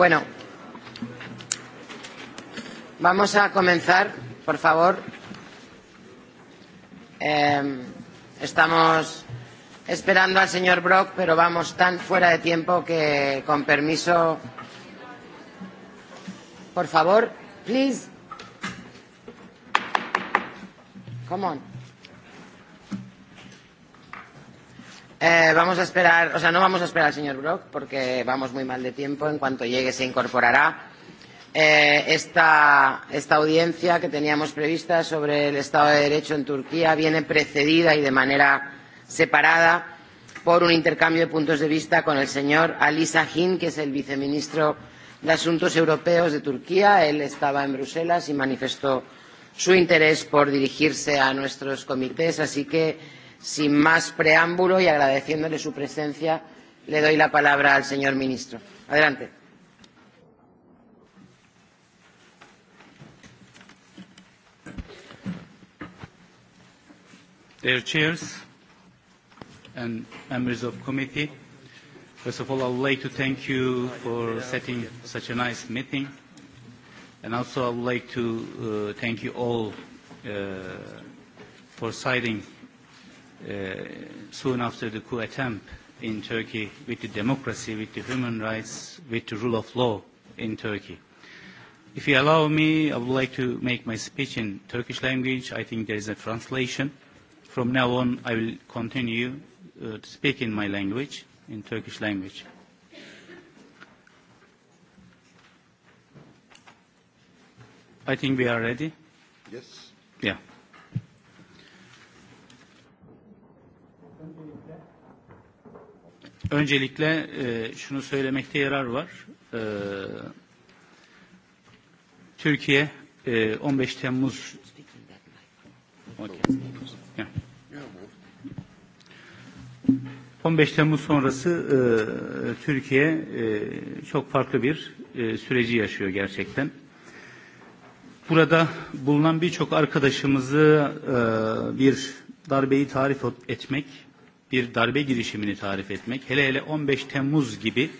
Bueno, vamos a comenzar, por favor. Eh, estamos esperando al señor Brock, pero vamos tan fuera de tiempo que, con permiso, por favor, please. Come on. Eh, vamos a esperar, o sea, no vamos a esperar al señor Brock porque vamos muy mal de tiempo. En cuanto llegue se incorporará. Eh, esta, esta audiencia que teníamos prevista sobre el Estado de Derecho en Turquía viene precedida y de manera separada por un intercambio de puntos de vista con el señor Ali Sahin, que es el viceministro de Asuntos Europeos de Turquía. Él estaba en Bruselas y manifestó su interés por dirigirse a nuestros comités, así que Sin más preámbulo y agradeciéndole su presencia, le doy la palabra al señor ministro. Adelante. Dear chairs and members of committee, first of all, I would like to thank you for setting such a nice meeting. And also I would like to uh, thank you all uh, for citing Uh, soon after the coup attempt in Turkey with the democracy, with the human rights, with the rule of law in Turkey. If you allow me, I would like to make my speech in Turkish language. I think there is a translation. From now on, I will continue uh, to speak in my language, in Turkish language. I think we are ready. Yes. Öncelikle e, şunu söylemekte yarar var. E, Türkiye e, 15 Temmuz okay. yeah. 15 Temmuz sonrası e, Türkiye e, çok farklı bir e, süreci yaşıyor gerçekten. Burada bulunan birçok arkadaşımızı e, bir darbeyi tarif etmek bir darbe girişimini tarif etmek, hele hele 15 Temmuz gibi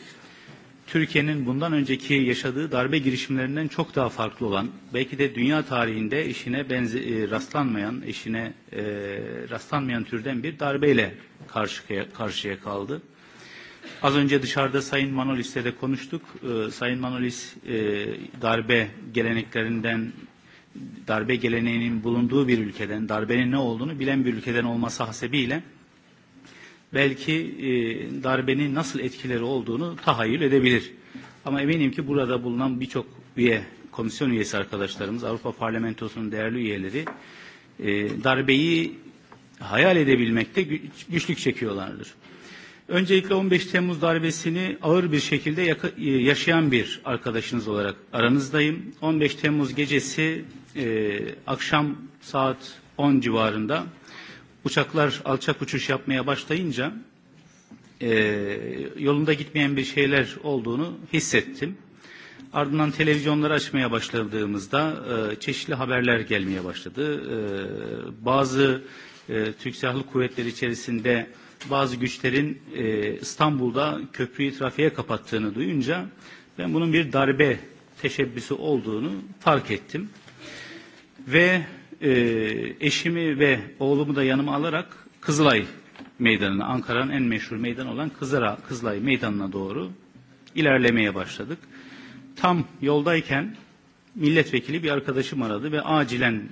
Türkiye'nin bundan önceki yaşadığı darbe girişimlerinden çok daha farklı olan, belki de dünya tarihinde eşine benze rastlanmayan, eşine e, rastlanmayan türden bir darbeyle karşıya, karşıya kaldı. Az önce dışarıda Sayın Manolis'le de konuştuk. E, Sayın Manolis e, darbe geleneklerinden, darbe geleneğinin bulunduğu bir ülkeden, darbenin ne olduğunu bilen bir ülkeden olması hasebiyle belki e, darbenin nasıl etkileri olduğunu tahayyül edebilir. Ama eminim ki burada bulunan birçok üye, komisyon üyesi arkadaşlarımız, Avrupa Parlamentosu'nun değerli üyeleri e, darbeyi hayal edebilmekte güç, güçlük çekiyorlardır. Öncelikle 15 Temmuz darbesini ağır bir şekilde yaka, e, yaşayan bir arkadaşınız olarak aranızdayım. 15 Temmuz gecesi e, akşam saat 10 civarında uçaklar alçak uçuş yapmaya başlayınca e, yolunda gitmeyen bir şeyler olduğunu hissettim. Ardından televizyonları açmaya başladığımızda e, çeşitli haberler gelmeye başladı. E, bazı e, Türk Silahlı Kuvvetleri içerisinde bazı güçlerin e, İstanbul'da köprüyü trafiğe kapattığını duyunca ben bunun bir darbe teşebbüsü olduğunu fark ettim. Ve e, eşimi ve oğlumu da yanıma alarak Kızılay Meydanı'na, Ankara'nın en meşhur meydan olan Kızıra, Kızılay Meydanı'na doğru ilerlemeye başladık. Tam yoldayken milletvekili bir arkadaşım aradı ve acilen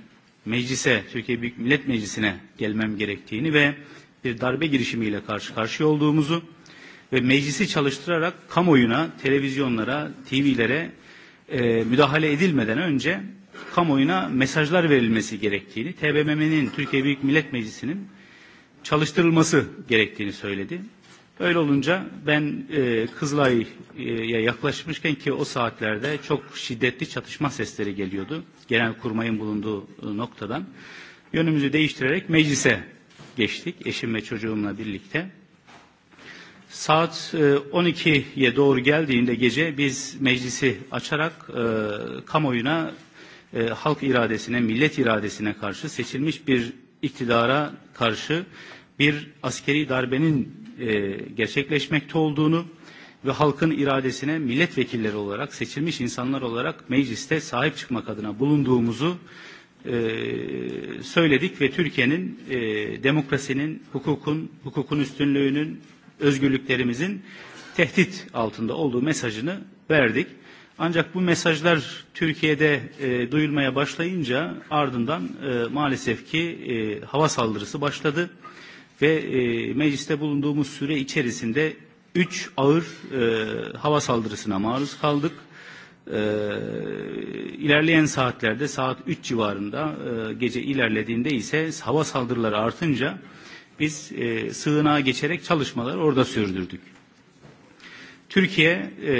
meclise, Türkiye Büyük Millet Meclisi'ne gelmem gerektiğini ve bir darbe girişimiyle karşı karşıya olduğumuzu ve meclisi çalıştırarak kamuoyuna, televizyonlara, TV'lere e, müdahale edilmeden önce kamuoyuna mesajlar verilmesi gerektiğini, TBMM'nin, Türkiye Büyük Millet Meclisi'nin çalıştırılması gerektiğini söyledi. Öyle olunca ben e, Kızılay'a yaklaşmışken ki o saatlerde çok şiddetli çatışma sesleri geliyordu. Genel kurmayın bulunduğu noktadan. Yönümüzü değiştirerek meclise geçtik eşim ve çocuğumla birlikte. Saat 12'ye e, doğru geldiğinde gece biz meclisi açarak e, kamuoyuna e, halk iradesine, millet iradesine karşı seçilmiş bir iktidara karşı bir askeri darbenin e, gerçekleşmekte olduğunu ve halkın iradesine milletvekilleri olarak, seçilmiş insanlar olarak mecliste sahip çıkmak adına bulunduğumuzu e, söyledik ve Türkiye'nin e, demokrasinin, hukukun, hukukun üstünlüğünün, özgürlüklerimizin tehdit altında olduğu mesajını verdik. Ancak bu mesajlar Türkiye'de e, duyulmaya başlayınca ardından e, maalesef ki e, hava saldırısı başladı ve e, mecliste bulunduğumuz süre içerisinde 3 ağır e, hava saldırısına maruz kaldık. E, ilerleyen saatlerde saat 3 civarında e, gece ilerlediğinde ise hava saldırıları artınca biz e, sığınağa geçerek çalışmaları orada sürdürdük. Türkiye e,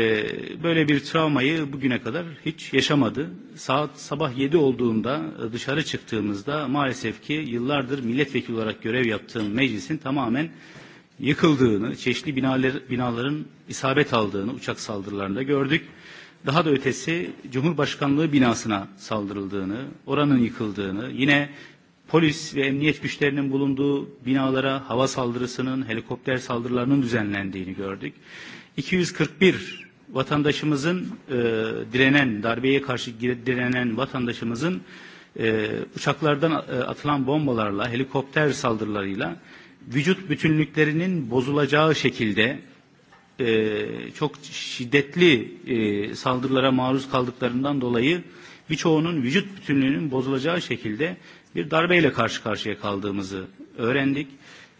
böyle bir travmayı bugüne kadar hiç yaşamadı. Saat sabah 7 olduğunda dışarı çıktığımızda maalesef ki yıllardır milletvekili olarak görev yaptığım meclisin tamamen yıkıldığını, çeşitli binalar, binaların isabet aldığını uçak saldırılarında gördük. Daha da ötesi Cumhurbaşkanlığı binasına saldırıldığını, oranın yıkıldığını, yine polis ve emniyet güçlerinin bulunduğu binalara hava saldırısının, helikopter saldırılarının düzenlendiğini gördük. 241 vatandaşımızın e, direnen, darbeye karşı direnen vatandaşımızın e, uçaklardan e, atılan bombalarla, helikopter saldırılarıyla vücut bütünlüklerinin bozulacağı şekilde e, çok şiddetli e, saldırılara maruz kaldıklarından dolayı birçoğunun vücut bütünlüğünün bozulacağı şekilde bir darbeyle karşı karşıya kaldığımızı öğrendik.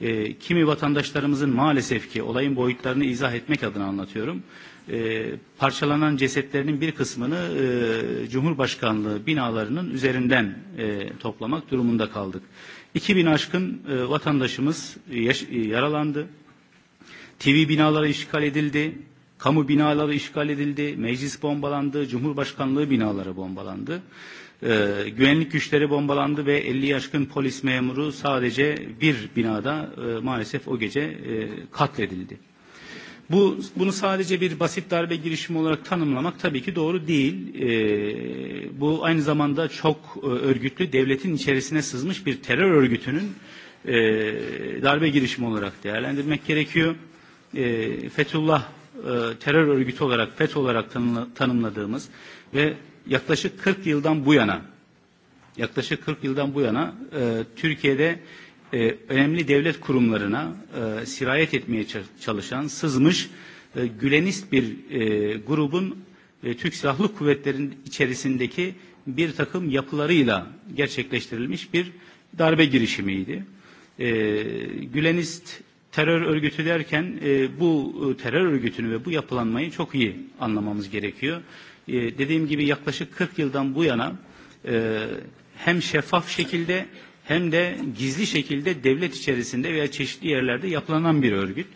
E, kimi vatandaşlarımızın maalesef ki olayın boyutlarını izah etmek adına anlatıyorum. E, parçalanan cesetlerinin bir kısmını e, Cumhurbaşkanlığı binalarının üzerinden e, toplamak durumunda kaldık. 2000 aşkın e, vatandaşımız e, yaş- e, yaralandı. TV binaları işgal edildi. Kamu binaları işgal edildi. Meclis bombalandı. Cumhurbaşkanlığı binaları bombalandı. E, Ee, güvenlik güçleri bombalandı ve 50 yaşkın polis memuru sadece bir binada e, maalesef o gece e, katledildi. Bu, bunu sadece bir basit darbe girişimi olarak tanımlamak tabii ki doğru değil. E, bu aynı zamanda çok e, örgütlü devletin içerisine sızmış bir terör örgütünün e, darbe girişimi olarak değerlendirmek gerekiyor. E, Fethullah e, terör örgütü olarak, FETÖ olarak tanımladığımız ve yaklaşık 40 yıldan bu yana yaklaşık 40 yıldan bu yana e, Türkiye'de e, önemli devlet kurumlarına e, sirayet etmeye çalışan sızmış e, gülenist bir e, grubun e, Türk Silahlı Kuvvetleri'nin içerisindeki bir takım yapılarıyla gerçekleştirilmiş bir darbe girişimiydi. E, gülenist terör örgütü derken e, bu e, terör örgütünü ve bu yapılanmayı çok iyi anlamamız gerekiyor. E, dediğim gibi yaklaşık 40 yıldan bu yana e, hem şeffaf şekilde hem de gizli şekilde devlet içerisinde veya çeşitli yerlerde yapılanan bir örgüt.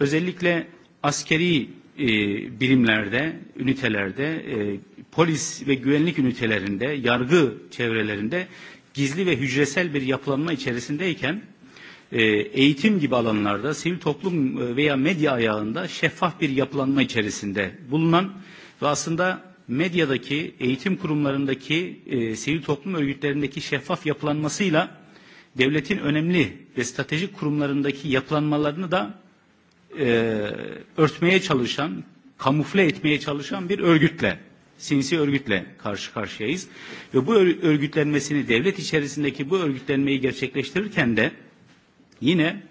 Özellikle askeri e, birimlerde, ünitelerde, e, polis ve güvenlik ünitelerinde, yargı çevrelerinde gizli ve hücresel bir yapılanma içerisindeyken e, eğitim gibi alanlarda, sivil toplum e, veya medya ayağında şeffaf bir yapılanma içerisinde bulunan ve aslında medyadaki, eğitim kurumlarındaki, e, sivil toplum örgütlerindeki şeffaf yapılanmasıyla devletin önemli ve stratejik kurumlarındaki yapılanmalarını da e, örtmeye çalışan, kamufle etmeye çalışan bir örgütle, sinsi örgütle karşı karşıyayız. Ve bu örgütlenmesini, devlet içerisindeki bu örgütlenmeyi gerçekleştirirken de yine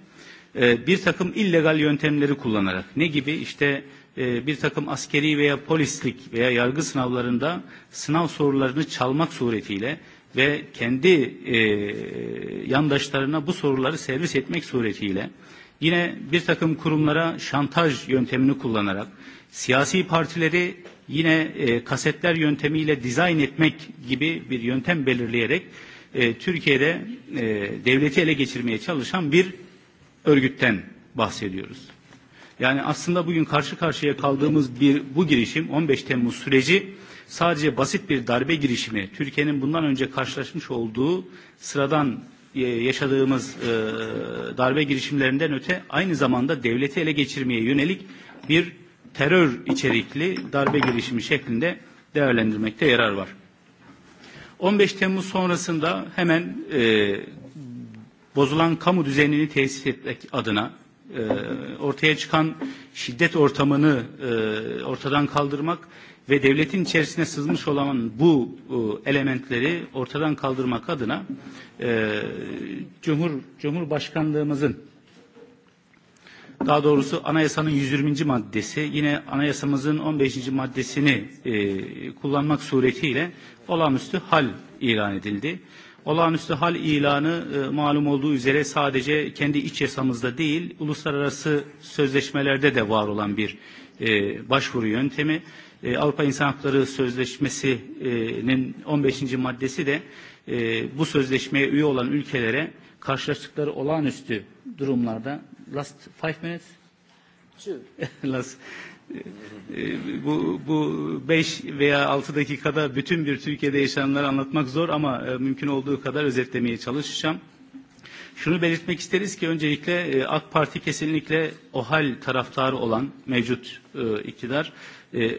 e, bir takım illegal yöntemleri kullanarak, ne gibi işte e, bir takım askeri veya polislik veya yargı sınavlarında sınav sorularını çalmak suretiyle ve kendi e, yandaşlarına bu soruları servis etmek suretiyle yine bir takım kurumlara şantaj yöntemini kullanarak siyasi partileri yine e, kasetler yöntemiyle dizayn etmek gibi bir yöntem belirleyerek e, Türkiye'de e, devleti ele geçirmeye çalışan bir örgütten bahsediyoruz. Yani aslında bugün karşı karşıya kaldığımız bir bu girişim 15 Temmuz süreci sadece basit bir darbe girişimi, Türkiye'nin bundan önce karşılaşmış olduğu sıradan e, yaşadığımız e, darbe girişimlerinden öte aynı zamanda devleti ele geçirmeye yönelik bir terör içerikli darbe girişimi şeklinde değerlendirmekte yarar var. 15 Temmuz sonrasında hemen e, bozulan kamu düzenini tesis etmek adına E, ortaya çıkan şiddet ortamını e, ortadan kaldırmak ve devletin içerisine sızmış olan bu e, elementleri ortadan kaldırmak adına Cumhur Cumhurbaşkanlığımızın daha doğrusu anayasanın 120. maddesi yine anayasamızın 15. maddesini e, kullanmak suretiyle olağanüstü hal ilan edildi. E, olağanüstü hal ilanı e, malum olduğu üzere sadece kendi iç yasamızda değil, uluslararası sözleşmelerde de var olan bir e, başvuru yöntemi. E, Avrupa İnsan Hakları Sözleşmesi'nin 15. maddesi de e, bu sözleşmeye üye olan ülkelere karşılaştıkları olağanüstü durumlarda last five minutes two last bu, bu 5 veya 6 dakikada bütün bir Türkiye'de yaşananları anlatmak zor ama e, mümkün olduğu kadar özetlemeye çalışacağım. Şunu belirtmek isteriz ki öncelikle e, AK Parti kesinlikle OHAL taraftarı olan mevcut e, iktidar,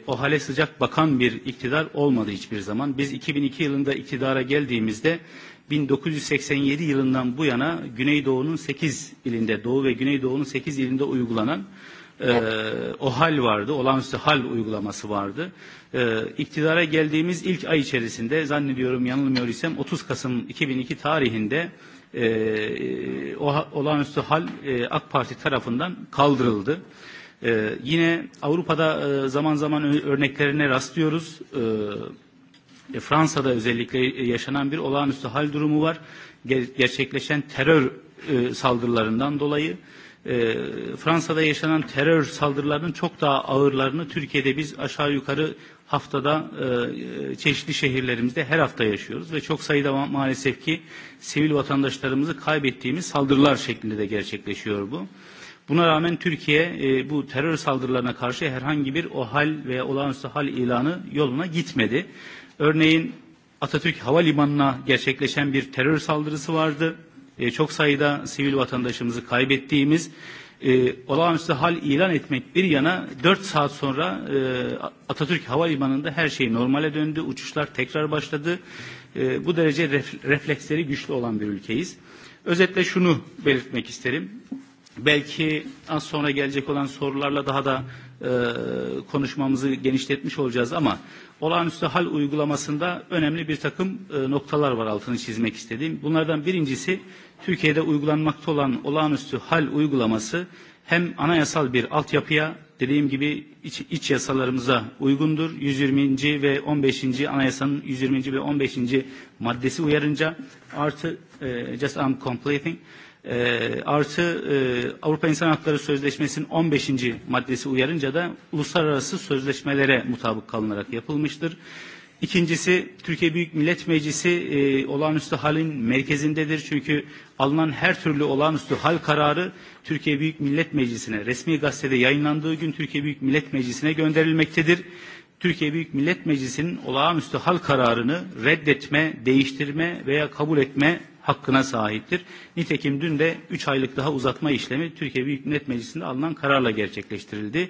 OHAL'e sıcak bakan bir iktidar olmadı hiçbir zaman. Biz 2002 yılında iktidara geldiğimizde 1987 yılından bu yana Güneydoğu'nun 8 ilinde, Doğu ve Güneydoğu'nun 8 ilinde uygulanan e, o hal vardı, olağanüstü hal uygulaması vardı. E, iktidara geldiğimiz ilk ay içerisinde zannediyorum yanılmıyor isem 30 Kasım 2002 tarihinde e, o, olağanüstü hal e, AK Parti tarafından kaldırıldı. E, yine Avrupa'da e, zaman zaman örneklerine rastlıyoruz. E, e, Fransa'da özellikle yaşanan bir olağanüstü hal durumu var. Ger gerçekleşen terör e, saldırılarından dolayı. E, e, Fransa'da yaşanan terör saldırılarının çok daha ağırlarını Türkiye'de biz aşağı yukarı haftada e, çeşitli şehirlerimizde her hafta yaşıyoruz ve çok sayıda ma maalesef ki sivil vatandaşlarımızı kaybettiğimiz saldırılar şeklinde de gerçekleşiyor bu. Buna rağmen Türkiye e, bu terör saldırılarına karşı herhangi bir OHAL veya olağanüstü hal ilanı yoluna gitmedi. Örneğin Atatürk Havalimanı'na gerçekleşen bir terör saldırısı vardı e, çok sayıda sivil vatandaşımızı kaybettiğimiz e, olağanüstü hal ilan etmek bir yana 4 saat sonra e, Atatürk Havalimanı'nda her şey normale döndü. Uçuşlar tekrar başladı. E, bu derece ref, refleksleri güçlü olan bir ülkeyiz. Özetle şunu belirtmek isterim. Belki az sonra gelecek olan sorularla daha da e, konuşmamızı genişletmiş olacağız ama olağanüstü hal uygulamasında önemli bir takım e, noktalar var altını çizmek istediğim. Bunlardan birincisi Türkiye'de uygulanmakta olan olağanüstü hal uygulaması hem anayasal bir altyapıya dediğim gibi iç, iç yasalarımıza uygundur. 120. ve 15. anayasanın 120. ve 15. maddesi uyarınca artı e, just I'm completing E, artı e, Avrupa İnsan Hakları Sözleşmesi'nin 15. maddesi uyarınca da uluslararası sözleşmelere mutabık kalınarak yapılmıştır. İkincisi Türkiye Büyük Millet Meclisi e, olağanüstü halin merkezindedir. Çünkü alınan her türlü olağanüstü hal kararı Türkiye Büyük Millet Meclisi'ne resmi gazetede yayınlandığı gün Türkiye Büyük Millet Meclisi'ne gönderilmektedir. Türkiye Büyük Millet Meclisi'nin olağanüstü hal kararını reddetme, değiştirme veya kabul etme hakkına sahiptir. Nitekim dün de 3 aylık daha uzatma işlemi Türkiye Büyük Millet Meclisi'nde alınan kararla gerçekleştirildi.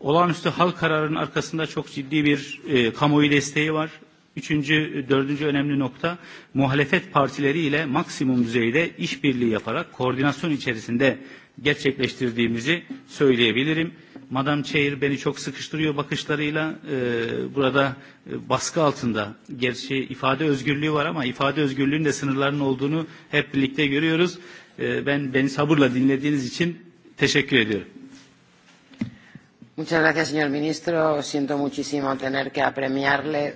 Olağanüstü hal kararının arkasında çok ciddi bir e, kamuoyu desteği var. Üçüncü, e, dördüncü önemli nokta muhalefet partileriyle maksimum düzeyde işbirliği yaparak koordinasyon içerisinde gerçekleştirdiğimizi söyleyebilirim. Madame Chair beni çok sıkıştırıyor bakışlarıyla. E, burada e, baskı altında. Gerçi ifade özgürlüğü var ama ifade özgürlüğünün de sınırlarının olduğunu hep birlikte görüyoruz. E, ben beni sabırla dinlediğiniz için teşekkür ediyorum. Muchas gracias, señor ministro. Siento muchísimo tener que apremiarle,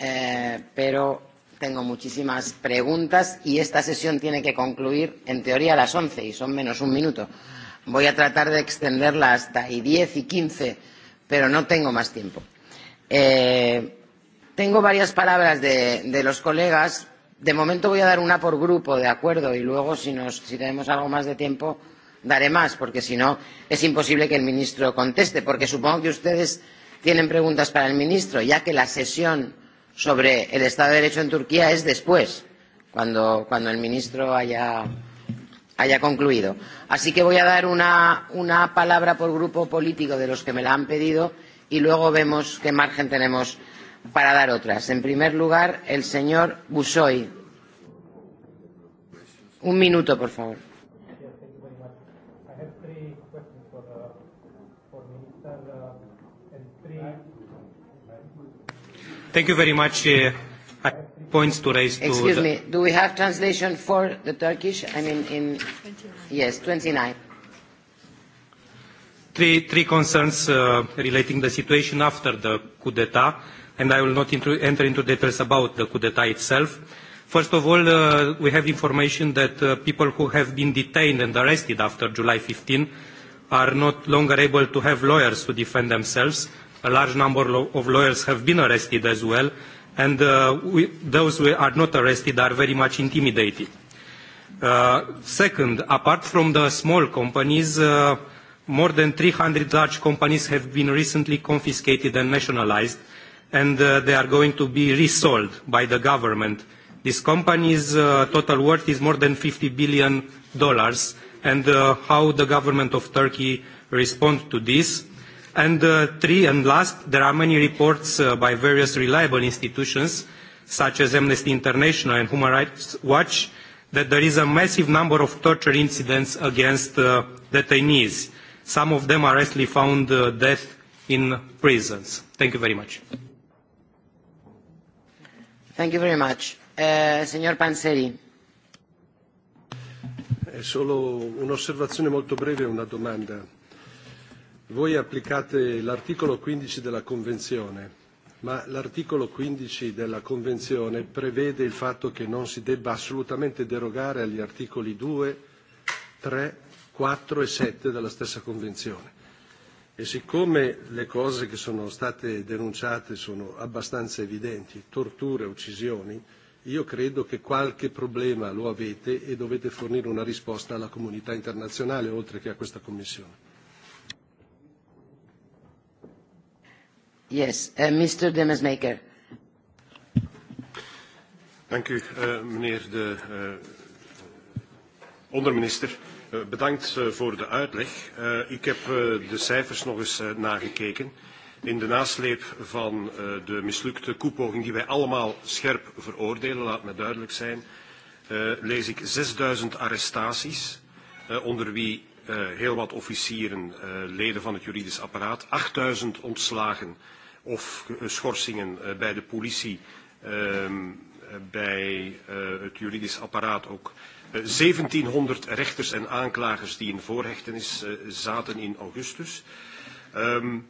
eh, pero tengo muchísimas preguntas y esta sesión tiene que concluir, en teoría, a las 11 y son menos un minuto. Eh, Voy a tratar de extenderla hasta y 10 y 15, pero no tengo más tiempo. Eh, tengo varias palabras de, de los colegas. De momento voy a dar una por grupo, de acuerdo, y luego si, nos, si tenemos algo más de tiempo daré más, porque si no es imposible que el ministro conteste, porque supongo que ustedes tienen preguntas para el ministro, ya que la sesión sobre el Estado de Derecho en Turquía es después, cuando, cuando el ministro haya haya concluido. Así que voy a dar una, una palabra por grupo político de los que me la han pedido y luego vemos qué margen tenemos para dar otras. En primer lugar, el señor Busoy. Un minuto, por favor. Thank you very much. Uh, I points to raise Excuse to... Excuse me, do we have translation for the Turkish? I mean, in... 29. Yes, 29. Three, three concerns uh, relating the situation after the coup d'etat, and I will not intro, enter into details about the coup d'etat itself. First of all, uh, we have information that uh, people who have been detained and arrested after July 15 are not longer able to have lawyers to defend themselves. A large number of lawyers have been arrested as well, and uh, we, those who are not arrested are very much intimidated. Uh, second, apart from the small companies, uh, more than 300 large companies have been recently confiscated and nationalized, and uh, they are going to be resold by the government. This company's uh, total worth is more than $50 billion, and uh, how the government of Turkey responds to this. Uh, And uh, three, and last, there are many reports uh, by various reliable institutions, such as Amnesty International and Human Rights Watch, that there is a massive number of torture incidents against uh, detainees. Some of them are actually found uh, dead in prisons. Thank you very much. Thank you very much. Eh, signor Panzeri. È solo un'osservazione molto breve e una domanda voi applicate l'articolo 15 della Convenzione, ma l'articolo 15 della Convenzione prevede il fatto che non si debba assolutamente derogare agli articoli 2, 3, 4 e 7 della stessa Convenzione. E siccome le cose che sono state denunciate sono abbastanza evidenti, torture, uccisioni, io credo che qualche problema lo avete e dovete fornire una risposta alla comunità internazionale, oltre che a questa Commissione. Yes, uh, Mr. Demesmaker. Dank u, uh, meneer de uh, onderminister. Uh, bedankt uh, voor de uitleg. Uh, ik heb uh, de cijfers nog eens uh, nagekeken. In de nasleep van uh, de mislukte koepoging die wij allemaal scherp veroordelen, laat me duidelijk zijn, uh, lees ik 6000 arrestaties, uh, onder wie uh, heel wat officieren, uh, leden van het juridisch apparaat, 8000 ontslagen of eh, schorsingen uh, bij de politie, um, bij uh, het juridisch apparaat ook. Uh, 1700 rechters en aanklagers die in voorhechtenis uh, zaten in augustus. Um,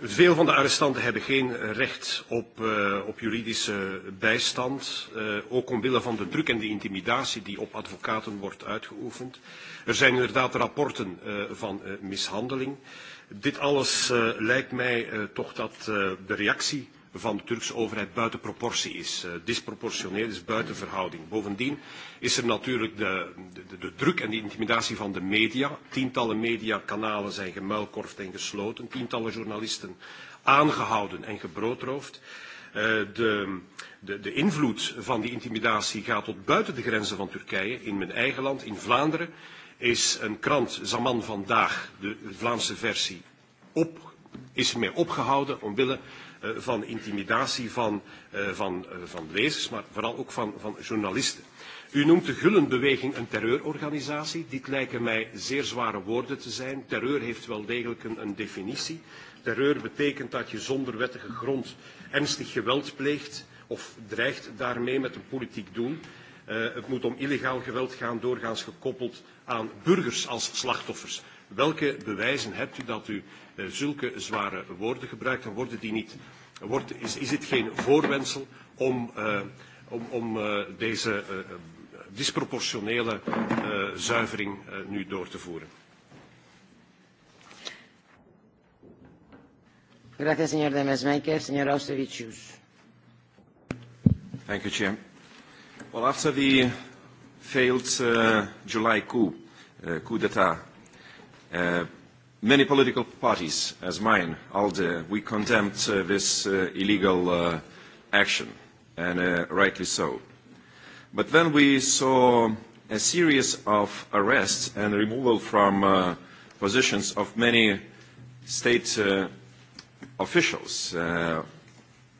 veel van de arrestanten hebben geen recht op, uh, op juridische bijstand, uh, ook omwille van de druk en de intimidatie die op advocaten wordt uitgeoefend. Er zijn inderdaad rapporten uh, van uh, mishandeling. Uh, Dit alles uh, lijkt mij uh, toch dat uh, de reactie van de Turkse overheid buiten proportie is, uh, disproportioneel is, buiten verhouding. Bovendien is er natuurlijk de, de, de druk en de intimidatie van de media. Tientallen mediakanalen zijn gemuilkorfd en gesloten, tientallen journalisten aangehouden en gebroodroofd. Uh, de, de, de invloed van die intimidatie gaat tot buiten de grenzen van Turkije, in mijn eigen land, in Vlaanderen is een krant, Zaman Vandaag, de Vlaamse versie, op, is ermee opgehouden omwille uh, van intimidatie van, uh, van, uh, van lezers, maar vooral ook van, van journalisten. U noemt de Gullenbeweging een terreurorganisatie. Dit lijken mij zeer zware woorden te zijn. Terreur heeft wel degelijk een, een definitie. Terreur betekent dat je zonder wettige grond ernstig geweld pleegt of dreigt daarmee met een politiek doel. Uh, het moet om illegaal geweld gaan, doorgaans gekoppeld aan burgers als slachtoffers. Welke bewijzen hebt u dat u uh, zulke zware woorden gebruikt en worden die niet, wordt, is, is dit geen voorwensel om, uh, om, om uh, deze uh, disproportionele uh, zuivering uh, nu door te voeren? Gracias, señor Demesmaker. Señor Austervicius. Thank you, Chair. Well, after the failed uh, July coup, uh, coup d'etat. Uh, many political parties, as mine, ALDE, we condemned uh, this uh, illegal uh, action, and uh, rightly so. But then we saw a series of arrests and removal from uh, positions of many state uh, officials, uh,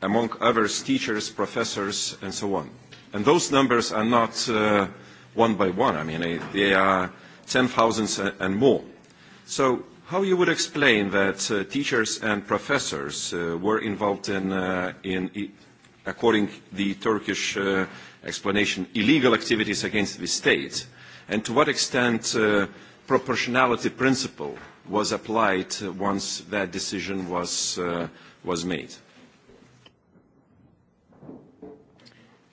among others teachers, professors, and so on. And those numbers are not uh, one by one. I mean, they are 10,000 and more. So how you would explain that uh, teachers and professors uh, were involved in, uh, in e, according the Turkish uh, explanation, illegal activities against the state, and to what extent uh, proportionality principle was applied once that decision was, uh, was made?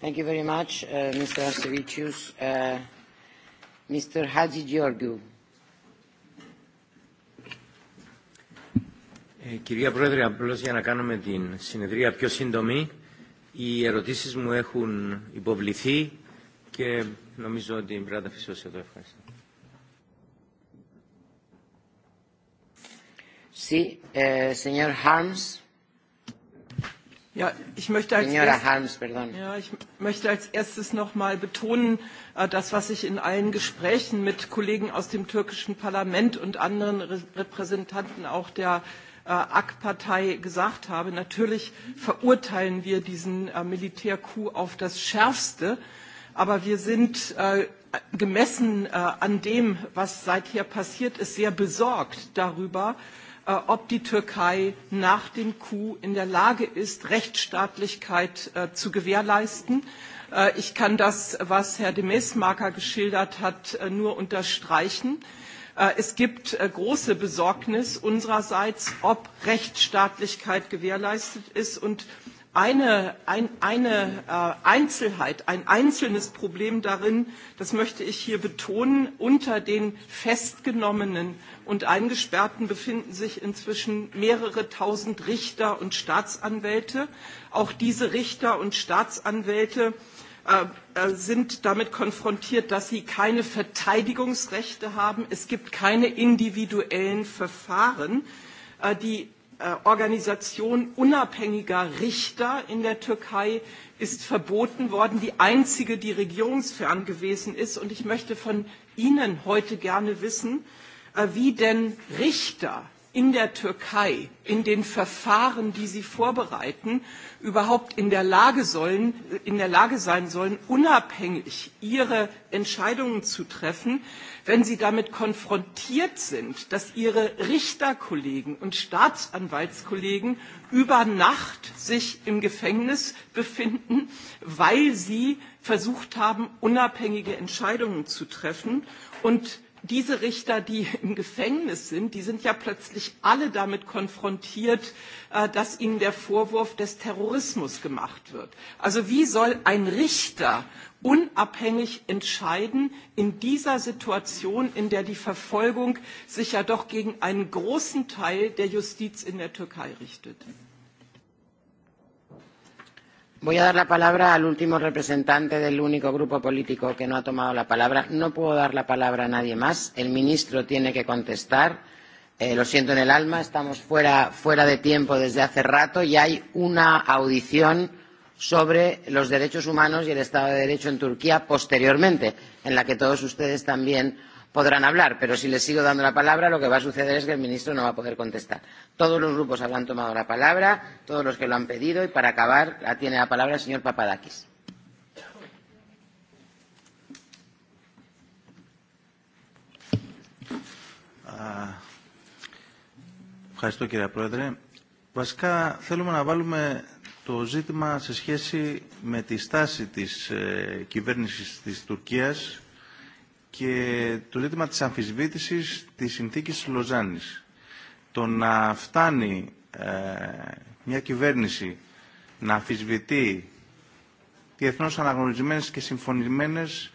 Thank you very much, uh, Mr. Arsevicius. Uh, Mr. Hadzi Georgiou. Ε, κυρία Πρόεδρε, απλώς για να κάνουμε την συνεδρία πιο σύντομη, οι ερωτήσεις μου έχουν υποβληθεί και νομίζω ότι πρέπει να τα αφήσω εδώ. Ευχαριστώ. Sí, eh, señor Harms. Ja, ich möchte als, erst, Harms, ja, ich möchte als erstes noch mal betonen, äh, das, was ich in allen Gesprächen mit Kollegen aus dem türkischen Parlament und anderen Re Repräsentanten auch der äh, AK-Partei gesagt habe. Natürlich verurteilen wir diesen äh, Militärcoup auf das Schärfste, aber wir sind äh, gemessen äh, an dem, was seither passiert ist, sehr besorgt darüber, äh, Äh, ob die Türkei nach dem Coup in der Lage ist, Rechtsstaatlichkeit äh, zu gewährleisten. Äh, ich kann das, was Herr de Mesmaker geschildert hat, nur unterstreichen. Es gibt große Besorgnis unsererseits, ob Rechtsstaatlichkeit gewährleistet ist. Und eine, ein, eine äh, Einzelheit, ein einzelnes Problem darin, das möchte ich hier betonen, unter den festgenommenen und Eingesperrten befinden sich inzwischen mehrere tausend Richter und Staatsanwälte. Auch diese Richter und Staatsanwälte äh, äh sind damit konfrontiert, dass sie keine Verteidigungsrechte haben. Es gibt keine individuellen Verfahren. Äh, die äh, Organisation unabhängiger Richter in der Türkei ist verboten worden, die einzige, die regierungsfern gewesen ist. Und ich möchte von Ihnen heute gerne wissen, Äh, wie denn Richter in der Türkei in den Verfahren, die sie vorbereiten, überhaupt in der Lage, sollen, in der Lage sein sollen, unabhängig ihre Entscheidungen zu treffen, wenn sie damit konfrontiert sind, dass ihre Richterkollegen und Staatsanwaltskollegen über Nacht sich im Gefängnis befinden, weil sie versucht haben, unabhängige Entscheidungen zu treffen und diese Richter, die im Gefängnis sind, die sind ja plötzlich alle damit konfrontiert, äh, dass ihnen der Vorwurf des Terrorismus gemacht wird. Also wie soll ein Richter unabhängig entscheiden in dieser Situation, in der die Verfolgung sich ja doch gegen einen großen Teil der Justiz in der Türkei richtet? Mhm. Voy a dar la palabra al último representante del único grupo político que no ha tomado la palabra. No puedo dar la palabra a nadie más. El ministro tiene que contestar. Eh, lo siento en el alma, estamos fuera, fuera de tiempo desde hace rato y hay una audición sobre los derechos humanos y el Estado de Derecho en Turquía posteriormente, en la que todos ustedes también podrán hablar, pero si les sigo dando la palabra, lo que va a suceder es que el ministro no va a poder contestar. Todos los grupos habrán tomado la palabra, todos los que lo han pedido, y para acabar tiene la palabra el señor Papadakis. Ah, ευχαριστώ κύριε Πρόεδρε. Βασικά θέλουμε να βάλουμε το ζήτημα σε σχέση με τη στάση της ε, κυβέρνησης της Τουρκίας και το ζήτημα της αμφισβήτησης της συνθήκης της Λοζάνης. Το να φτάνει ε, μια κυβέρνηση να αμφισβητεί διεθνώς αναγνωρισμένες και συμφωνημένες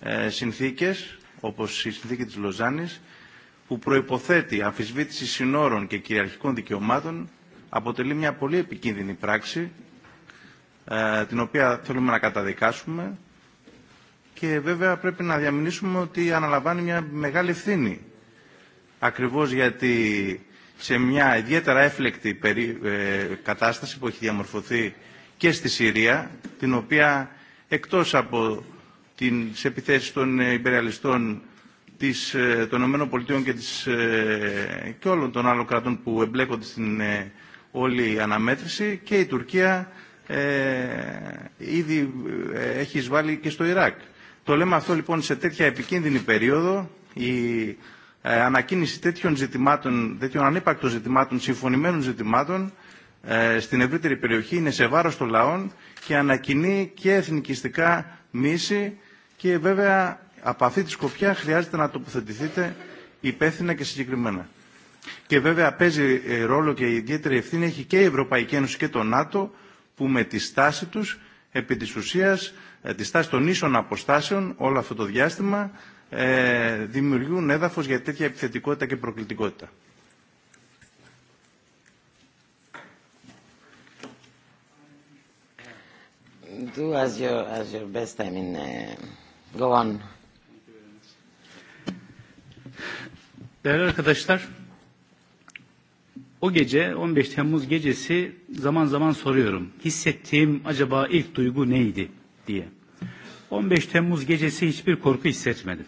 ε, συνθήκες, όπως η συνθήκη της Λοζάνης, που προϋποθέτει αμφισβήτηση συνόρων και κυριαρχικών δικαιωμάτων, αποτελεί μια πολύ επικίνδυνη πράξη, ε, την οποία θέλουμε να καταδικάσουμε και βέβαια πρέπει να διαμηνήσουμε ότι αναλαμβάνει μια μεγάλη ευθύνη. Ακριβώς γιατί σε μια ιδιαίτερα έφλεκτη περί, ε, κατάσταση που έχει διαμορφωθεί και στη Συρία, την οποία εκτός από τις επιθέσεις των υπεριαλιστών της, των ΗΠΑ και, της, και όλων των άλλων κρατών που εμπλέκονται στην ε, όλη αναμέτρηση και η Τουρκία ε, ήδη έχει εισβάλει και στο Ιράκ. Το λέμε αυτό λοιπόν σε τέτοια επικίνδυνη περίοδο. Η ε, ανακοίνηση τέτοιων ζητημάτων, τέτοιων ανύπαρκτων ζητημάτων, συμφωνημένων ζητημάτων ε, στην ευρύτερη περιοχή είναι σε βάρος των λαών και ανακοινεί και εθνικιστικά μίση και βέβαια από αυτή τη σκοπιά χρειάζεται να τοποθετηθείτε υπεύθυνα και συγκεκριμένα. Και βέβαια παίζει ρόλο και η ιδιαίτερη ευθύνη έχει και η Ευρωπαϊκή Ένωση και το ΝΑΤΟ που με τη στάση τους επί της ουσίας τη στάση των ίσων αποστάσεων όλο αυτό το διάστημα ε, δημιουργούν έδαφος για τέτοια επιθετικότητα και προκλητικότητα. Do as your, as your best, I mean, uh, go on. Değerli arkadaşlar, O gece 15 Temmuz gecesi zaman zaman soruyorum. Hissettiğim acaba ilk duygu neydi diye. 15 Temmuz gecesi hiçbir korku hissetmedim.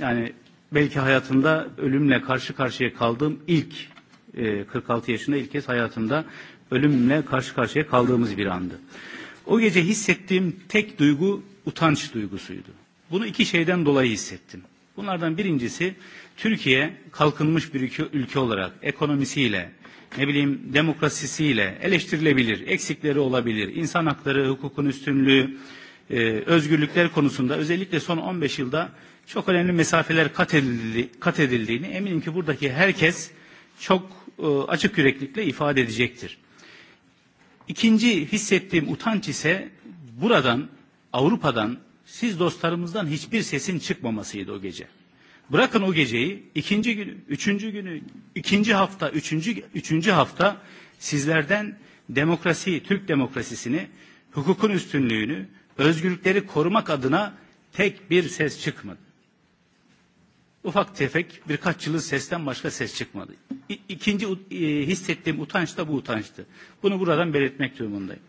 Yani belki hayatımda ölümle karşı karşıya kaldığım ilk e, 46 yaşında ilk kez hayatımda ölümle karşı karşıya kaldığımız bir andı. O gece hissettiğim tek duygu utanç duygusuydu. Bunu iki şeyden dolayı hissettim. Bunlardan birincisi Türkiye kalkınmış bir ülke, ülke olarak ekonomisiyle, ne bileyim demokrasisiyle eleştirilebilir, eksikleri olabilir, insan hakları, hukukun üstünlüğü, e, özgürlükler konusunda özellikle son 15 yılda çok önemli mesafeler kat, edildi, kat edildiğini eminim ki buradaki herkes çok e, açık yüreklikle ifade edecektir. İkinci hissettiğim utanç ise buradan, Avrupa'dan, siz dostlarımızdan hiçbir sesin çıkmamasıydı o gece. Bırakın o geceyi ikinci günü, üçüncü günü, ikinci hafta, üçüncü, üçüncü hafta sizlerden demokrasiyi, Türk demokrasisini, hukukun üstünlüğünü, özgürlükleri korumak adına tek bir ses çıkmadı. Ufak tefek birkaç yıllık sesten başka ses çıkmadı. İ, ikinci e, hissettiğim utanç da bu utançtı. Bunu buradan belirtmek durumundayım.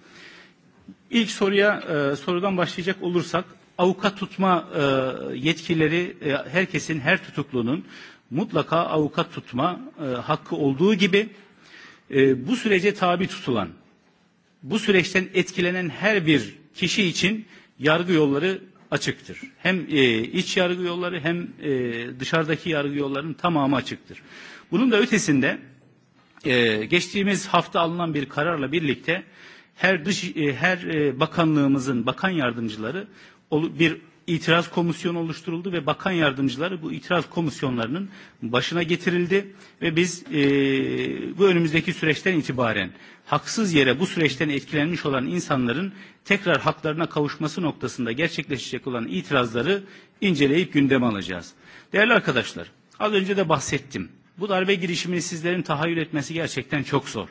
İlk soruya e, sorudan başlayacak olursak avukat tutma e, yetkileri e, herkesin, her tutuklunun mutlaka avukat tutma e, hakkı olduğu gibi e, bu sürece tabi tutulan, bu süreçten etkilenen her bir kişi için yargı yolları açıktır. Hem e, iç yargı yolları hem e, dışarıdaki yargı yollarının tamamı açıktır. Bunun da ötesinde e, geçtiğimiz hafta alınan bir kararla birlikte her dış e, her e, bakanlığımızın bakan yardımcıları bir itiraz komisyonu oluşturuldu ve bakan yardımcıları bu itiraz komisyonlarının başına getirildi ve biz e, bu önümüzdeki süreçten itibaren haksız yere bu süreçten etkilenmiş olan insanların tekrar haklarına kavuşması noktasında gerçekleşecek olan itirazları inceleyip gündeme alacağız. Değerli arkadaşlar az önce de bahsettim Bu darbe girişimini sizlerin tahayyül etmesi gerçekten çok zor.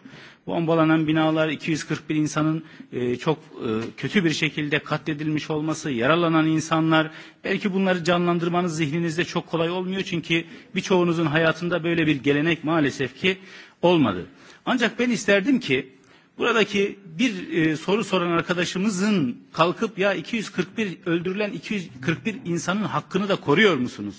Bombalanan binalar, 241 insanın e, çok e, kötü bir şekilde katledilmiş olması, yaralanan insanlar, belki bunları canlandırmanız zihninizde çok kolay olmuyor çünkü birçoğunuzun hayatında böyle bir gelenek maalesef ki olmadı. Ancak ben isterdim ki Buradaki bir e, soru soran arkadaşımızın kalkıp ya 241 öldürülen 241 insanın hakkını da koruyor musunuz?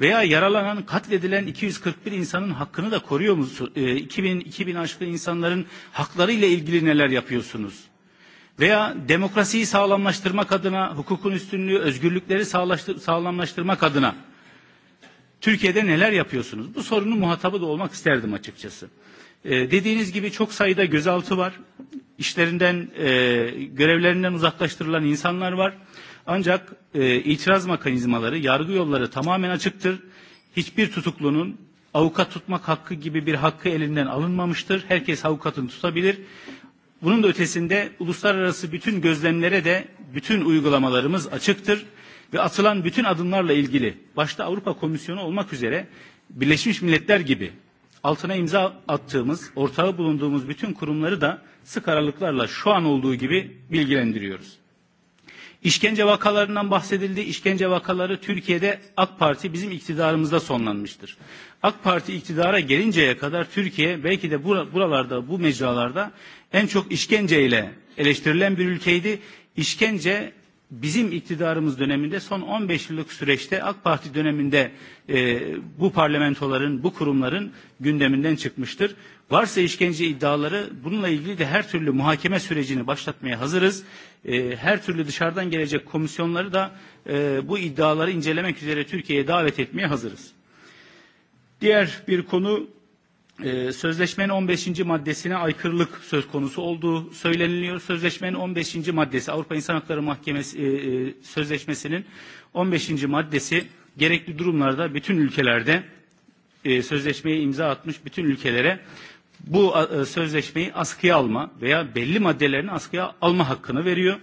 veya yaralanan, katledilen 241 insanın hakkını da koruyor musunuz? E, 2000, 2000 aşkı insanların hakları ile ilgili neler yapıyorsunuz? Veya demokrasiyi sağlamlaştırmak adına, hukukun üstünlüğü, özgürlükleri sağlaştır, sağlamlaştırmak adına Türkiye'de neler yapıyorsunuz? Bu sorunun muhatabı da olmak isterdim açıkçası. Ee, dediğiniz gibi çok sayıda gözaltı var. İşlerinden, e, görevlerinden uzaklaştırılan insanlar var. Ancak e, itiraz mekanizmaları, yargı yolları tamamen açıktır. Hiçbir tutuklunun avukat tutmak hakkı gibi bir hakkı elinden alınmamıştır. Herkes avukatını tutabilir. Bunun da ötesinde uluslararası bütün gözlemlere de bütün uygulamalarımız açıktır ve atılan bütün adımlarla ilgili başta Avrupa Komisyonu olmak üzere Birleşmiş Milletler gibi altına imza attığımız, ortağı bulunduğumuz bütün kurumları da sık aralıklarla şu an olduğu gibi bilgilendiriyoruz. İşkence vakalarından bahsedildi. İşkence vakaları Türkiye'de AK Parti bizim iktidarımızda sonlanmıştır. AK Parti iktidara gelinceye kadar Türkiye belki de buralarda, bu mecralarda en çok işkenceyle eleştirilen bir ülkeydi. İşkence bizim iktidarımız döneminde son 15 yıllık süreçte AK Parti döneminde e, bu parlamentoların, bu kurumların gündeminden çıkmıştır. Varsa işkence iddiaları bununla ilgili de her türlü muhakeme sürecini başlatmaya hazırız. E, her türlü dışarıdan gelecek komisyonları da e, bu iddiaları incelemek üzere Türkiye'ye davet etmeye hazırız. Diğer bir konu e, sözleşmenin 15. maddesine aykırılık söz konusu olduğu söyleniliyor. Sözleşmenin 15. maddesi Avrupa İnsan Hakları Mahkemesi e, e, Sözleşmesi'nin 15. maddesi gerekli durumlarda bütün ülkelerde e, sözleşmeye imza atmış bütün ülkelere bu e, sözleşmeyi askıya alma veya belli maddelerini askıya alma hakkını veriyor.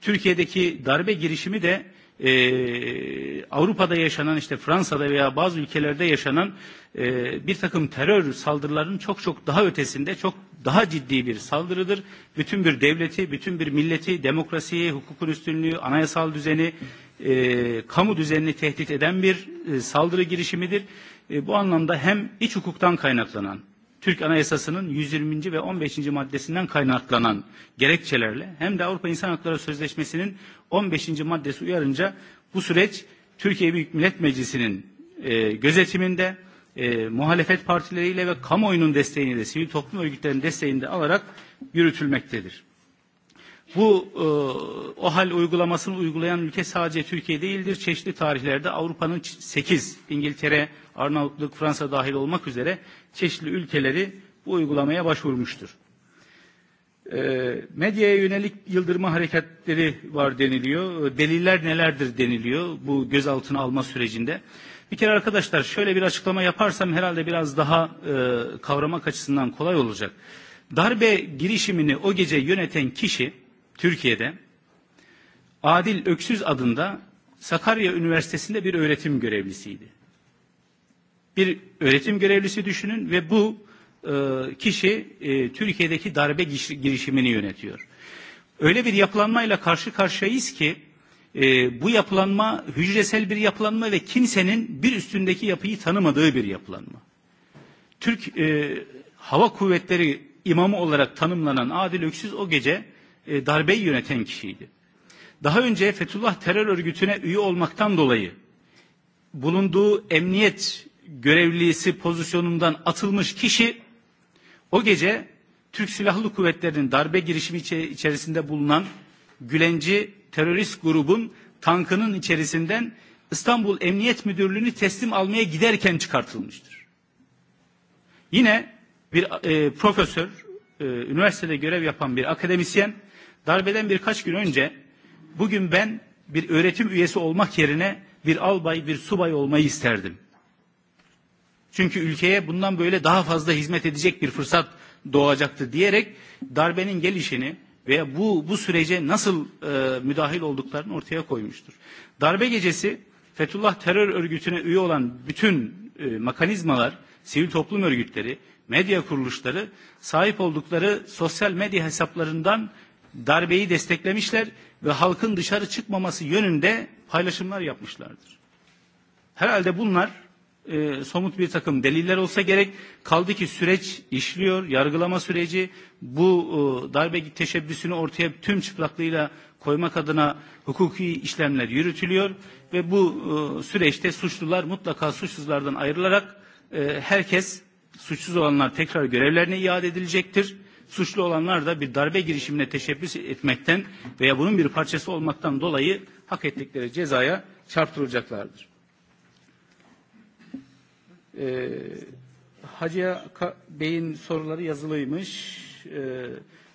Türkiye'deki darbe girişimi de e, ee, Avrupa'da yaşanan işte Fransa'da veya bazı ülkelerde yaşanan e, bir takım terör saldırılarının çok çok daha ötesinde çok daha ciddi bir saldırıdır. Bütün bir devleti, bütün bir milleti, demokrasiyi, hukukun üstünlüğü, anayasal düzeni, e, kamu düzenini tehdit eden bir e, saldırı girişimidir. E, bu anlamda hem iç hukuktan kaynaklanan Türk Anayasası'nın 120. ve 15. maddesinden kaynaklanan gerekçelerle hem de Avrupa İnsan Hakları Sözleşmesi'nin 15. maddesi uyarınca bu süreç Türkiye Büyük Millet Meclisi'nin e, gözetiminde e, muhalefet partileriyle ve kamuoyunun desteğini de sivil toplum örgütlerinin desteğini de alarak yürütülmektedir. Bu e, OHAL uygulamasını uygulayan ülke sadece Türkiye değildir. Çeşitli tarihlerde Avrupa'nın 8, İngiltere, Arnavutluk, Fransa dahil olmak üzere çeşitli ülkeleri bu uygulamaya başvurmuştur. E, medyaya yönelik yıldırma hareketleri var deniliyor. Deliller nelerdir deniliyor bu gözaltına alma sürecinde. Bir kere arkadaşlar şöyle bir açıklama yaparsam herhalde biraz daha e, kavramak açısından kolay olacak. Darbe girişimini o gece yöneten kişi Türkiye'de Adil Öksüz adında Sakarya Üniversitesi'nde bir öğretim görevlisiydi bir öğretim görevlisi düşünün ve bu e, kişi e, Türkiye'deki darbe girişimini yönetiyor. Öyle bir yapılanmayla karşı karşıyayız ki e, bu yapılanma hücresel bir yapılanma ve kimsenin bir üstündeki yapıyı tanımadığı bir yapılanma. Türk e, Hava Kuvvetleri imamı olarak tanımlanan Adil Öksüz o gece e, darbeyi yöneten kişiydi. Daha önce Fethullah terör örgütüne üye olmaktan dolayı bulunduğu emniyet görevlisi pozisyonundan atılmış kişi o gece Türk Silahlı Kuvvetleri'nin darbe girişimi içerisinde bulunan Gülenci terörist grubun tankının içerisinden İstanbul Emniyet Müdürlüğü'nü teslim almaya giderken çıkartılmıştır. Yine bir e, profesör, e, üniversitede görev yapan bir akademisyen darbeden birkaç gün önce bugün ben bir öğretim üyesi olmak yerine bir albay, bir subay olmayı isterdim. Çünkü ülkeye bundan böyle daha fazla hizmet edecek bir fırsat doğacaktı diyerek darbenin gelişini veya bu bu sürece nasıl e, müdahil olduklarını ortaya koymuştur. Darbe gecesi Fethullah terör örgütüne üye olan bütün e, mekanizmalar, sivil toplum örgütleri, medya kuruluşları sahip oldukları sosyal medya hesaplarından darbeyi desteklemişler ve halkın dışarı çıkmaması yönünde paylaşımlar yapmışlardır. Herhalde bunlar e, somut bir takım deliller olsa gerek. Kaldı ki süreç işliyor, yargılama süreci bu e, darbe teşebbüsünü ortaya tüm çıplaklığıyla koymak adına hukuki işlemler yürütülüyor ve bu e, süreçte suçlular mutlaka suçsuzlardan ayrılarak e, herkes suçsuz olanlar tekrar görevlerine iade edilecektir. Suçlu olanlar da bir darbe girişimine teşebbüs etmekten veya bunun bir parçası olmaktan dolayı hak ettikleri cezaya çarptırılacaklardır. E, Hacı Bey'in soruları yazılıymış. E,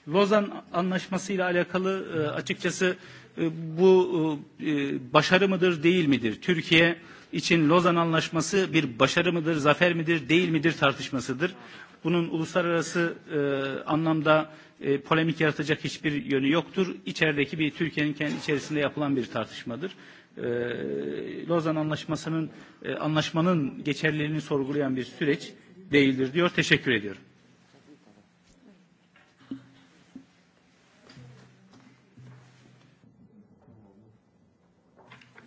Lozan Anlaşması ile alakalı e, açıkçası e, bu e, başarı mıdır değil midir? Türkiye için Lozan Anlaşması bir başarı mıdır, zafer midir, değil midir tartışmasıdır. Bunun uluslararası e, anlamda e, polemik yaratacak hiçbir yönü yoktur. İçerideki bir Türkiye'nin kendi içerisinde yapılan bir tartışmadır e, Lozan Anlaşması'nın e, anlaşmanın geçerliliğini sorgulayan bir süreç değildir diyor. Teşekkür ediyorum.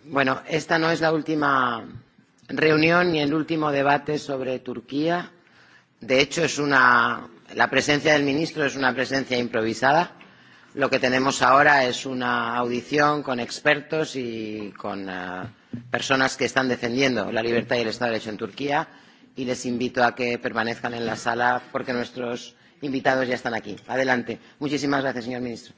Bueno, esta no es la última reunión ni el último debate sobre Turquía. De hecho, es una, la presencia del ministro es una presencia improvisada Lo que tenemos ahora es una audición con expertos y con uh, personas que están defendiendo la libertad y el Estado de Derecho en Turquía y les invito a que permanezcan en la sala porque nuestros invitados ya están aquí. Adelante. Muchísimas gracias, señor ministro.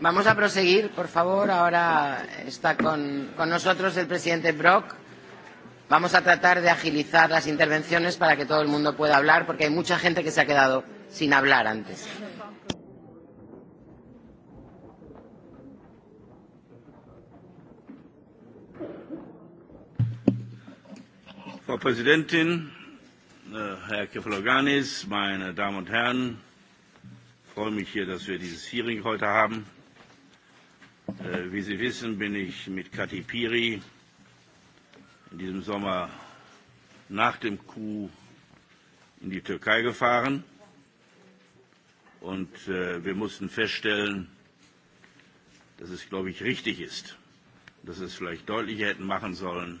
Vamos a proseguir, por favor. Ahora está con, con nosotros el presidente Brock. Vamos a tratar de agilizar las intervenciones para que todo el mundo pueda hablar, porque hay mucha gente que se ha quedado sin hablar antes. Frau Präsidentin, äh, Herr Kefaloganis, meine Damen und Herren! Ich freue mich hier, dass wir dieses Hearing heute haben. Äh, wie Sie wissen, bin ich mit Kati Piri in diesem Sommer nach dem Coup in die Türkei gefahren. Und äh, wir mussten feststellen, dass es, glaube ich, richtig ist, dass wir es vielleicht deutlicher hätten machen sollen,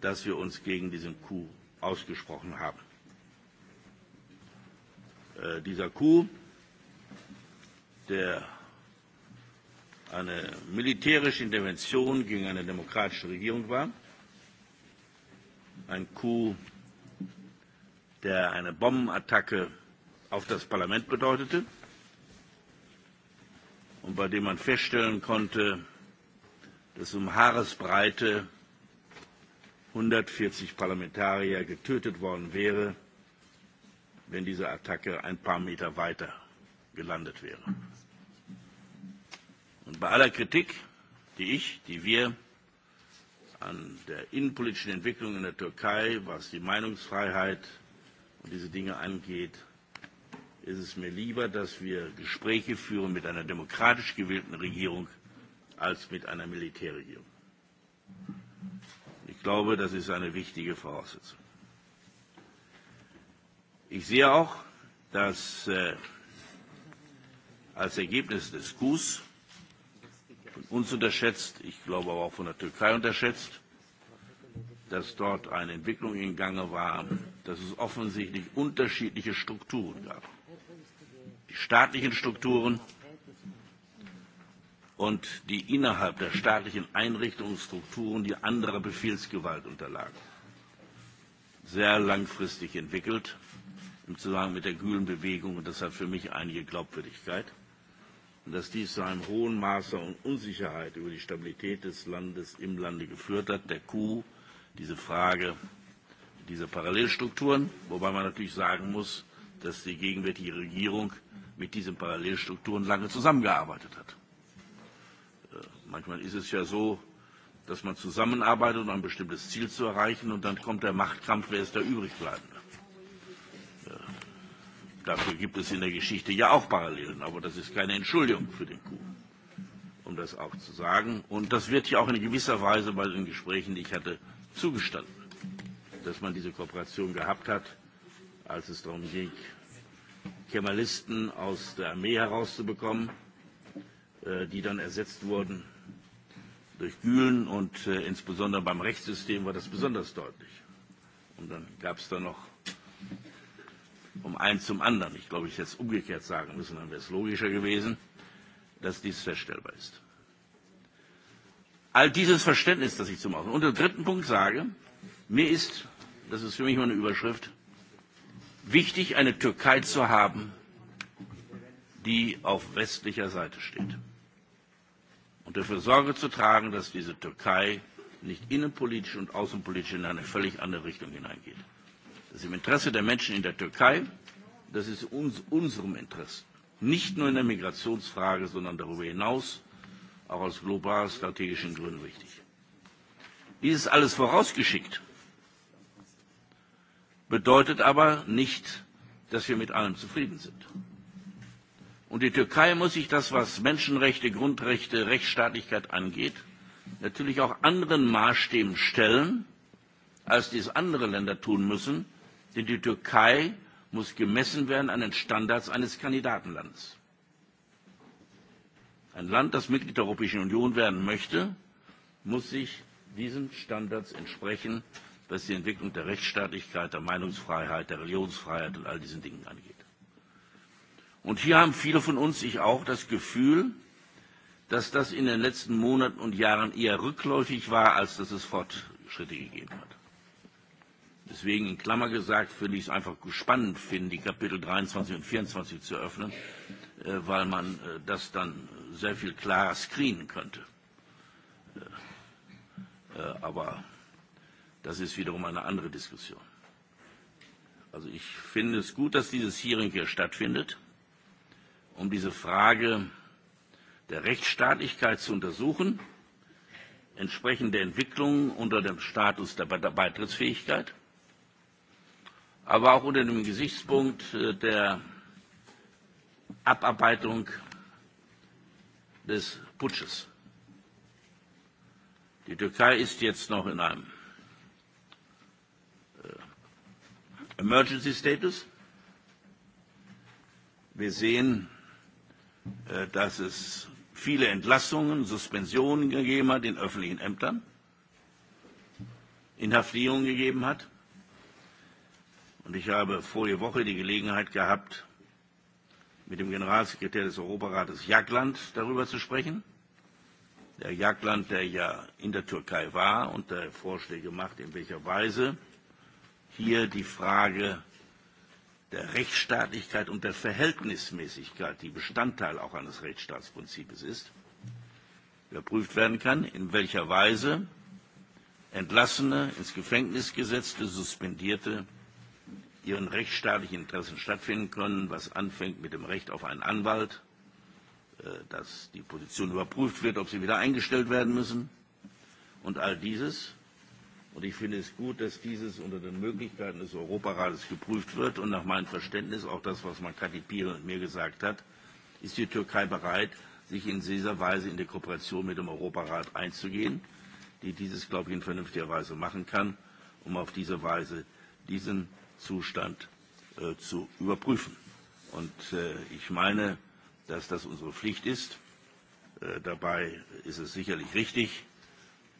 dass wir uns gegen diesen Coup ausgesprochen haben. Äh, dieser Coup, der eine militärische Intervention gegen eine demokratische Regierung war, ein Coup, der eine Bombenattacke auf das Parlament bedeutete und bei dem man feststellen konnte, dass um Haaresbreite 140 Parlamentarier getötet worden wäre, wenn diese Attacke ein paar Meter weiter gelandet wäre. Mhm. Und bei aller Kritik, die ich, die wir an der innenpolitischen Entwicklung in der Türkei, was die Meinungsfreiheit und diese Dinge angeht, ist es mir lieber, dass wir Gespräche führen mit einer demokratisch gewählten Regierung als mit einer Militärregierung. Ich glaube, das ist eine wichtige Voraussetzung. Ich sehe auch, dass äh, als Ergebnis des Coups von uns unterschätzt, ich glaube aber auch von der Türkei unterschätzt, dass dort eine Entwicklung in Gange war, dass es offensichtlich unterschiedliche Strukturen gab. Die staatlichen Strukturen und die innerhalb der staatlichen Einrichtungsstrukturen, die anderer Befehlsgewalt unterlagen. Sehr langfristig entwickelt im Zusammenhang mit der Gülen Bewegung und das hat für mich einige Glaubwürdigkeit und dass dies zu einem hohen Maße an Unsicherheit über die Stabilität des Landes im Lande geführt hat, der Coup, diese Frage dieser Parallelstrukturen, wobei man natürlich sagen muss, dass die gegenwärtige Regierung mit diesen Parallelstrukturen lange zusammengearbeitet hat. Äh, manchmal ist es ja so, dass man zusammenarbeitet, um ein bestimmtes Ziel zu erreichen, und dann kommt der Machtkampf, wer ist der übrig bleiben. Dafür gibt es in der Geschichte ja auch Parallelen, aber das ist keine Entschuldigung für den Coup, um das auch zu sagen. Und das wird ja auch in gewisser Weise bei den Gesprächen, die ich hatte, zugestanden, dass man diese Kooperation gehabt hat, als es darum ging, Kemalisten aus der Armee herauszubekommen, äh, die dann ersetzt wurden durch Gülen und äh, insbesondere beim Rechtssystem war das besonders deutlich. Und dann gab es da noch um eins zum anderen. Ich glaube, ich hätte es umgekehrt sagen müssen, dann wäre es logischer gewesen, dass dies feststellbar ist. All dieses Verständnis, das ich zum Ausdruck. Und den dritten Punkt sage, mir ist, das ist für mich meine Überschrift, wichtig, eine Türkei zu haben, die auf westlicher Seite steht. Und dafür Sorge zu tragen, dass diese Türkei nicht innenpolitisch und außenpolitisch in eine völlig andere Richtung hineingeht. Das ist im Interesse der Menschen in der Türkei. Das ist uns, unserem Interesse. Nicht nur in der Migrationsfrage, sondern darüber hinaus, auch aus global strategischen Gründen wichtig. Dies ist alles vorausgeschickt, bedeutet aber nicht, dass wir mit allem zufrieden sind. Und die Türkei muss sich das, was Menschenrechte, Grundrechte, Rechtsstaatlichkeit angeht, natürlich auch anderen Maßstäben stellen, als dies andere Länder tun müssen, Denn die Türkei muss gemessen werden an den Standards eines Kandidatenlandes. Ein Land, das Mitglied der Europäischen Union werden möchte, muss sich diesen Standards entsprechen, was die Entwicklung der Rechtsstaatlichkeit, der Meinungsfreiheit, der Religionsfreiheit und all diesen Dingen angeht. Und hier haben viele von uns, ich auch, das Gefühl, dass das in den letzten Monaten und Jahren eher rückläufig war, als dass es Fortschritte gegeben hat. Deswegen in Klammer gesagt würde ich es einfach spannend finden, die Kapitel 23 und 24 zu öffnen, äh, weil man äh, das dann sehr viel klarer screenen könnte. Äh, äh, aber das ist wiederum eine andere Diskussion. Also ich finde es gut, dass dieses Hearing hier stattfindet, um diese Frage der Rechtsstaatlichkeit zu untersuchen, entsprechend der Entwicklung unter dem Status der Beitrittsfähigkeit aber auch unter dem Gesichtspunkt äh, der Abarbeitung des Putsches. Die Türkei ist jetzt noch in einem äh, Emergency Status. Wir sehen, äh, dass es viele Entlassungen, Suspensionen gegeben hat in öffentlichen Ämtern, Inhaftierungen gegeben hat. Und ich habe vorige Woche die Gelegenheit gehabt, mit dem Generalsekretär des Europarates Jagland darüber zu sprechen. Der Jagland, der ja in der Türkei war und der Vorschläge macht, in welcher Weise hier die Frage der Rechtsstaatlichkeit und der Verhältnismäßigkeit, die Bestandteil auch eines Rechtsstaatsprinzips ist, überprüft werden kann, in welcher Weise entlassene, ins Gefängnis gesetzte, suspendierte ihren rechtsstaatlichen Interessen stattfinden können, was anfängt mit dem Recht auf einen Anwalt, äh, dass die Position überprüft wird, ob sie wieder eingestellt werden müssen und all dieses. Und ich finde es gut, dass dieses unter den Möglichkeiten des Europarates geprüft wird. Und nach meinem Verständnis, auch das, was Makati Piel und mir gesagt hat, ist die Türkei bereit, sich in dieser Weise in die Kooperation mit dem Europarat einzugehen, die dieses, glaube ich, in vernünftiger Weise machen kann, um auf diese Weise diesen Zustand äh, zu überprüfen. Und äh, ich meine, dass das unsere Pflicht ist. Äh, dabei ist es sicherlich richtig,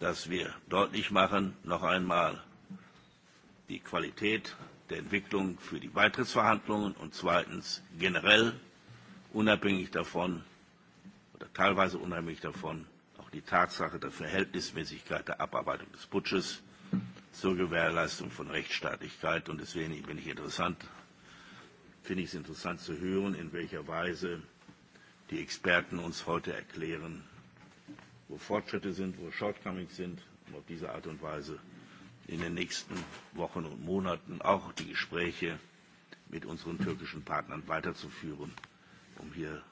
dass wir deutlich machen, noch einmal die Qualität der Entwicklung für die Beitrittsverhandlungen und zweitens generell unabhängig davon oder teilweise unabhängig davon auch die Tatsache der Verhältnismäßigkeit der Abarbeitung des Putsches zur Gewährleistung von Rechtsstaatlichkeit. Und deswegen bin ich interessant, finde ich es interessant zu hören, in welcher Weise die Experten uns heute erklären, wo Fortschritte sind, wo Shortcomings sind und auf diese Art und Weise in den nächsten Wochen und Monaten auch die Gespräche mit unseren türkischen Partnern weiterzuführen, um hier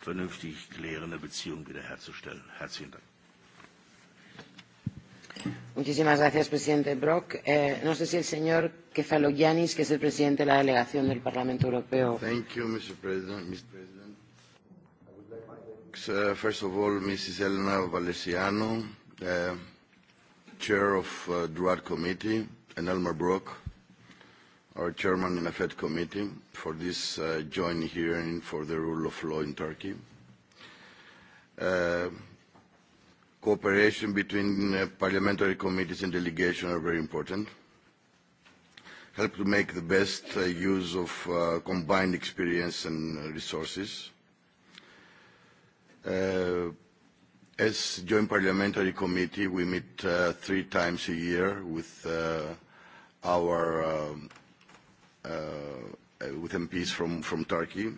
vernünftig klärende Beziehungen wiederherzustellen. Herzlichen Dank. Muchísimas gracias, presidente Brock. Eh, no sé si el señor Kefalogiannis, que es el presidente de la delegación del Parlamento Europeo. Thank you, Mr. President. Mr. President. I would like my thanks, uh, first of all, Mrs. Elena Valenciano, uh, chair of uh, Druad Committee, and Elmar Brock, our chairman in the Fed Committee, for this uh, joint hearing for the rule of law in Turkey. Uh, Cooperation between uh, parliamentary committees and delegations are very important. Help to make the best uh, use of uh, combined experience and uh, resources. Uh, as joint parliamentary committee, we meet uh, three times a year with uh, our um, uh, uh, with MPs from, from Turkey.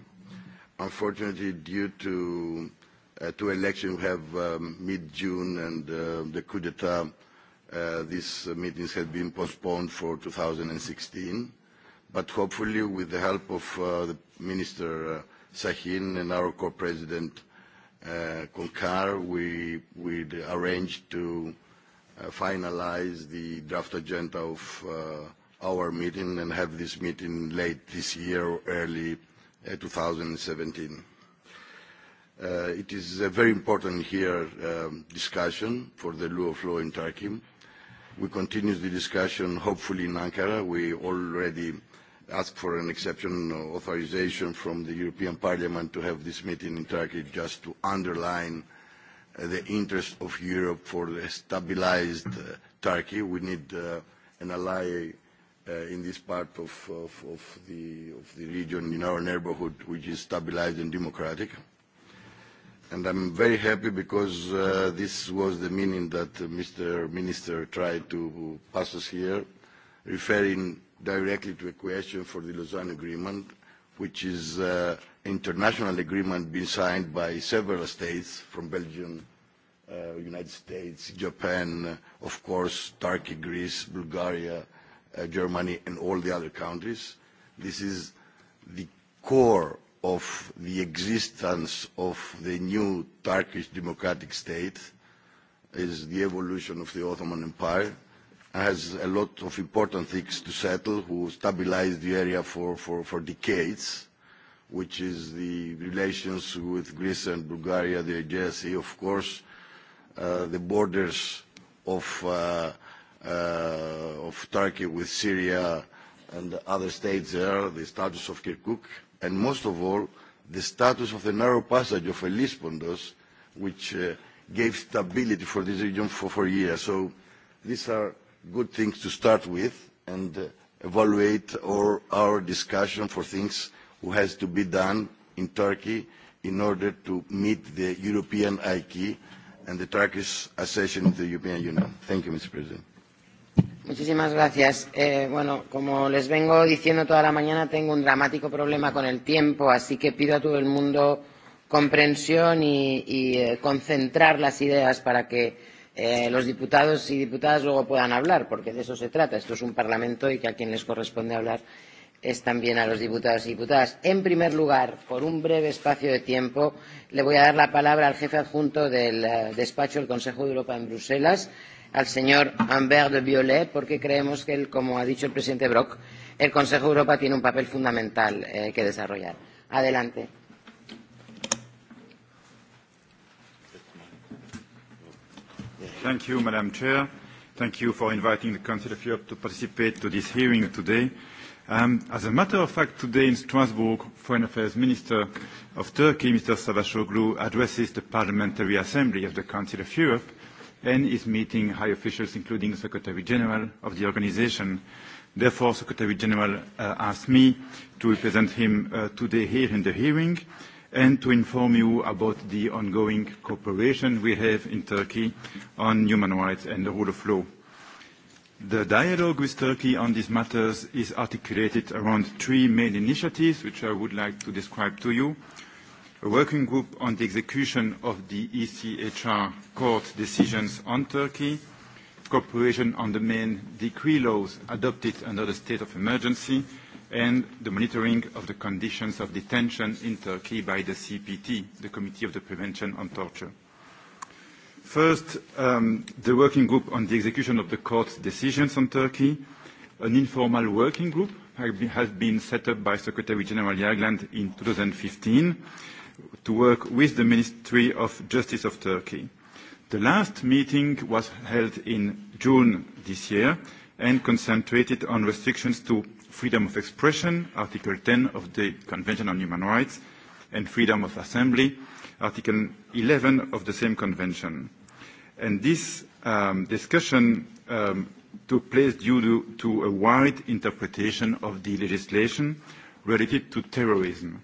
Unfortunately, due to uh, two elections. We have um, mid-June and uh, the coup d'etat. Uh, these meetings have been postponed for 2016. But hopefully, with the help of uh, the Minister uh, Sahin and our co-president uh, Konkar, we would arrange to uh, finalize the draft agenda of uh, our meeting and have this meeting late this year or early uh, 2017. Uh, it is a very important here um, discussion for the rule of law in Turkey. We continue the discussion, hopefully in Ankara. We already asked for an exception authorization from the European Parliament to have this meeting in Turkey just to underline uh, the interest of Europe for the stabilized uh, Turkey. We need uh, an ally uh, in this part of, of, of, the, of the region, in our neighborhood, which is stabilized and democratic. Uh, And I'm very happy because uh, this was the meaning that Mr. Minister tried to pass us here, referring directly to a question for the Lausanne Agreement, which is uh, international agreement being signed by several states from Belgium, uh, United States, Japan, uh, of course, Turkey, Greece, Bulgaria, uh, Germany, and all the other countries. This is the core of the existence of the new Turkish democratic state is the evolution of the Ottoman Empire has a lot of important things to settle, who stabilized the area for, for, for decades, which is the relations with Greece and Bulgaria, the Aegean Sea, of course, uh, the borders of, uh, uh, of Turkey with Syria and other states there, the status of Kirkuk, uh, and most of all, the status of the narrow passage of Elispondos, which uh, gave stability for this region for, for years. So these are good things to start with and uh, evaluate or our discussion for things who has to be done in Turkey in order to meet the European acquis and the Turkish accession to the European Union. Thank you, Mr. President. Muchísimas gracias. Eh, bueno, como les vengo diciendo toda la mañana, tengo un dramático problema con el tiempo, así que pido a todo el mundo comprensión y, y eh, concentrar las ideas para que eh, los diputados y diputadas luego puedan hablar, porque de eso se trata. Esto es un Parlamento y que a quien les corresponde hablar es también a los diputados y diputadas. En primer lugar, por un breve espacio de tiempo, le voy a dar la palabra al jefe adjunto del eh, despacho del Consejo de Europa en Bruselas, eh, al señor Humbert de Violet, porque creemos que, él, como ha dicho el presidente Brock, el Consejo de Europa tiene un papel fundamental eh, que desarrollar. Adelante. Thank you, Madam Chair. Thank you for inviting the Council of Europe to participate to this hearing today. Um, as a matter of fact, today in Strasbourg, Foreign Affairs Minister of Turkey, Mr. Savashoglu, addresses the Parliamentary Assembly of the Council of Europe and is meeting high officials, including Secretary General of the organization. Therefore, Secretary General uh, asked me to represent him uh, today here in the hearing and to inform you about the ongoing cooperation we have in Turkey on human rights and the rule of law. The dialogue with Turkey on these matters is articulated around three main initiatives, which I would like to describe to you a working group on the execution of the ECHR court decisions on Turkey, cooperation on the main decree laws adopted under the state of emergency, and the monitoring of the conditions of detention in Turkey by the CPT, the Committee of the Prevention on Torture. First, um, the working group on the execution of the court's decisions on Turkey. An informal working group has been set up by Secretary General Jagland in 2015 to work with the Ministry of Justice of Turkey. The last meeting was held in June this year and concentrated on restrictions to freedom of expression, Article 10 of the Convention on Human Rights, and freedom of assembly, Article 11 of the same convention. And this um, discussion um, took place due to, to a wide interpretation of the legislation related to terrorism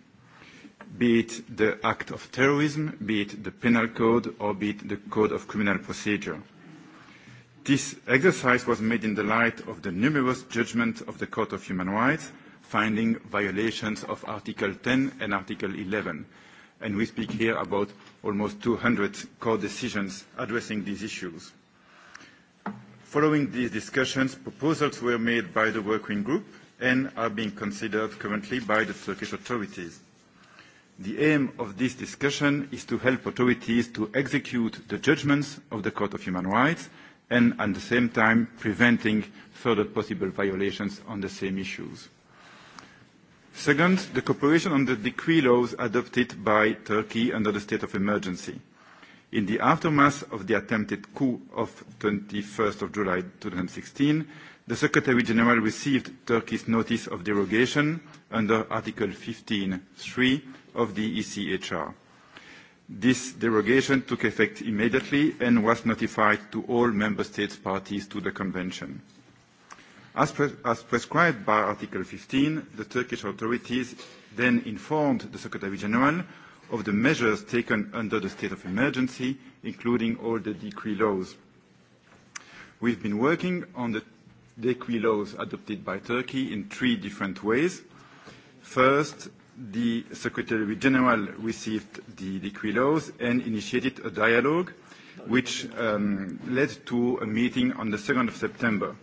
be it the act of terrorism, be it the penal code, or be it the code of criminal procedure. This exercise was made in the light of the numerous judgments of the Court of Human Rights finding violations of Article 10 and Article 11. And we speak here about almost 200 court decisions addressing these issues. Following these discussions, proposals were made by the working group and are being considered currently by the Turkish authorities. The aim of this discussion is to help authorities to execute the judgments of the Court of Human Rights and at the same time preventing further possible violations on the same issues. Second, the cooperation on the decree laws adopted by Turkey under the state of emergency. In the aftermath of the attempted coup of 21st of July 2016, the Secretary-General received Turkey's notice of derogation under Article 15.3 of the ECHR. This derogation took effect immediately and was notified to all member states parties to the convention. As, pre as prescribed by Article 15, the Turkish authorities then informed the Secretary General of the measures taken under the state of emergency, including all the decree laws. We've been working on the decree laws adopted by Turkey in three different ways. First, the Secretary General received the decree laws and initiated a dialogue which um, led to a meeting on the 2nd of September.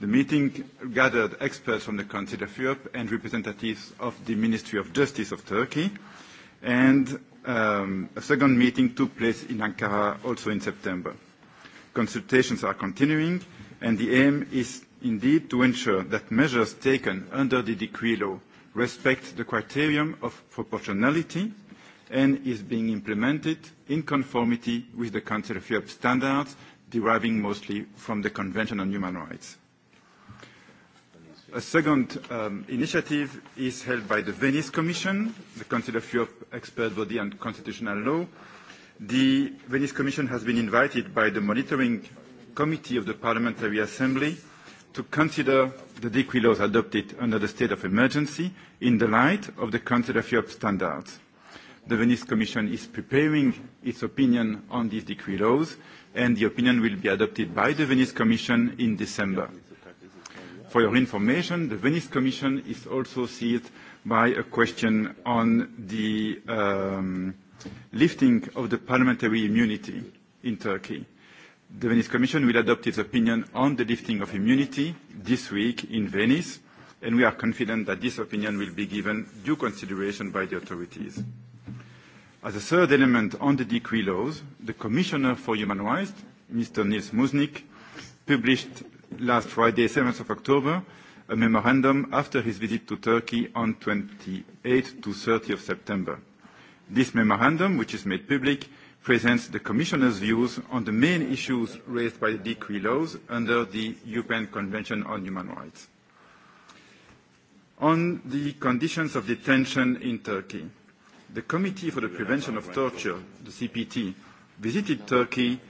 The meeting gathered experts from the Council of Europe and representatives of the Ministry of Justice of Turkey, and um, a second meeting took place in Ankara also in September. Consultations are continuing, and the aim is indeed to ensure that measures taken under the decree law respects the criterion of proportionality and is being implemented in conformity with the Council of Europe standards, deriving mostly from the Convention on Human Rights. A second um, initiative is held by the Venice Commission, the Council of Europe expert body on constitutional law. The Venice Commission has been invited by the Monitoring Committee of the Parliamentary Assembly to consider the decree laws adopted under the state of emergency in the light of the Council of Europe standards. The Venice Commission is preparing its opinion on these decree laws, and the opinion will be adopted by the Venice Commission in December. For your information, the Venice Commission is also seized by a question on the um, lifting of the parliamentary immunity in Turkey. The Venice Commission will adopt its opinion on the lifting of immunity this week in Venice, and we are confident that this opinion will be given due consideration by the authorities. As a third element on the decree laws, the Commissioner for Human Rights, Mr. Nils Muizniek, published last Friday, 7th of October, a memorandum after his visit to Turkey on 28th to 30th of September. This memorandum, which is made public, presents the Commissioner's views on the main issues raised by the decree laws under the European Convention on Human Rights. On the conditions of detention in Turkey, the Committee for the Prevention of Torture, the CPT, visited Turkey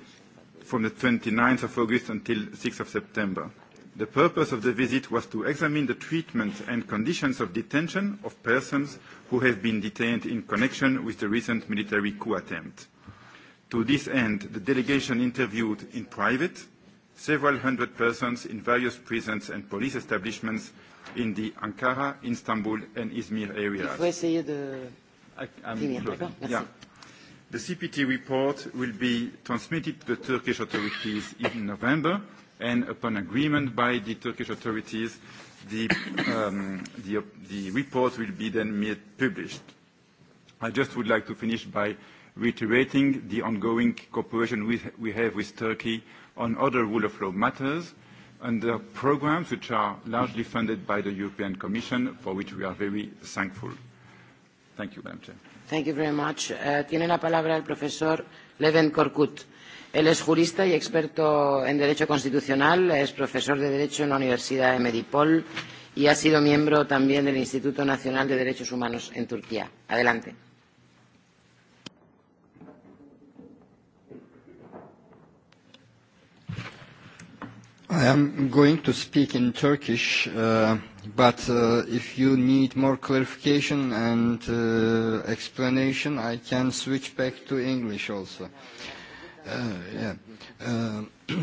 from the 29th of August until 6th of September. The purpose of the visit was to examine the treatment and conditions of detention of persons who have been detained in connection with the recent military coup attempt. To this end, the delegation interviewed in private several hundred persons in various prisons and police establishments in the Ankara, Istanbul, and Izmir areas. Il faut essayer de I, I'm finir. D'accord, merci. Yeah. The CPT report will be transmitted to the Turkish authorities in November, and upon agreement by the Turkish authorities, the, um, the, the report will be then made published. I just would like to finish by reiterating the ongoing cooperation with, we have with Turkey on other rule of law matters under programs which are largely funded by the European Commission, for which we are very thankful. Thank you, Madam Chair. Thank you very much. Uh, tiene la palabra el profesor Leven Korkut. Él es jurista y experto en Derecho Constitucional, es profesor de Derecho en la Universidad de Medipol y ha sido miembro también del Instituto Nacional de Derechos Humanos en Turquía. Adelante. I am going to speak in Turkish, uh, but uh, if you need more clarification and uh, explanation, I can switch back to English also. Uh, yeah. Uh,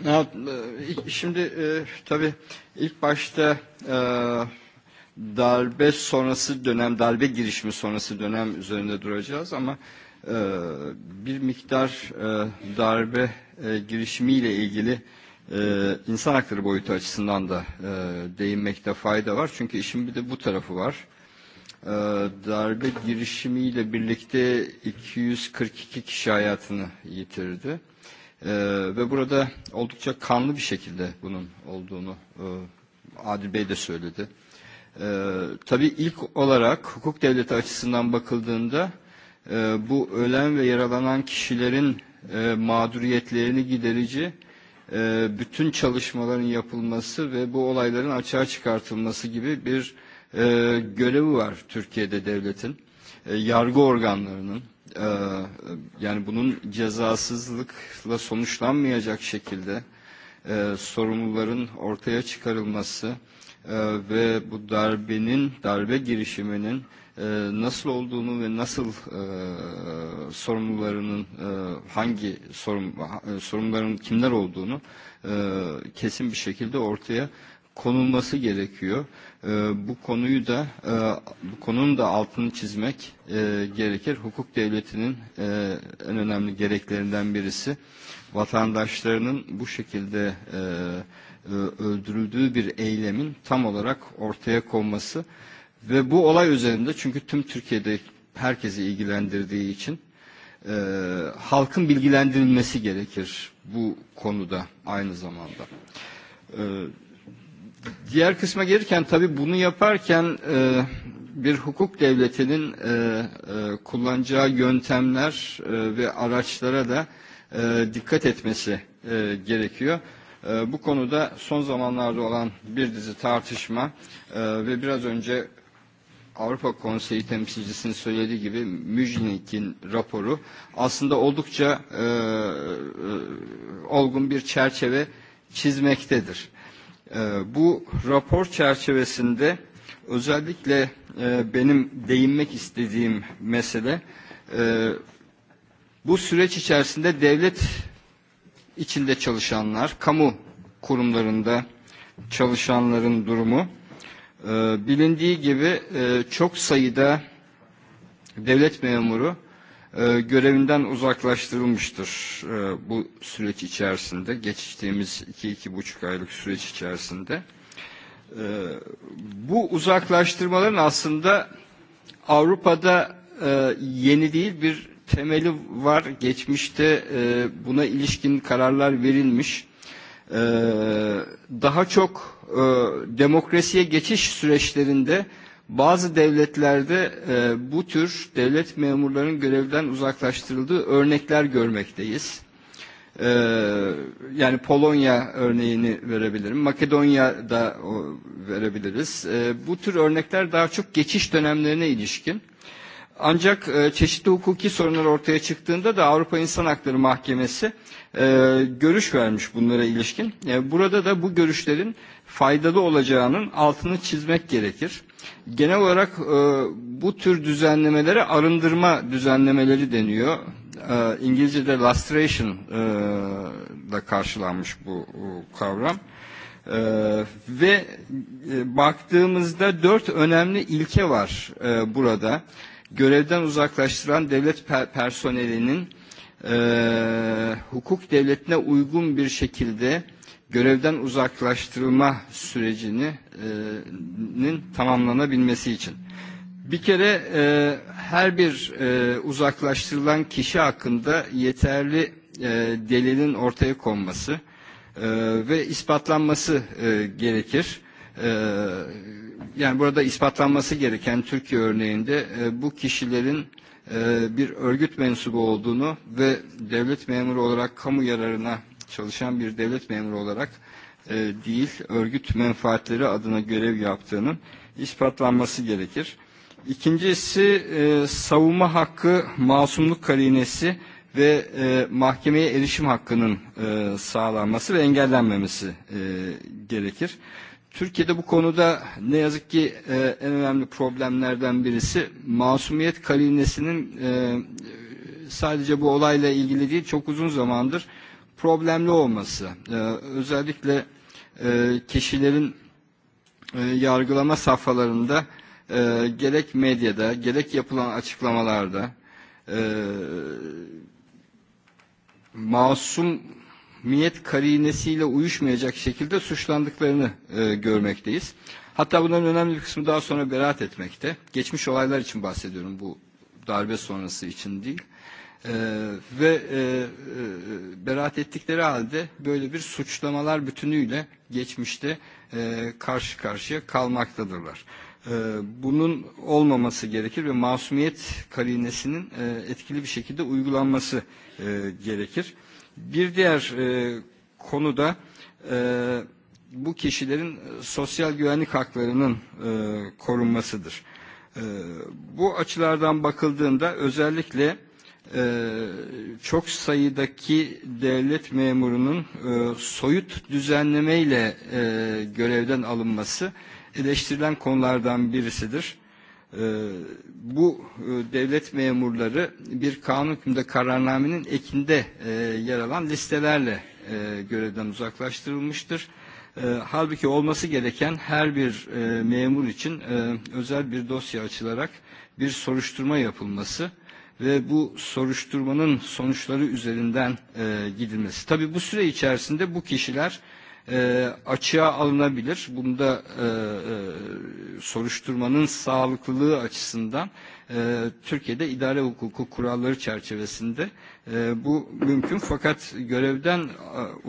now, uh, şimdi e, tabii ilk başta e, darbe sonrası dönem, darbe girişimi sonrası dönem üzerinde duracağız ama e, bir miktar e, darbe e, girişimiyle ilgili e, e, insan hakları boyutu açısından da e, değinmekte fayda var. Çünkü işin bir de bu tarafı var. E, darbe girişimiyle birlikte 242 kişi hayatını yitirdi. E, ve burada oldukça kanlı bir şekilde bunun olduğunu e, Adil Bey de söyledi. E, tabii ilk olarak hukuk devleti açısından bakıldığında e, bu ölen ve yaralanan kişilerin e, mağduriyetlerini giderici e, e, bütün çalışmaların yapılması ve bu olayların açığa çıkartılması gibi bir e, görevi var Türkiye'de devletin, e, yargı organlarının. E, yani bunun cezasızlıkla sonuçlanmayacak şekilde e, sorumluların ortaya çıkarılması e, ve bu darbenin, darbe girişiminin nasıl olduğunu ve nasıl e, sorumlularının e, hangi sorum, e, sorumluların kimler olduğunu e, kesin bir şekilde ortaya konulması gerekiyor. E, bu konuyu da e, bu konunun da altını çizmek e, gerekir. Hukuk devletinin e, en önemli gereklerinden birisi vatandaşlarının bu şekilde e, e öldürüldüğü bir eylemin tam olarak ortaya konması. E, Ve bu olay üzerinde çünkü tüm Türkiye'de herkesi ilgilendirdiği için e, halkın bilgilendirilmesi gerekir bu konuda aynı zamanda. E, diğer kısma gelirken tabii bunu yaparken e, bir hukuk devletinin e, e, kullanacağı yöntemler e, ve araçlara da e, dikkat etmesi e, gerekiyor. E, bu konuda son zamanlarda olan bir dizi tartışma e, ve biraz önce Avrupa Konseyi temsilcisinin söylediği gibi Müjnik'in raporu aslında oldukça e, e, olgun bir çerçeve çizmektedir. E, bu rapor çerçevesinde özellikle e, benim değinmek istediğim mesele e, bu süreç içerisinde devlet içinde çalışanlar, kamu kurumlarında çalışanların durumu Bilindiği gibi e, çok sayıda devlet memuru e, görevinden uzaklaştırılmıştır e, bu süreç içerisinde. Geçtiğimiz iki, iki buçuk aylık süreç içerisinde. Bu uzaklaştırmaların aslında Avrupa'da yeni değil bir temeli var. Geçmişte buna ilişkin kararlar verilmiş. Daha çok e, demokrasiye geçiş süreçlerinde bazı devletlerde e, bu tür devlet memurlarının görevden uzaklaştırıldığı örnekler görmekteyiz. E, yani Polonya örneğini verebilirim, Makedonya'da verebiliriz. E, bu tür örnekler daha çok geçiş dönemlerine ilişkin. E, Ancak e, çeşitli hukuki sorunlar ortaya çıktığında da Avrupa İnsan Hakları Mahkemesi e, görüş vermiş bunlara ilişkin. E, burada da bu görüşlerin faydalı olacağının altını çizmek gerekir. Genel olarak e, bu tür düzenlemelere arındırma düzenlemeleri deniyor. E, İngilizce'de lustration e, da karşılanmış bu kavram. Ee, ve e, baktığımızda dört önemli ilke var e, burada görevden uzaklaştıran devlet per personelinin e, hukuk devletine uygun bir şekilde görevden uzaklaştırılma sürecinin e, tamamlanabilmesi için. Bir kere e, her bir e, uzaklaştırılan kişi hakkında yeterli e, delilin ortaya konması e, ve ispatlanması e, gerekir. E, yani burada ispatlanması gereken Türkiye örneğinde e, bu kişilerin e, bir örgüt mensubu olduğunu ve devlet memuru olarak kamu yararına çalışan bir devlet memuru olarak e, değil örgüt menfaatleri adına görev yaptığının ispatlanması gerekir. İkincisi e, savunma hakkı, masumluk karinesi ve e, mahkemeye erişim hakkının e, sağlanması ve engellenmemesi e, gerekir. E, Türkiye'de bu konuda ne yazık ki e, en önemli problemlerden birisi masumiyet kalinesinin e, sadece bu olayla ilgili değil çok uzun zamandır problemli olması. E, özellikle e, kişilerin e, yargılama safhalarında e, gerek medyada gerek yapılan açıklamalarda e, masum niyet karinesiyle uyuşmayacak şekilde suçlandıklarını e, görmekteyiz. Hatta bunların önemli bir kısmı daha sonra beraat etmekte. Geçmiş olaylar için bahsediyorum bu darbe sonrası için değil. E, ve e, e, beraat ettikleri halde böyle bir suçlamalar bütünüyle geçmişte e, karşı karşıya kalmaktadırlar e, bunun olmaması gerekir ve masumiyet karinesinin e, etkili bir şekilde uygulanması e, gerekir. Bir diğer e, konu da e, bu kişilerin e, sosyal güvenlik haklarının e, korunmasıdır. E, bu açılardan bakıldığında özellikle e, çok sayıdaki devlet memurunun e, soyut düzenlemeyle e, görevden alınması eleştirilen konulardan birisidir bu e, devlet memurları bir kanun hükmünde kararnamenin ekinde e, yer alan listelerle e, görevden uzaklaştırılmıştır. Halbuki olması gereken her bir memur için özel bir dosya açılarak bir soruşturma yapılması ve bu soruşturmanın sonuçları üzerinden gidilmesi. Tabi bu süre içerisinde bu kişiler e, açığa alınabilir. Bunda e, e, soruşturmanın sağlıklılığı açısından e, Türkiye'de idare hukuku kuralları çerçevesinde e, bu mümkün fakat görevden e,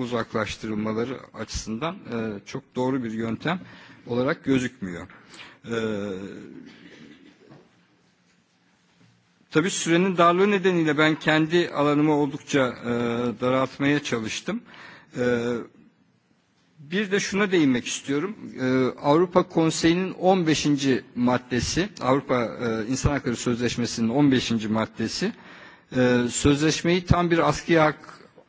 uzaklaştırılmaları açısından e, çok doğru bir yöntem olarak gözükmüyor. E, Tabii sürenin darlığı nedeniyle ben kendi alanımı oldukça e, daraltmaya çalıştım. E, Bir de şuna değinmek istiyorum. Ee, Avrupa Konseyi'nin 15. maddesi, Avrupa e, İnsan Hakları Sözleşmesi'nin 15. maddesi, e, sözleşmeyi tam bir askıya hak,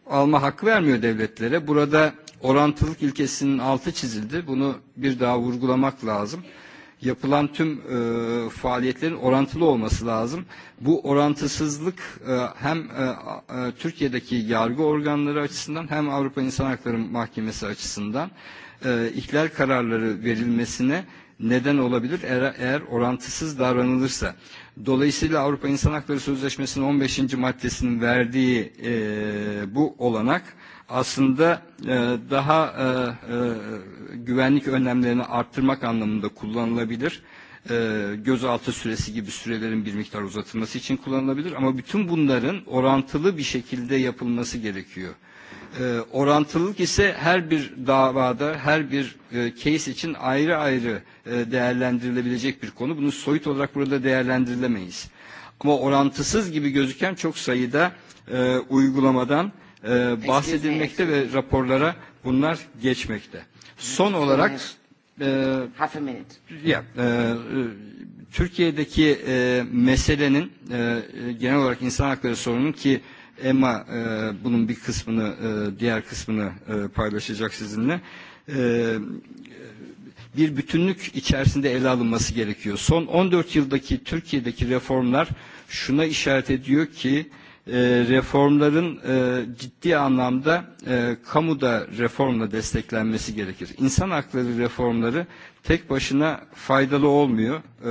alma hakkı vermiyor devletlere. Burada orantılık ilkesinin altı çizildi. Bunu bir daha vurgulamak lazım. Evet yapılan tüm e, faaliyetlerin orantılı olması lazım. Bu orantısızlık e, hem e, e, Türkiye'deki yargı organları açısından hem Avrupa İnsan Hakları Mahkemesi açısından e, ihlal kararları verilmesine neden olabilir eğer, eğer orantısız davranılırsa. Dolayısıyla Avrupa İnsan Hakları Sözleşmesi'nin 15. maddesinin verdiği e, bu olanak aslında e, daha e, e, güvenlik önlemlerini arttırmak anlamında kullanılabilir. Gözaltı süresi gibi sürelerin bir miktar uzatılması için kullanılabilir ama bütün bunların orantılı bir şekilde yapılması gerekiyor. Orantılılık ise her bir davada, her bir case için ayrı ayrı değerlendirilebilecek bir konu. Bunu soyut olarak burada değerlendirilemeyiz. Ama orantısız gibi gözüken çok sayıda uygulamadan e, bahsedilmekte ve raporlara bunlar geçmekte. Son olarak e, ya, e, e, Türkiye'deki e, meselenin e, e genel olarak insan hakları sorunun ki Emma e, bunun bir kısmını e, diğer kısmını e, paylaşacak sizinle. E, bir bütünlük içerisinde ele alınması gerekiyor. Son 14 yıldaki Türkiye'deki reformlar şuna işaret ediyor ki e, e, reformların e, ciddi anlamda e, kamuda reformla desteklenmesi gerekir. İnsan hakları reformları tek başına faydalı olmuyor. E,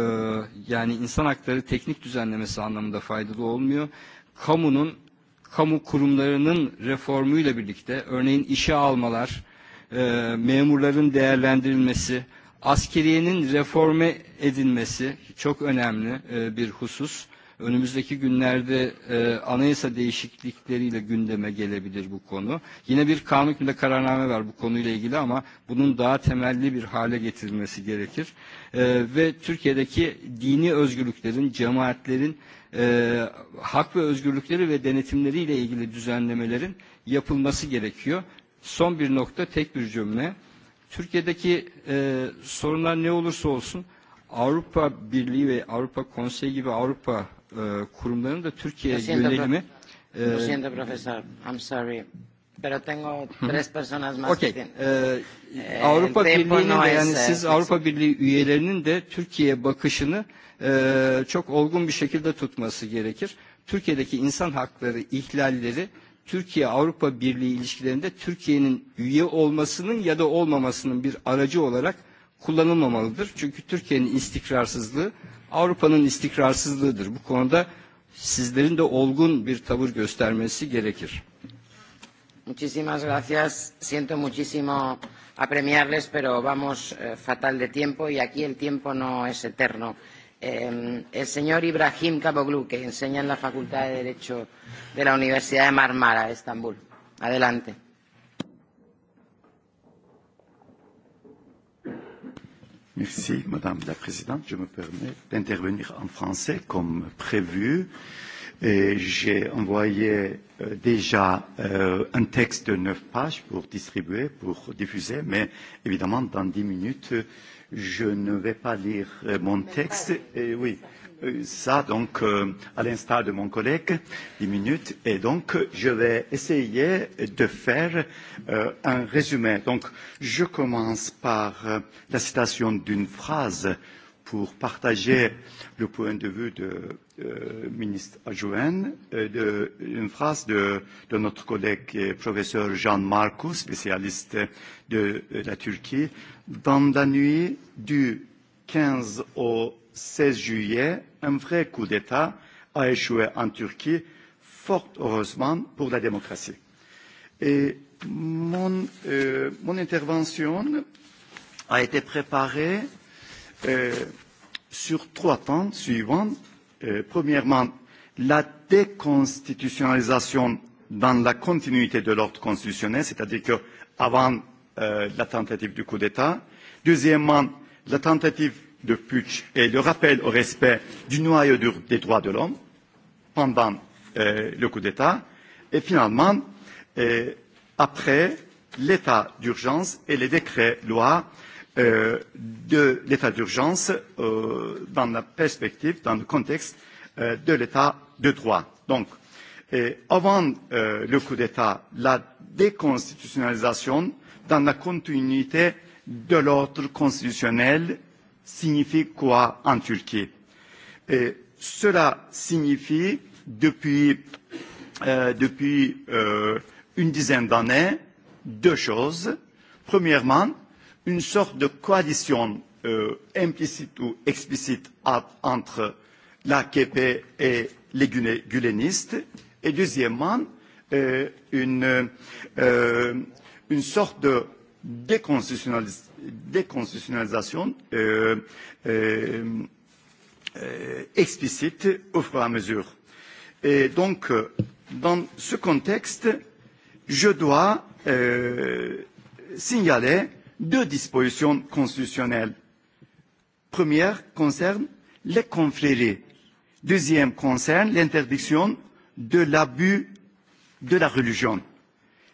yani insan hakları teknik düzenlemesi anlamında faydalı olmuyor. Kamunun, kamu kurumlarının reformuyla birlikte örneğin işe almalar, e, memurların değerlendirilmesi, askeriyenin reforme edilmesi çok önemli e, bir husus Önümüzdeki günlerde e, anayasa değişiklikleriyle gündeme gelebilir bu konu. Yine bir kanun hükmünde kararname var bu konuyla ilgili ama bunun daha temelli bir hale getirilmesi gerekir. E, ve Türkiye'deki dini özgürlüklerin, cemaatlerin e, hak ve özgürlükleri ve denetimleriyle ilgili düzenlemelerin yapılması gerekiyor. Son bir nokta, tek bir cümle. Türkiye'deki e, sorunlar ne olursa olsun Avrupa Birliği ve Avrupa Konseyi gibi Avrupa e, kurumların da Türkiye Lo siento, yönelimi... E, Lo siento, profesor. I'm sorry. Pero tengo tres personas más. Okay. Ee, e, eh, Avrupa Birliği'nin de yani eh, siz Avrupa Birliği üyelerinin de Türkiye bakışını e, çok olgun bir şekilde tutması gerekir. Türkiye'deki insan hakları ihlalleri Türkiye Avrupa Birliği ilişkilerinde Türkiye'nin üye olmasının ya da olmamasının bir aracı olarak kullanılmamalıdır. Çünkü Türkiye'nin istikrarsızlığı Avrupa'nın istikrarsızlığıdır. Bu konuda sizlerin de olgun bir tavır göstermesi gerekir. Muchísimas gracias. Siento muchísimo apremiarles, pero vamos eh, fatal de tiempo y aquí el tiempo no es eterno. Eh, el señor Ibrahim Kaboglu, que enseña en la Facultad de Derecho de la Universidad de Marmara, Estambul. Adelante. Merci, Madame la Présidente. Je me permets d'intervenir en français comme prévu. J'ai envoyé euh, déjà euh, un texte de neuf pages pour distribuer, pour diffuser, mais évidemment, dans dix minutes, je ne vais pas lire euh, mon texte. Et oui. Euh, ça donc euh, à l'instar de mon collègue, 10 minutes, et donc je vais essayer de faire euh, un résumé. Donc je commence par euh, la citation d'une phrase pour partager le point de vue de euh, ministre adjoint, euh, de, une phrase de, de notre collègue professeur Jean Marcos, spécialiste de, de euh, la Turquie, dans la nuit du 15 au 16 juillet, un vrai coup d'État a échoué en Turquie, fort heureusement pour la démocratie. Et mon, euh, mon intervention a été préparée euh, sur trois temps suivants. Euh, premièrement, la déconstitutionnalisation dans la continuité de l'ordre constitutionnel, c'est-à-dire qu'avant euh, la tentative du coup d'État. Deuxièmement, la tentative de putsch et le rappel au respect du noyau dur des droits de l'homme pendant euh, le coup d'État et finalement euh, après l'état d'urgence et les décrets lois euh, de l'état d'urgence euh, dans la perspective, dans le contexte euh, de l'état de droit. Donc, et euh, avant euh, le coup d'État, la déconstitutionnalisation dans la continuité de l'ordre constitutionnel signifie quoi en Turquie Et euh, Cela signifie, depuis, euh, depuis euh, une dizaine d'années, deux choses. Premièrement, une sorte de coalition euh, implicite ou explicite entre l'AKP et les gulenistes. Et deuxièmement, euh, une, euh, une sorte de déconstitutionnalisation déconstitutionnalisation euh, euh, euh, explicite au fur et à mesure. Et donc, dans ce contexte, je dois euh, signaler deux dispositions constitutionnelles. Première concerne les confréries. Deuxième concerne l'interdiction de l'abus de la religion.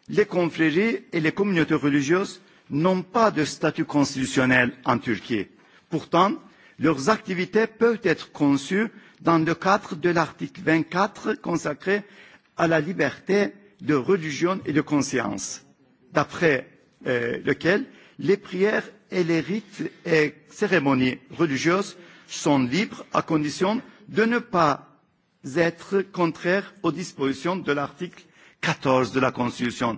Les confréries et les communautés religieuses n'ont pas de statut constitutionnel en Turquie. Pourtant, leurs activités peuvent être conçues dans le cadre de l'article 24 consacré à la liberté de religion et de conscience, d'après euh, lequel les prières et les rites et cérémonies religieuses sont libres à condition de ne pas être contraires aux dispositions de l'article 14 de la Constitution,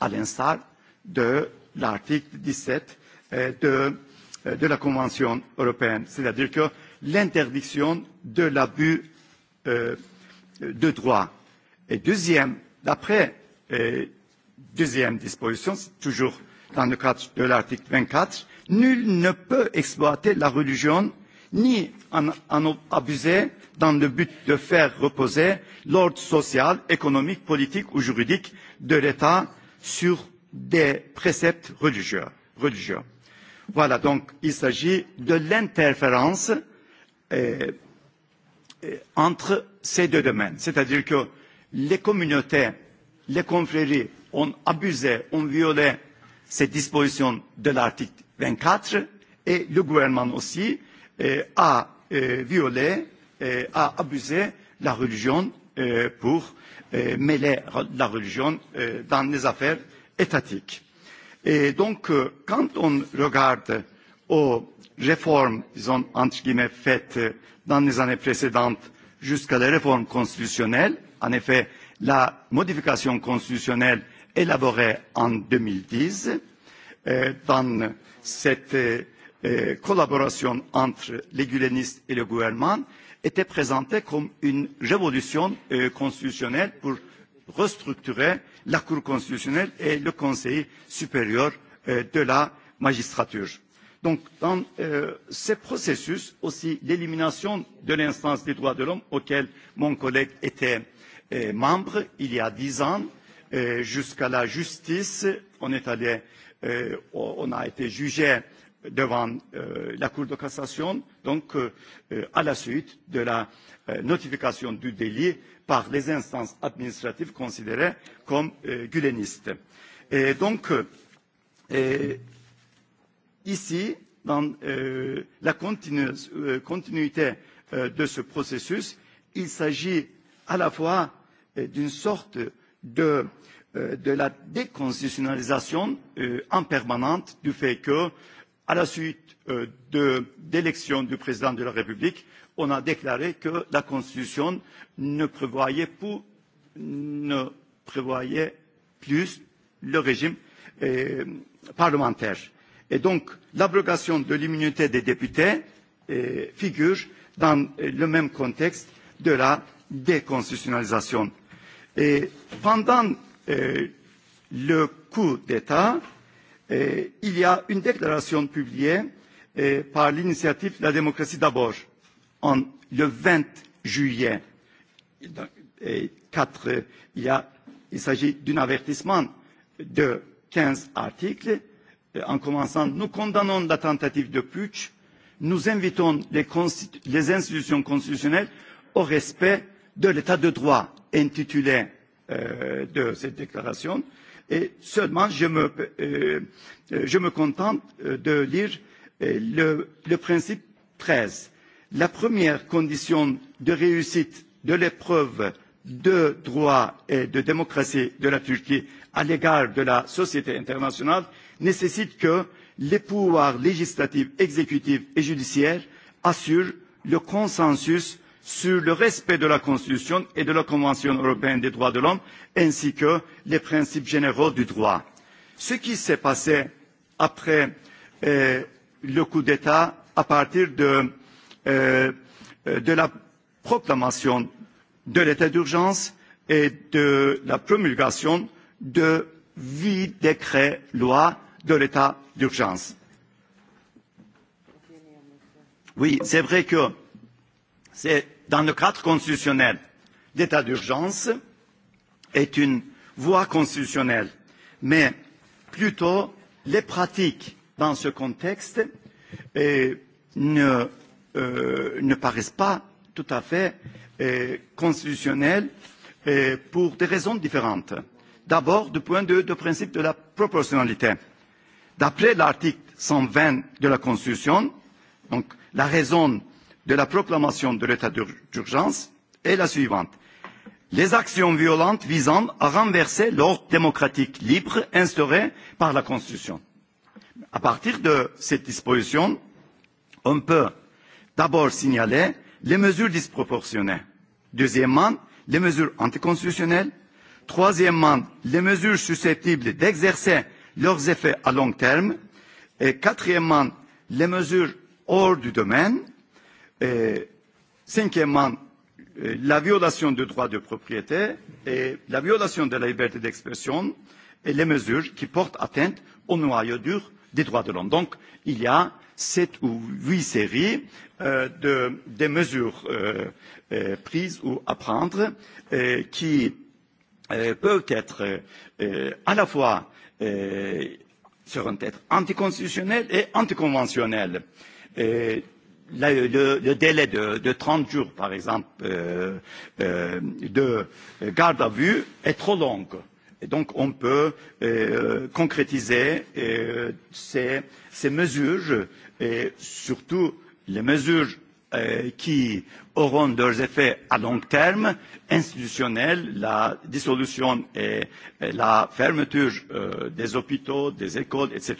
à l'instar de l'article 17 euh, de, euh, de la Convention européenne, c'est-à-dire que l'interdiction de l'abus euh, de droit. Et deuxième, d'après euh, deuxième disposition, c'est toujours dans le cadre de l'article 24, nul ne peut exploiter la religion ni en, en abuser dans le but de faire reposer l'ordre social, économique, politique ou juridique de l'État sur des préceptes religieux. religieux. Voilà, donc il s'agit de l'interférence euh, euh, entre ces deux domaines. C'est-à-dire que les communautés, les confréries ont abusé, ont violé ces dispositions de l'article 24 et le gouvernement aussi euh, a euh, violé, euh, a abusé la religion euh, pour euh, mêler la religion euh, dans les affaires euh, étatique. Et donc, euh, quand on regarde aux réformes, disons, entre guillemets, faites euh, dans les années précédentes jusqu'à la réforme constitutionnelle, en effet, la modification constitutionnelle élaborée en 2010, euh, dans cette euh, euh, collaboration entre les gulenistes et le gouvernement, était présentée comme une révolution euh, constitutionnelle pour restructurer la Cour constitutionnelle et le Conseil supérieur euh, de la magistrature. Donc, dans euh, ce processus aussi, l'élimination de l'instance des droits de l'homme auquel mon collègue était euh, membre il y a dix ans, euh, jusqu'à la justice, on est allé, euh, on a été jugé euh, devant euh, la Cour de cassation, donc euh, euh, à la suite de la euh, notification du délit par les instances administratives considérées comme euh, gulenistes. Et donc, euh, ici, dans euh, la continu, euh, continuité euh, de ce processus, il s'agit à la fois euh, d'une sorte de, euh, de la déconstitutionnalisation euh, en permanente du fait que euh, à la suite euh, de l'élection du président de la République, on a déclaré que la Constitution ne prévoyait, pour, ne prévoyait plus le régime euh, parlementaire. Et donc, l'abrogation de l'immunité des députés euh, figure dans le même contexte de la déconstitutionnalisation. Et pendant euh, le coup d'État, euh, euh, il y a une déclaration publiée euh, par l'initiative La démocratie d'abord en, le 20 juillet. Et 4, eh, il, y a, il s'agit d'un avertissement de 15 articles. Eh, en commençant, nous condamnons la tentative de putsch, nous invitons les, les institutions constitutionnelles au respect de l'état de droit intitulé euh, de cette déclaration. Euh, Et seulement, je me, euh, euh je me contente euh, de lire euh, le, le principe 13. La première condition de réussite de l'épreuve de droit et de démocratie de la Turquie à l'égard de la société internationale nécessite que les pouvoirs législatifs, exécutifs et judiciaires assurent le consensus sur le respect de la Constitution et de la Convention européenne des droits de l'homme, ainsi que les principes généraux du droit. Ce qui s'est passé après euh, le coup d'État, à partir de, euh, de la proclamation de l'état d'urgence et de la promulgation de huit décrets lois de l'état d'urgence. Oui, c'est vrai que c'est dans le cadre constitutionnel. L'état d'urgence est une voie constitutionnelle, mais plutôt les pratiques dans ce contexte et euh, ne, euh, ne paraissent pas tout à fait euh, constitutionnelles euh, pour des raisons différentes. D'abord, du point de vue du principe de la proportionnalité. D'après l'article 120 de la Constitution, donc la raison de la proclamation de l'état d'urgence est la suivante les actions violentes visant à renverser l'ordre démocratique libre instauré par la constitution. à partir de cette disposition on peut d'abord signaler les mesures disproportionnées deuxièmement les mesures anticonstitutionnelles troisièmement les mesures susceptibles d'exercer leurs effets à long terme et quatrièmement les mesures hors du domaine Et, euh, cinquièmement, euh, la violation du droit de propriété et la violation de la liberté d'expression et les mesures qui portent atteinte au noyau dur des droits de l'homme. Donc, il y a sept ou huit séries euh, de, de mesures euh, euh, prises ou à prendre euh, qui euh, peuvent être euh, à la fois euh, seront être anticonstitutionnelles et anticonventionnelles. Euh, le, le, le délai de, de 30 jours, par exemple, euh, euh, de garde à vue est trop long. Et donc, on peut euh, concrétiser euh, ces, ces mesures, et surtout les mesures euh, qui auront leurs effets à long terme institutionnels, la dissolution et la fermeture euh, des hôpitaux, des écoles, etc.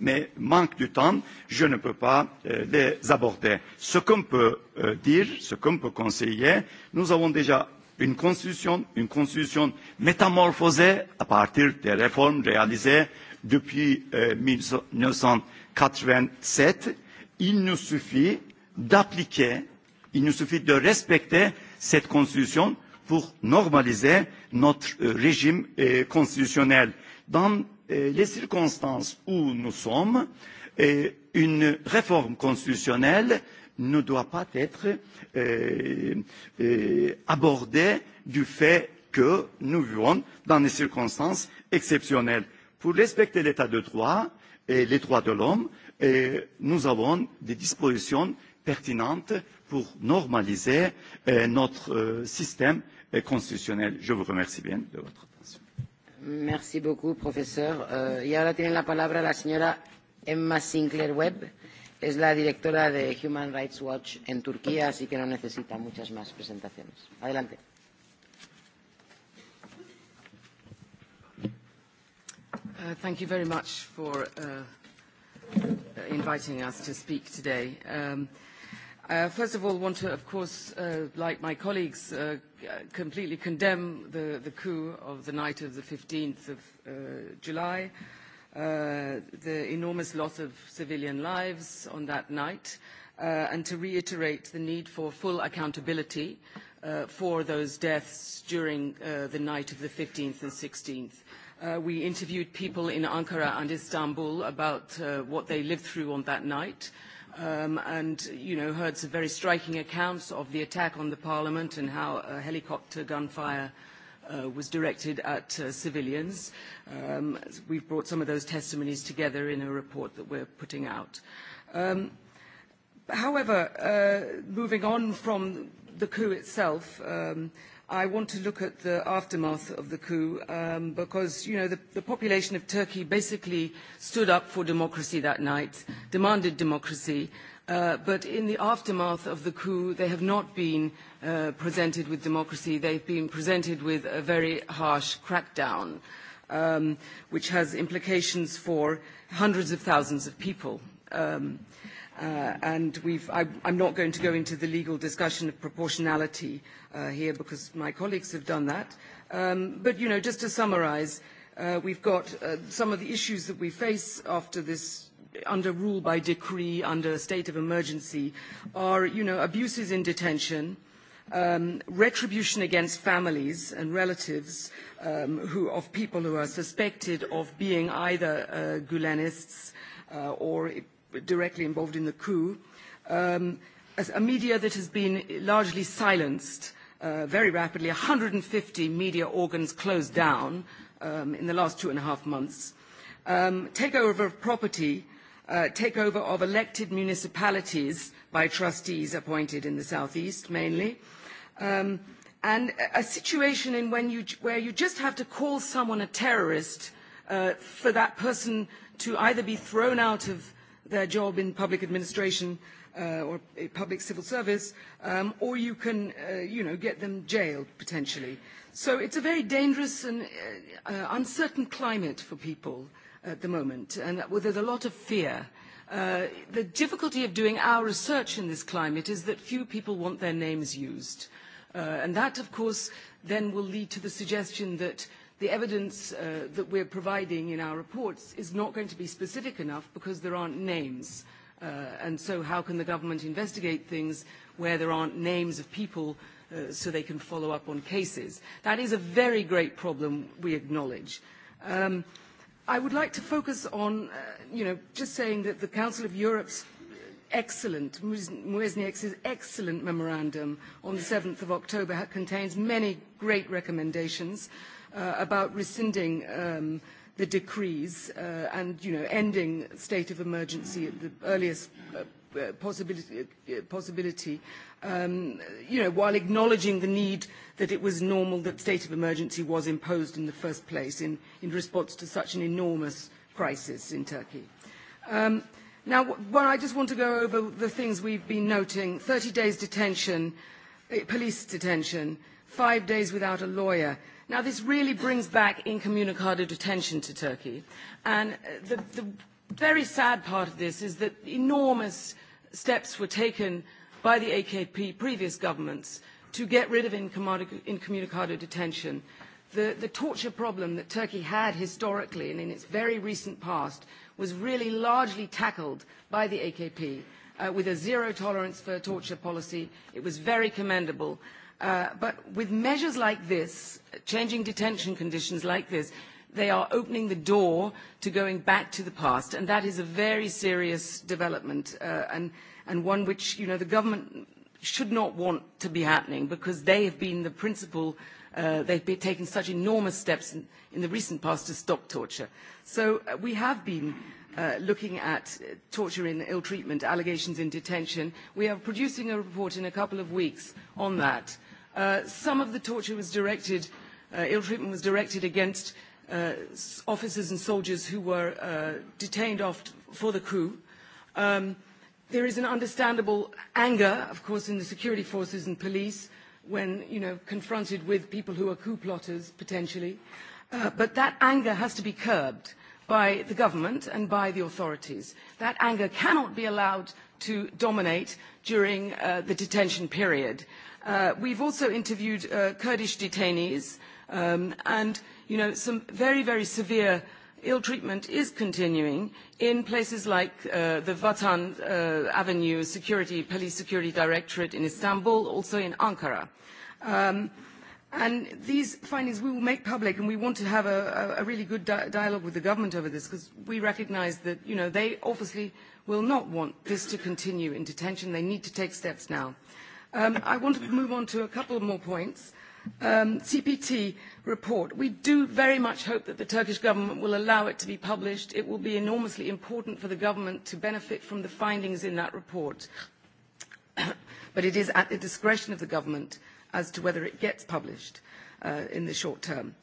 Mais manque du temps, je ne peux pas euh, les aborder. Ce qu'on peut euh, dire, ce qu'on peut conseiller, nous avons déjà une constitution, une constitution métamorphosée à partir des réformes réalisées depuis euh, 1987. Il nous suffit d'appliquer euh, Il nous suffit de respecter cette constitution pour normaliser notre euh, régime euh, constitutionnel. Dans euh, les circonstances où nous sommes, euh, une réforme constitutionnelle ne doit pas être euh, euh, abordée du fait que nous vivons dans des circonstances exceptionnelles. Pour respecter l'état de droit et les droits de l'homme, euh, nous avons des dispositions pertinentes pour normaliser euh, notre euh, système euh, constitutionnel. Je vous remercie bien de votre attention. Merci beaucoup, professeur. Uh, y ahora tiene la palabra la señora Emma Sinclair Webb. Es la directora de Human Rights Watch en Turquía, así que no necesita muchas más presentaciones. Adelante. Uh, thank you very much for uh, inviting us to speak today. Um, uh, Uh, first of all, want to, of course, uh, like my colleagues, uh, completely condemn the, the coup of the night of the 15th of uh, July, uh, the enormous loss of civilian lives on that night, uh, and to reiterate the need for full accountability uh, for those deaths during uh, the night of the 15th and 16th. Uh, we interviewed people in Ankara and Istanbul about uh, what they lived through on that night. Uh, um, and you know heard some very striking accounts of the attack on the parliament and how uh, helicopter gunfire uh, was directed at uh, civilians. Um, we've brought some of those testimonies together in a report that we're putting out. Um, however, uh, moving on from the coup itself, um, uh, I want to look at the aftermath of the coup um, because, you know, the, the population of Turkey basically stood up for democracy that night, demanded democracy, uh, but in the aftermath of the coup, they have not been uh, presented with democracy. They've been presented with a very harsh crackdown, um, which has implications for hundreds of thousands of people. Um, uh, Uh, and we've, I, I'm not going to go into the legal discussion of proportionality uh, here because my colleagues have done that. Um, but, you know, just to summarize, uh, we've got uh, some of the issues that we face after this under rule by decree, under a state of emergency, are, you know, abuses in detention, um, retribution against families and relatives um, who, of people who are suspected of being either uh, Gulenists uh, or directly involved in the coup, um, a, a media that has been largely silenced uh, very rapidly. 150 media organs closed down um, in the last two and a half months. Um, takeover of property, uh, takeover of elected municipalities by trustees appointed in the southeast mainly, um, and a situation in when you, where you just have to call someone a terrorist uh, for that person to either be thrown out of their job in public administration uh, or a public civil service, um, or you can, uh, you know, get them jailed potentially. So it's a very dangerous and uh, uh, uncertain climate for people at the moment, and well, there's a lot of fear. Uh, the difficulty of doing our research in this climate is that few people want their names used. Uh, and that, of course, then will lead to the suggestion that the evidence uh, that we're providing in our reports is not going to be specific enough because there aren't names. Uh, and so how can the government investigate things where there aren't names of people uh, so they can follow up on cases? That is a very great problem we acknowledge. Um, I would like to focus on, uh, you know, just saying that the Council of Europe's excellent, Muesniak's excellent memorandum on the 7th of October contains many great recommendations. Uh, uh, about rescinding um, the decrees uh, and you know, ending state of emergency at the earliest uh, uh, possibility, uh, possibility um, you know, while acknowledging the need that it was normal that state of emergency was imposed in the first place in, in response to such an enormous crisis in Turkey. Um, now, well, I just want to go over the things we've been noting. 30 days detention, eh, police detention, five days without a lawyer, Now, this really brings back incommunicado detention to Turkey. And uh, the, the very sad part of this is that enormous steps were taken by the AKP previous governments to get rid of incommunicado detention. The, the torture problem that Turkey had historically and in its very recent past was really largely tackled by the AKP uh, with a zero tolerance for torture policy. It was very commendable. Uh, but with measures like this, changing detention conditions like this, they are opening the door to going back to the past, and that is a very serious development uh, and, and one which you know, the government should not want to be happening because they have been the principal, uh, they've been taken such enormous steps in, in the recent past to stop torture. So uh, we have been uh, looking at uh, torture in ill treatment, allegations in detention. We are producing a report in a couple of weeks on that. Uh, Uh, some of the torture was directed, uh, ill treatment was directed against uh, officers and soldiers who were uh, detained off for the coup. Um, there is an understandable anger, of course, in the security forces and police when, you know, confronted with people who are coup plotters, potentially. Uh, but that anger has to be curbed by the government and by the authorities. That anger cannot be allowed to dominate during uh, the detention period. Uh, we've also interviewed uh, Kurdish detainees um, and you know, some very, very severe ill treatment is continuing in places like uh, the Vatan uh, Avenue security, police security directorate in Istanbul, also in Ankara. Um, uh, And these findings we will make public, and we want to have a, a, a really good di dialogue with the government over this, because we recognise that you know, they obviously will not want this to continue in detention. They need to take steps now. Um, I want to move on to a couple more points. Um, CPT report. We do very much hope that the Turkish government will allow it to be published. It will be enormously important for the government to benefit from the findings in that report. but it is at the discretion of the government as to whether it gets published uh, in the short term.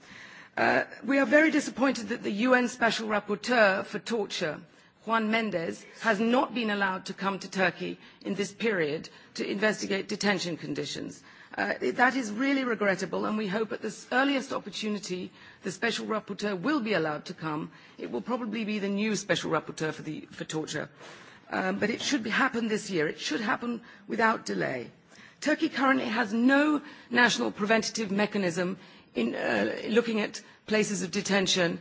Uh, we are very disappointed that the UN Special Rapporteur for Torture, Juan Mendez, has not been allowed to come to Turkey in this period to investigate detention conditions. Uh, that is really regrettable, and we hope at the earliest opportunity the Special Rapporteur will be allowed to come. It will probably be the new Special Rapporteur for, the, for torture. Um, but it should be, happen this year. It should happen without delay. Uh, Turkey currently has no national preventative mechanism in uh, looking at places of detention.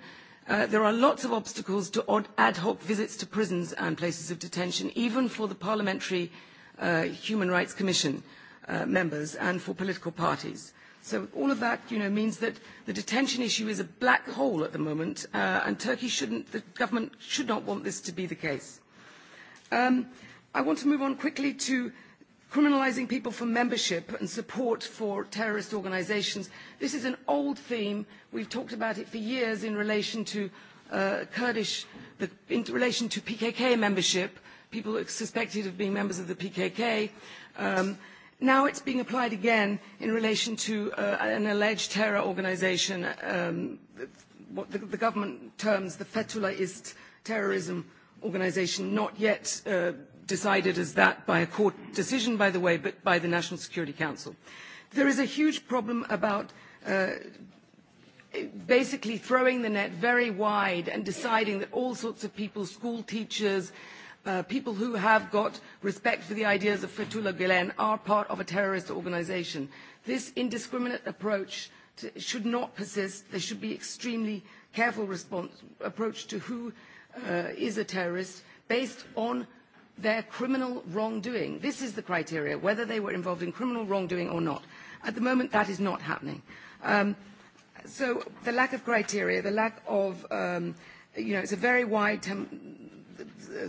Uh, there are lots of obstacles to ad hoc visits to prisons and places of detention, even for the Parliamentary uh, Human Rights Commission uh, members and for political parties. So all of that you know, means that the detention issue is a black hole at the moment, uh, and Turkey shouldn't, the government should not want this to be the case. Um, I want to move on quickly to criminalising people for membership and support for terrorist organisations. This is an old theme. We've talked about it for years in relation to uh, Kurdish, the, in relation to PKK membership, people suspected of being members of the PKK. Um, now it's being applied again in relation to uh, an alleged terror organisation, um, what the, the government terms the Fetullah Ist terrorism organisation, not yet uh, decided as that by a court decision, by the way, but by the National Security Council. There is a huge problem about uh, basically throwing the net very wide and deciding that all sorts of people, school teachers, uh, people who have got respect for the ideas of Fethullah Gulen are part of a terrorist organization. This indiscriminate approach to, should not persist. There should be extremely careful response, approach to who uh, is a terrorist based on their criminal wrongdoing. This is the criteria, whether they were involved in criminal wrongdoing or not. At the moment, that is not happening. Um, so the lack of criteria, the lack of, um, you know, it's a very wide tem-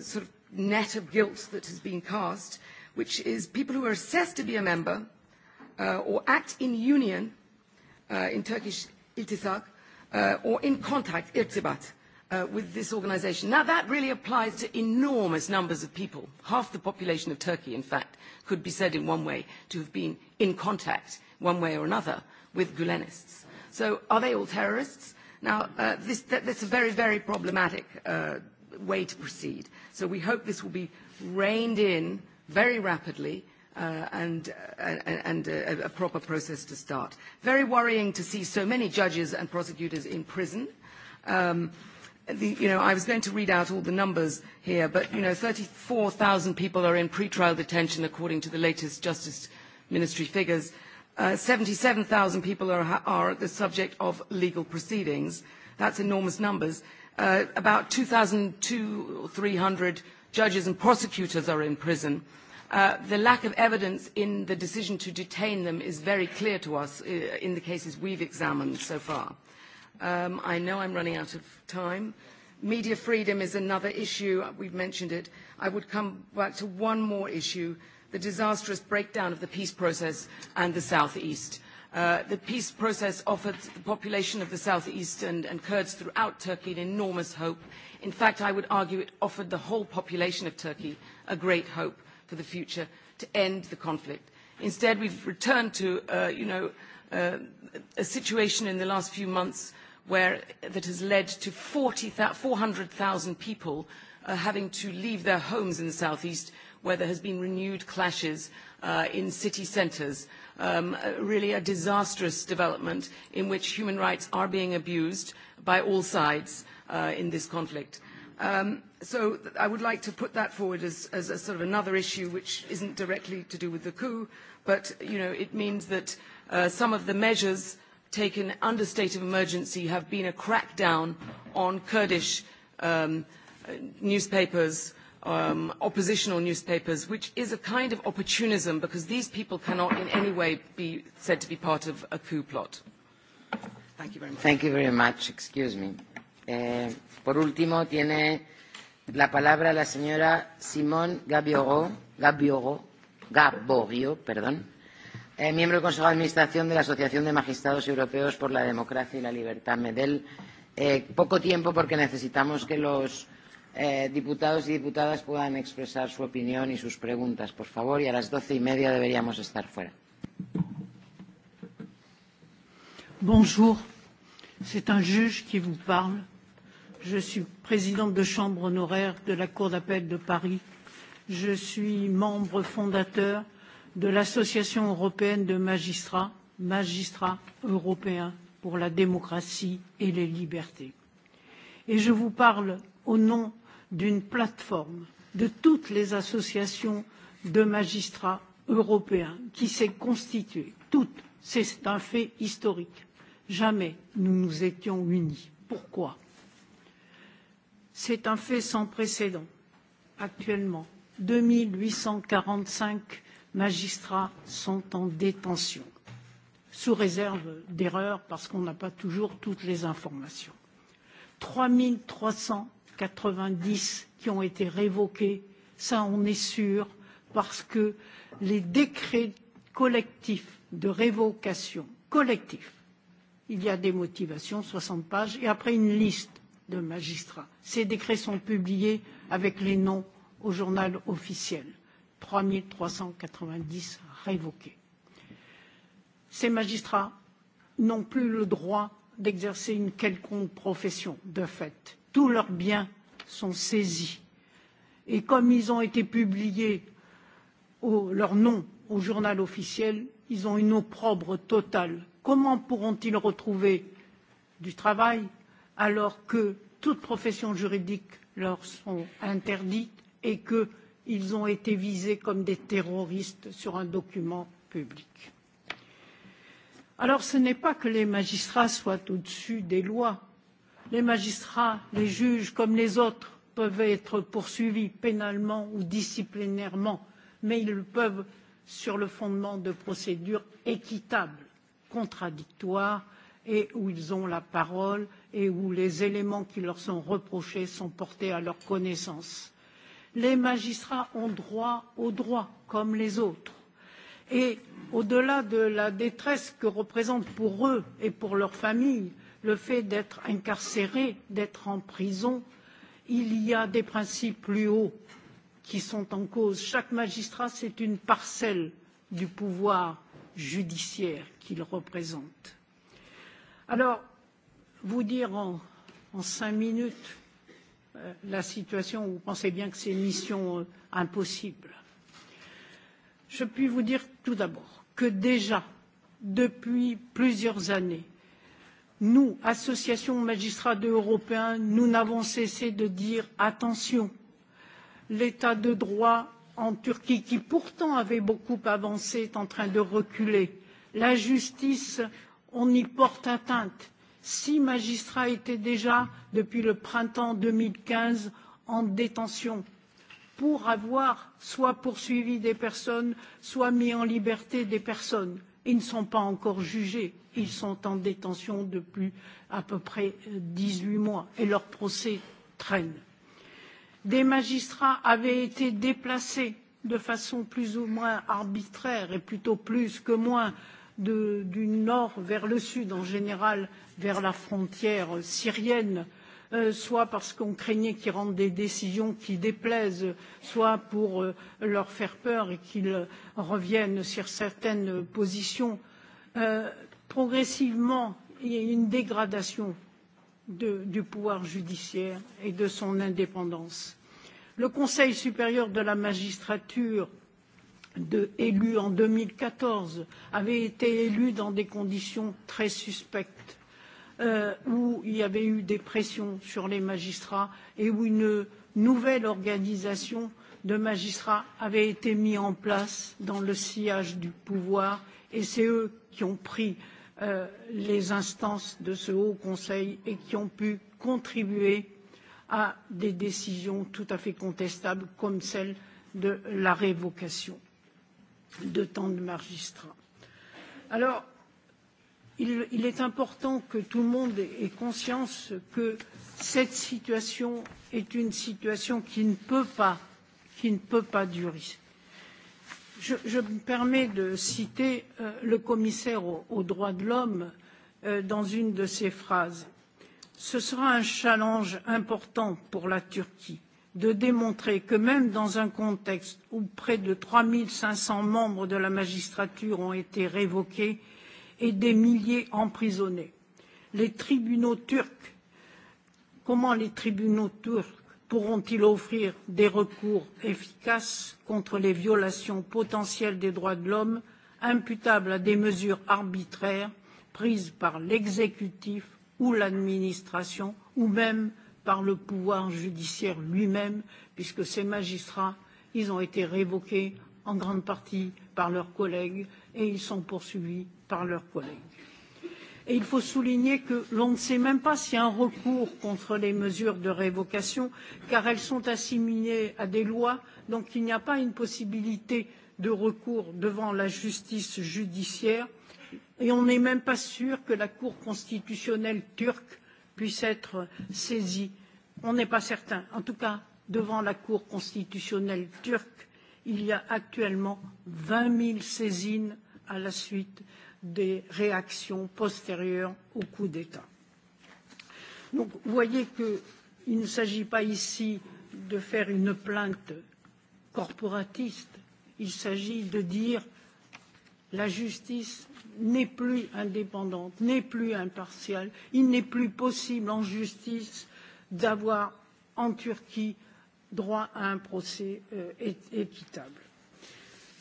sort of net of guilt that has been cast, which is people who are assessed to be a member uh, or act in union, uh, in Turkish iltisak, uh, or in contact, irtibat, uh, with this organization. Now, that really applies to enormous numbers of people. Half the population of Turkey, in fact, could be said in one way to have been in contact, one way or another, with Gulenists. So are they all terrorists? Now, uh, this, that, that's a very, very problematic uh, way to proceed. So we hope this will be reined in very rapidly uh, and, uh, and uh, a proper process to start. Very worrying to see so many judges and prosecutors in prison. Um, uh, the, you know, I was going to read out all the numbers here, but you know, 34,000 people are in pretrial detention according to the latest Justice Ministry figures. Uh, 77,000 people are, are the subject of legal proceedings. That's enormous numbers. Uh, about 2,300 judges and prosecutors are in prison. Uh, the lack of evidence in the decision to detain them is very clear to us uh, in the cases we've examined so far. Um, I know I'm running out of time. Media freedom is another issue. We've mentioned it. I would come back to one more issue, the disastrous breakdown of the peace process and the southeast. Uh, the peace process offered the population of the southeast and, and Kurds throughout Turkey an enormous hope. In fact, I would argue it offered the whole population of Turkey a great hope for the future to end the conflict. Instead, we've returned to, uh, you know, uh, a situation in the last few months uh, where, that has led to 40, 400,000 people uh, having to leave their homes in the southeast where there has been renewed clashes uh, in city centres. Um, uh, really a disastrous development in which human rights are being abused by all sides uh, in this conflict. Um, so I would like to put that forward as, as a sort of another issue which isn't directly to do with the coup, but you know, it means that uh, some of the measures taken under state of emergency have been a crackdown on Kurdish um, newspapers, um, oppositional newspapers, which is a kind of opportunism because these people cannot in any way be said to be part of a coup plot. Thank you very much. Thank you very much. Excuse me. Eh, por último, tiene la palabra la señora Simone Gabioro, Gabioro, Gaborio, perdón eh, miembro del Consejo de Administración de la Asociación de Magistrados Europeos por la Democracia y la Libertad, MEDEL. Eh, poco tiempo porque necesitamos que los eh, diputados y diputadas puedan expresar su opinión y sus preguntas, por favor, y a las doce y media deberíamos estar fuera. Bonjour, c'est un juge qui vous parle. Je suis présidente de chambre honoraire de la Cour d'appel de Paris. Je suis membre fondateur de l'Association européenne de magistrats, magistrats européens pour la démocratie et les libertés. Et je vous parle au nom d'une plateforme de toutes les associations de magistrats européens qui s'est constituée, toutes, c'est un fait historique. Jamais nous nous étions unis. Pourquoi C'est un fait sans précédent. Actuellement, 2845 magistrats sont en détention, sous réserve d'erreurs parce qu'on n'a pas toujours toutes les informations. 3 390 qui ont été révoqués, ça on est sûr, parce que les décrets collectifs de révocation, collectifs, il y a des motivations, 60 pages, et après une liste de magistrats. Ces décrets sont publiés avec les noms au journal officiel. 3390 révoqués. Ces magistrats n'ont plus le droit d'exercer une quelconque profession, de fait. Tous leurs biens sont saisis. Et comme ils ont été publiés au, leur nom au journal officiel, ils ont une opprobre totale. Comment pourront-ils retrouver du travail alors que toutes professions juridiques leur sont interdites et que ils ont été visés comme des terroristes sur un document public. Alors ce n'est pas que les magistrats soient au-dessus des lois. Les magistrats, les juges comme les autres peuvent être poursuivis pénalement ou disciplinairement, mais ils le peuvent sur le fondement de procédures équitables, contradictoires et où ils ont la parole et où les éléments qui leur sont reprochés sont portés à leur connaissance les magistrats ont droit au droit comme les autres et au delà de la détresse que représente pour eux et pour leurs familles le fait d'être incarcérés d'être en prison il y a des principes plus hauts qui sont en cause. chaque magistrat c'est une parcelle du pouvoir judiciaire qu'il représente. alors vous dire en, en cinq minutes Euh, la situation où vous pensez bien que c'est mission euh, impossible. Je puis vous dire tout d'abord que déjà, depuis plusieurs années, nous, associations magistrats européens, nous n'avons cessé de dire attention, l'état de droit en Turquie, qui pourtant avait beaucoup avancé, est en train de reculer. La justice, on y porte atteinte six magistrats étaient déjà, depuis le printemps 2015, en détention pour avoir soit poursuivi des personnes, soit mis en liberté des personnes. Ils ne sont pas encore jugés, ils sont en détention depuis à peu près 18 euh, mois et leur procès traîne. Des magistrats avaient été déplacés de façon plus ou moins arbitraire et plutôt plus que moins de, du nord vers le sud, en général vers la frontière syrienne, euh, soit parce qu'on craignait qu'ils rendent des décisions qui déplaisent, soit pour euh, leur faire peur et qu'ils reviennent sur certaines positions. Euh, progressivement, il y a une dégradation de, du pouvoir judiciaire et de son indépendance. Le Conseil supérieur de la magistrature euh, de, élus en 2014 avaient été élus dans des conditions très suspectes, euh, où il y avait eu des pressions sur les magistrats et où une nouvelle organisation de magistrats avait été mise en place dans le sillage du pouvoir et c'est eux qui ont pris euh, les instances de ce Haut Conseil et qui ont pu contribuer à des décisions tout à fait contestables comme celle de la révocation de temps de magistrat. Alors, il, il est important que tout le monde ait conscience que cette situation est une situation qui ne peut pas, qui ne peut pas durer. Je, je me permets de citer euh, le commissaire aux, aux droits de l'homme euh, dans une de ses phrases. Ce sera un challenge important pour la Turquie de démontrer que même dans un contexte où près de 3500 membres de la magistrature ont été révoqués et des milliers emprisonnés, les tribunaux turcs, comment les tribunaux turcs pourront-ils offrir des recours efficaces contre les violations potentielles des droits de l'homme imputables à des mesures arbitraires prises par l'exécutif ou l'administration ou même par le pouvoir judiciaire lui-même, puisque ces magistrats, ils ont été révoqués en grande partie par leurs collègues et ils sont poursuivis par leurs collègues. Et il faut souligner que l'on ne sait même pas s'il y a un recours contre les mesures de révocation, car elles sont assimilées à des lois, donc il n'y a pas une possibilité de recours devant la justice judiciaire. Et on n'est même pas sûr que la Cour constitutionnelle turque puisse être saisi. On n'est pas certain. En tout cas, devant la Cour constitutionnelle turque, il y a actuellement 20 000 saisines à la suite des réactions postérieures au coup d'État. Donc, vous voyez qu'il ne s'agit pas ici de faire une plainte corporatiste, il s'agit de dire la justice n'est plus indépendante, n'est plus impartiale. Il n'est plus possible en justice d'avoir en Turquie droit à un procès euh, équitable.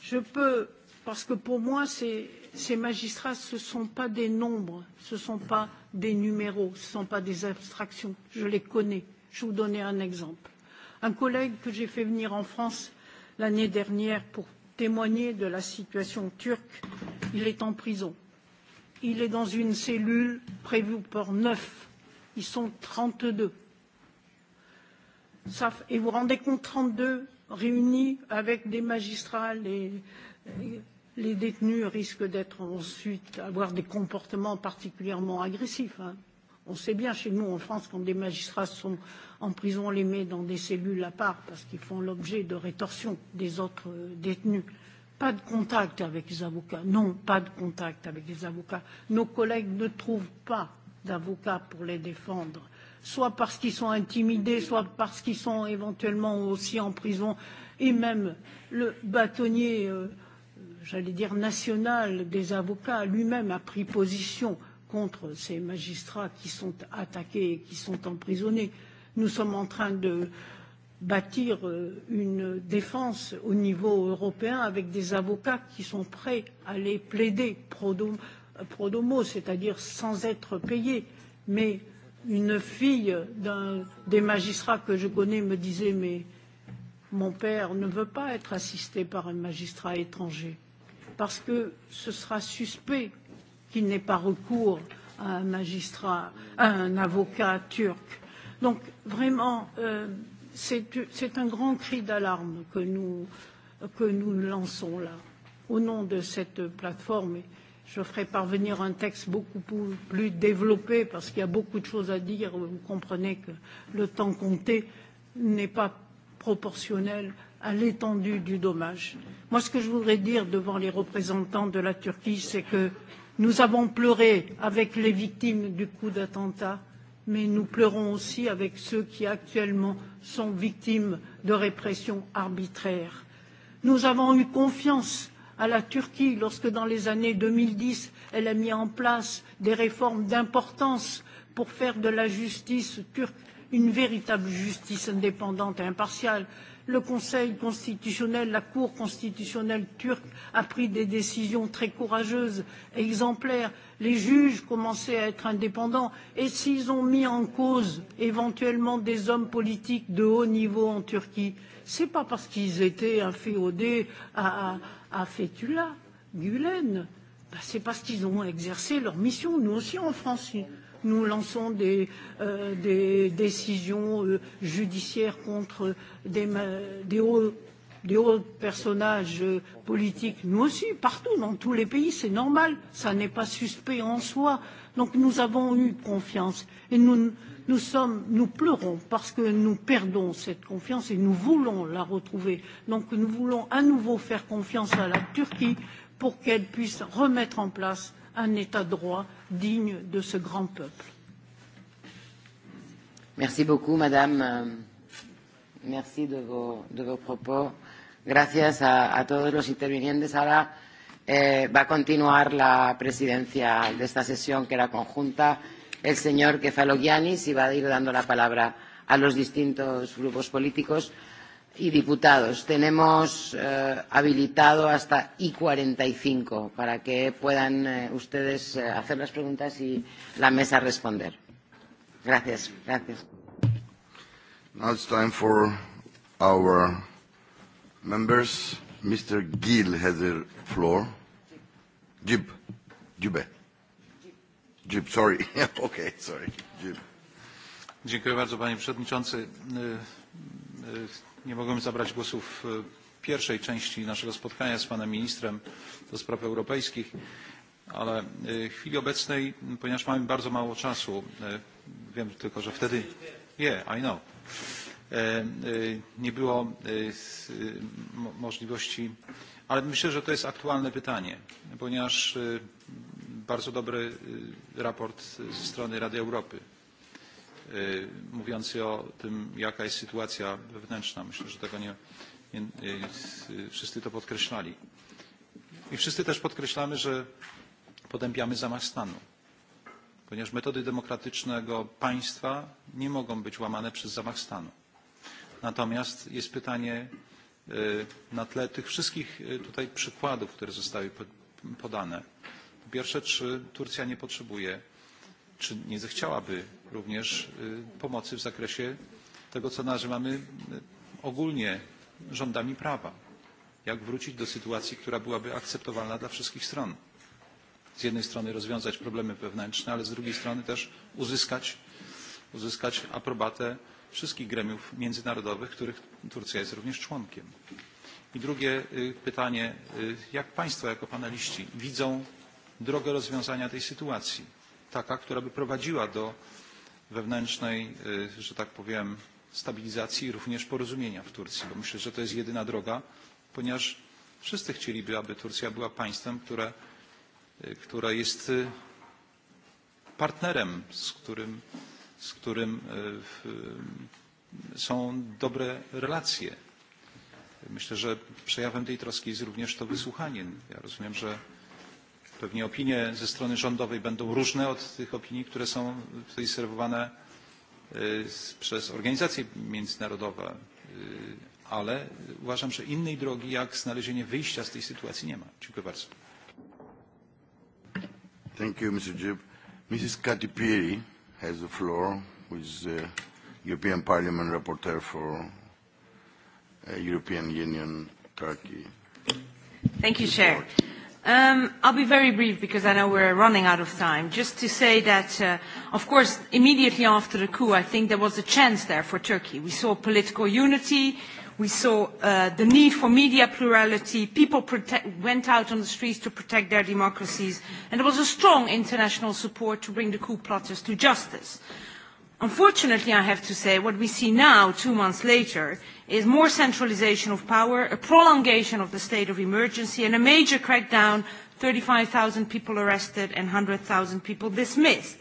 Je peux, parce que pour moi, ces, ces magistrats, ce ne sont pas des nombres, ce ne sont pas des numéros, ce ne sont pas des abstractions. Je les connais. Je vais vous donner un exemple. Un collègue que j'ai fait venir en France l'année dernière pour témoigner de la situation turque il est en prison. Il est dans une cellule prévue pour neuf. Ils sont 32. Ça, et vous vous rendez compte, 32 réunis avec des magistrats, les, les détenus risquent d'être ensuite, avoir des comportements particulièrement agressifs. Hein. On sait bien chez nous en France quand des magistrats sont en prison, on les met dans des cellules à part parce qu'ils font l'objet de rétorsions des autres euh, détenus. Euh, Pas de contact avec les avocats. Non, pas de contact avec les avocats. Nos collègues ne trouvent pas d'avocats pour les défendre, soit parce qu'ils sont intimidés, soit parce qu'ils sont éventuellement aussi en prison. Et même le bâtonnier, euh, j'allais dire national des avocats, lui-même a pris position contre ces magistrats qui sont attaqués et qui sont emprisonnés. Nous sommes en train de euh, bâtir euh, une défense au niveau européen avec des avocats qui sont prêts à aller plaider pro domo, c'est-à-dire sans être payés. Mais une fille d'un des magistrats que je connais me disait mais mon père ne veut pas être assisté par un magistrat étranger parce que ce sera suspect qu'il n'ait pas recours à un magistrat, à un avocat turc. Donc vraiment, euh, c'est un grand cri d'alarme que nous, que nous lançons là. Au nom de cette plateforme, je ferai parvenir un texte beaucoup plus développé parce qu'il y a beaucoup de choses à dire. Vous comprenez que le temps compté n'est pas proportionnel à l'étendue du dommage. Moi, ce que je voudrais dire devant les représentants de la Turquie, c'est que nous avons pleuré avec les victimes du coup d'attentat mais nous pleurons aussi avec ceux qui actuellement sont victimes de répressions arbitraires. Nous avons eu confiance à la Turquie lorsque, dans les années 2010, elle a mis en place des réformes d'importance pour faire de la justice turque une véritable justice indépendante et impartiale le Conseil constitutionnel, la Cour constitutionnelle turque a pris des décisions très courageuses et exemplaires. Les juges commençaient à être indépendants. Et s'ils ont mis en cause éventuellement des hommes politiques de haut niveau en Turquie, c'est pas parce qu'ils étaient inféodés à, à, à Fethullah Gulen. Ben, c'est parce qu'ils ont exercé leur mission. Nous aussi en France, nous lançons des, euh, des décisions euh, judiciaires contre des, des hauts des hauts personnages euh, politiques, nous aussi, partout, dans tous les pays, c'est normal, ça n'est pas suspect en soi. Donc nous avons eu confiance et nous, nous, sommes, nous pleurons parce que nous perdons cette confiance et nous voulons la retrouver. Donc nous voulons à nouveau faire confiance à la Turquie pour qu'elle puisse remettre en place un État de droit digne de ce grand peuple. Merci beaucoup, Madame. Merci de vos, de vos propos. Gracias a, a todos los intervinientes. Ahora eh, va a continuar la presidencia de esta sesión, que era conjunta, el señor Kefalogiannis, y va a ir dando la palabra a los distintos grupos políticos y diputados. Tenemos eh, habilitado hasta I45 para que puedan eh, ustedes eh, hacer las preguntas y la mesa responder. Gracias. Gracias. Now it's time for our members. Mr. Gill has the floor. Jib. Jibbe. Jib, sorry. okay, sorry. Jib. Dziękuję bardzo, panie przewodniczący. Y, e, y, e, Nie mogłem zabrać głosu w pierwszej części naszego spotkania z panem ministrem do spraw europejskich, ale w chwili obecnej, ponieważ mamy bardzo mało czasu, wiem tylko, że wtedy... Yeah, I know. E, nie było możliwości, ale myślę, że to jest aktualne pytanie, ponieważ bardzo dobry raport ze strony Rady Europy mówiący o tym, jaka jest sytuacja wewnętrzna. Myślę, że tego nie, nie wszyscy to podkreślali. I wszyscy też podkreślamy, że potępiamy zamach stanu, ponieważ metody demokratycznego państwa nie mogą być łamane przez zamach stanu. Natomiast jest pytanie na tle tych wszystkich tutaj przykładów, które zostały podane. Po pierwsze, czy Turcja nie potrzebuje czy nie zechciałaby również pomocy w zakresie tego, co nazywamy ogólnie rządami prawa. Jak wrócić do sytuacji, która byłaby akceptowalna dla wszystkich stron. Z jednej strony rozwiązać problemy wewnętrzne, ale z drugiej strony też uzyskać, uzyskać aprobatę wszystkich gremiów międzynarodowych, których Turcja jest również członkiem. I drugie pytanie, jak Państwo jako paneliści widzą drogę rozwiązania tej sytuacji? taka, która by prowadziła do wewnętrznej, że tak powiem, stabilizacji i również porozumienia w Turcji, bo myślę, że to jest jedyna droga, ponieważ wszyscy chcieliby, aby Turcja była państwem, które, które jest partnerem, z którym, z którym są dobre relacje. Myślę, że przejawem tej troski jest również to wysłuchanie. Ja rozumiem, że Pewnie opinie ze strony rządowej będą różne od tych opinii, które są tutaj serwowane przez organizacje międzynarodowe, ale uważam, że innej drogi jak znalezienie wyjścia z tej sytuacji nie ma. Dziękuję bardzo. Thank you, Mr. Jib. Mrs. Kati Piri has the floor, who is the European Parliament Rapporteur for uh, European Union Turkey. Thank you, Chair. Report. Um, I'll be very brief because I know we're running out of time. Just to say that, uh, of course, immediately after the coup, I think there was a chance there for Turkey. We saw political unity. We saw uh, the need for media plurality. People protect, went out on the streets to protect their democracies. And there was a strong international support to bring the coup plotters to justice. Uh, Unfortunately, I have to say, what we see now, two months later, is more centralization of power, a prolongation of the state of emergency, and a major crackdown, 35,000 people arrested and 100,000 people dismissed.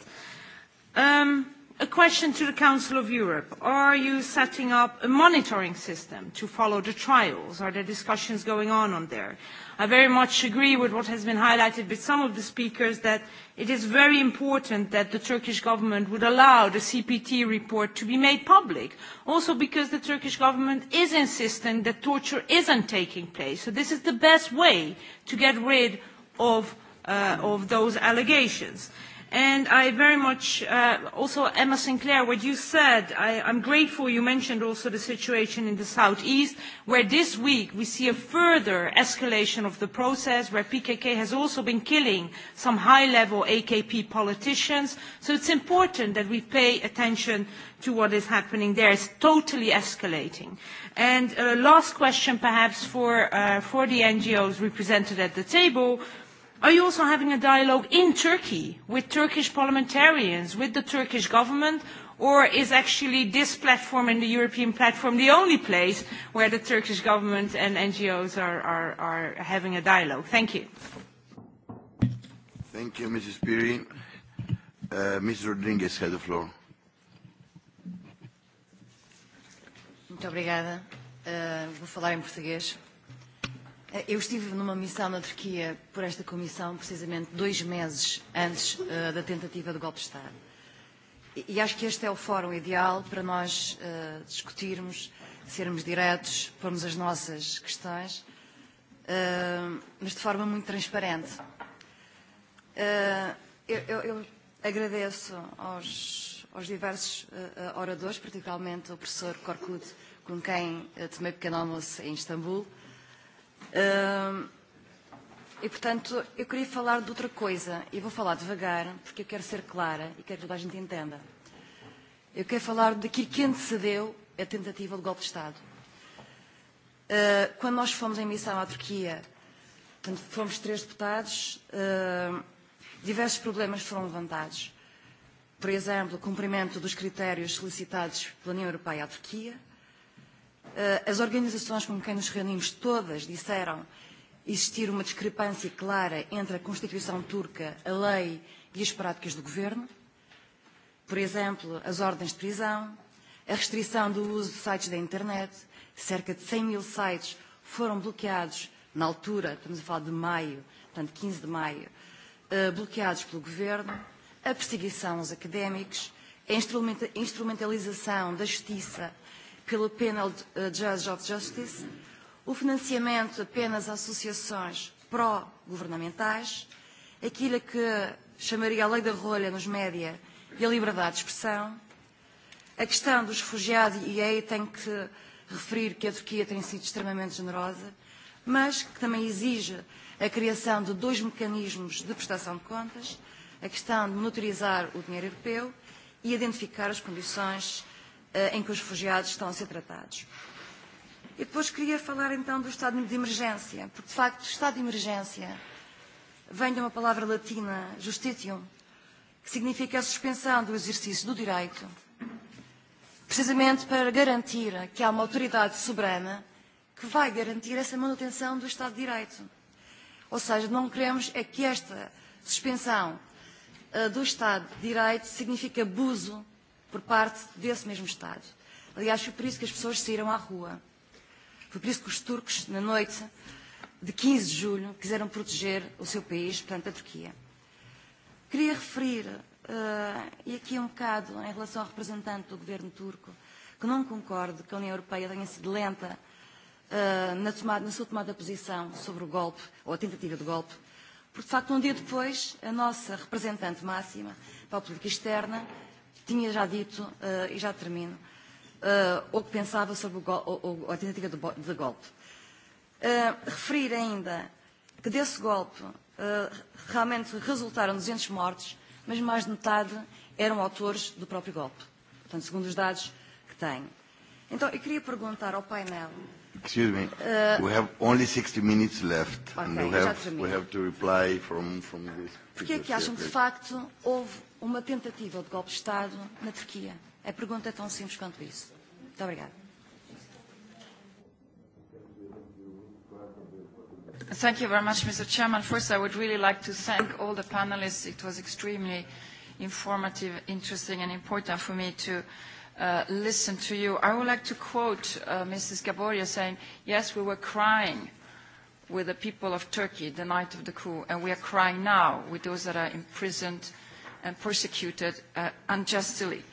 Um, A question to the Council of Europe. Are you setting up a monitoring system to follow the trials? Are there discussions going on on there? I very much agree with what has been highlighted by some of the speakers that it is very important that the Turkish government would allow the CPT report to be made public, also because the Turkish government is insisting that torture isn't taking place. So this is the best way to get rid of, uh, of those allegations. Uh, And I very much, uh, also Emma Sinclair, what you said, I, I'm grateful you mentioned also the situation in the southeast, where this week we see a further escalation of the process, where PKK has also been killing some high-level AKP politicians. So it's important that we pay attention to what is happening there. It's totally escalating. And uh, last question perhaps for, uh, for the NGOs represented at the table, uh, Are you also having a dialogue in Turkey with Turkish parliamentarians, with the Turkish government, or is actually this platform and the European platform the only place where the Turkish government and NGOs are, are, are having a dialogue? Thank you. Thank you, Mrs. Piri. Uh, Ms. Rodriguez has the floor. Muito obrigada. Uh, vou falar em português. Uh, Eu estive numa missão na Turquia por esta comissão precisamente dois meses antes uh, da tentativa do golpe de Estado. E, e acho que este é o fórum ideal para nós uh, discutirmos, sermos diretos, pormos as nossas questões, uh, mas de forma muito transparente. Uh, eu, eu, eu agradeço aos, aos diversos uh, oradores, particularmente ao professor Corkut, com quem uh, tomei pequeno almoço em Istambul, uh, Uh, e, portanto, eu queria falar de outra coisa, e vou falar devagar, porque eu quero ser clara e quero que toda a gente entenda. Eu quero falar daquilo que antecedeu a tentativa de golpe de Estado. Uh, quando nós fomos em missão à Turquia, portanto, fomos três deputados, uh, diversos problemas foram levantados. Por exemplo, o cumprimento dos critérios solicitados pela União Europeia à Turquia, uh, Eh, as organizações com quem nos reunimos todas disseram existir uma discrepância clara entre a Constituição turca, a lei e as práticas do governo. Por exemplo, as ordens de prisão, a restrição do uso de sites da internet, cerca de 100 mil sites foram bloqueados na altura, estamos a falar de maio, portanto 15 de maio, eh, bloqueados pelo governo, a perseguição aos académicos, a instrumentalização da justiça pelo Penal eh, Judge of Justice, o financiamento apenas a associações pró-governamentais, aquilo que chamaria a lei da rolha nos média e a liberdade de expressão, a questão dos refugiados, e aí tenho que referir que a Turquia tem sido extremamente generosa, mas que também exige a criação de dois mecanismos de prestação de contas, a questão de monitorizar o dinheiro europeu e identificar as condições Eh, em que os refugiados estão a ser tratados. E depois queria falar então do estado de emergência, porque de facto o estado de emergência vem de uma palavra latina, justitium, que significa a suspensão do exercício do direito, precisamente para garantir que há uma autoridade soberana que vai garantir essa manutenção do Estado de Direito. Ou seja, não queremos é que esta suspensão uh, do Estado de Direito signifique abuso por parte desse mesmo Estado. Aliás, foi por isso que as pessoas saíram à rua. Foi por isso que os turcos, na noite de 15 de julho, quiseram proteger o seu país, portanto, a Turquia. Queria referir, uh, e aqui um bocado em relação ao representante do governo turco, que não concordo que a União Europeia tenha sido lenta uh, na, tomada, na sua tomada de posição sobre o golpe, ou a tentativa de golpe, porque, de facto, um dia depois, a nossa representante máxima para a política externa tinha já dito, uh, e já termino, uh, o que pensava sobre o o, o, a tentativa de, de golpe. Uh, referir ainda que desse golpe uh, realmente resultaram 200 mortes, mas mais de metade eram autores do próprio golpe, portanto, segundo os dados que tenho. Então, eu queria perguntar ao painel Excuse me. Uh, we have only 60 minutes left, okay, and we have, we have to reply from, from this. Porquê é que acham que, de facto, houve uma tentativa de golpe de Estado na Turquia? A pergunta é tão simples quanto isso. Muito obrigada. Thank you very much, Mr. Chairman. First, I would really like to thank all the panelists. It was extremely informative, interesting, and important for me to uh, uh, listen to you. I would like to quote uh, Mrs. Gaboria saying, yes, we were crying with the people of Turkey the night of the coup, and we are crying now with those that are imprisoned and persecuted uh, unjustly.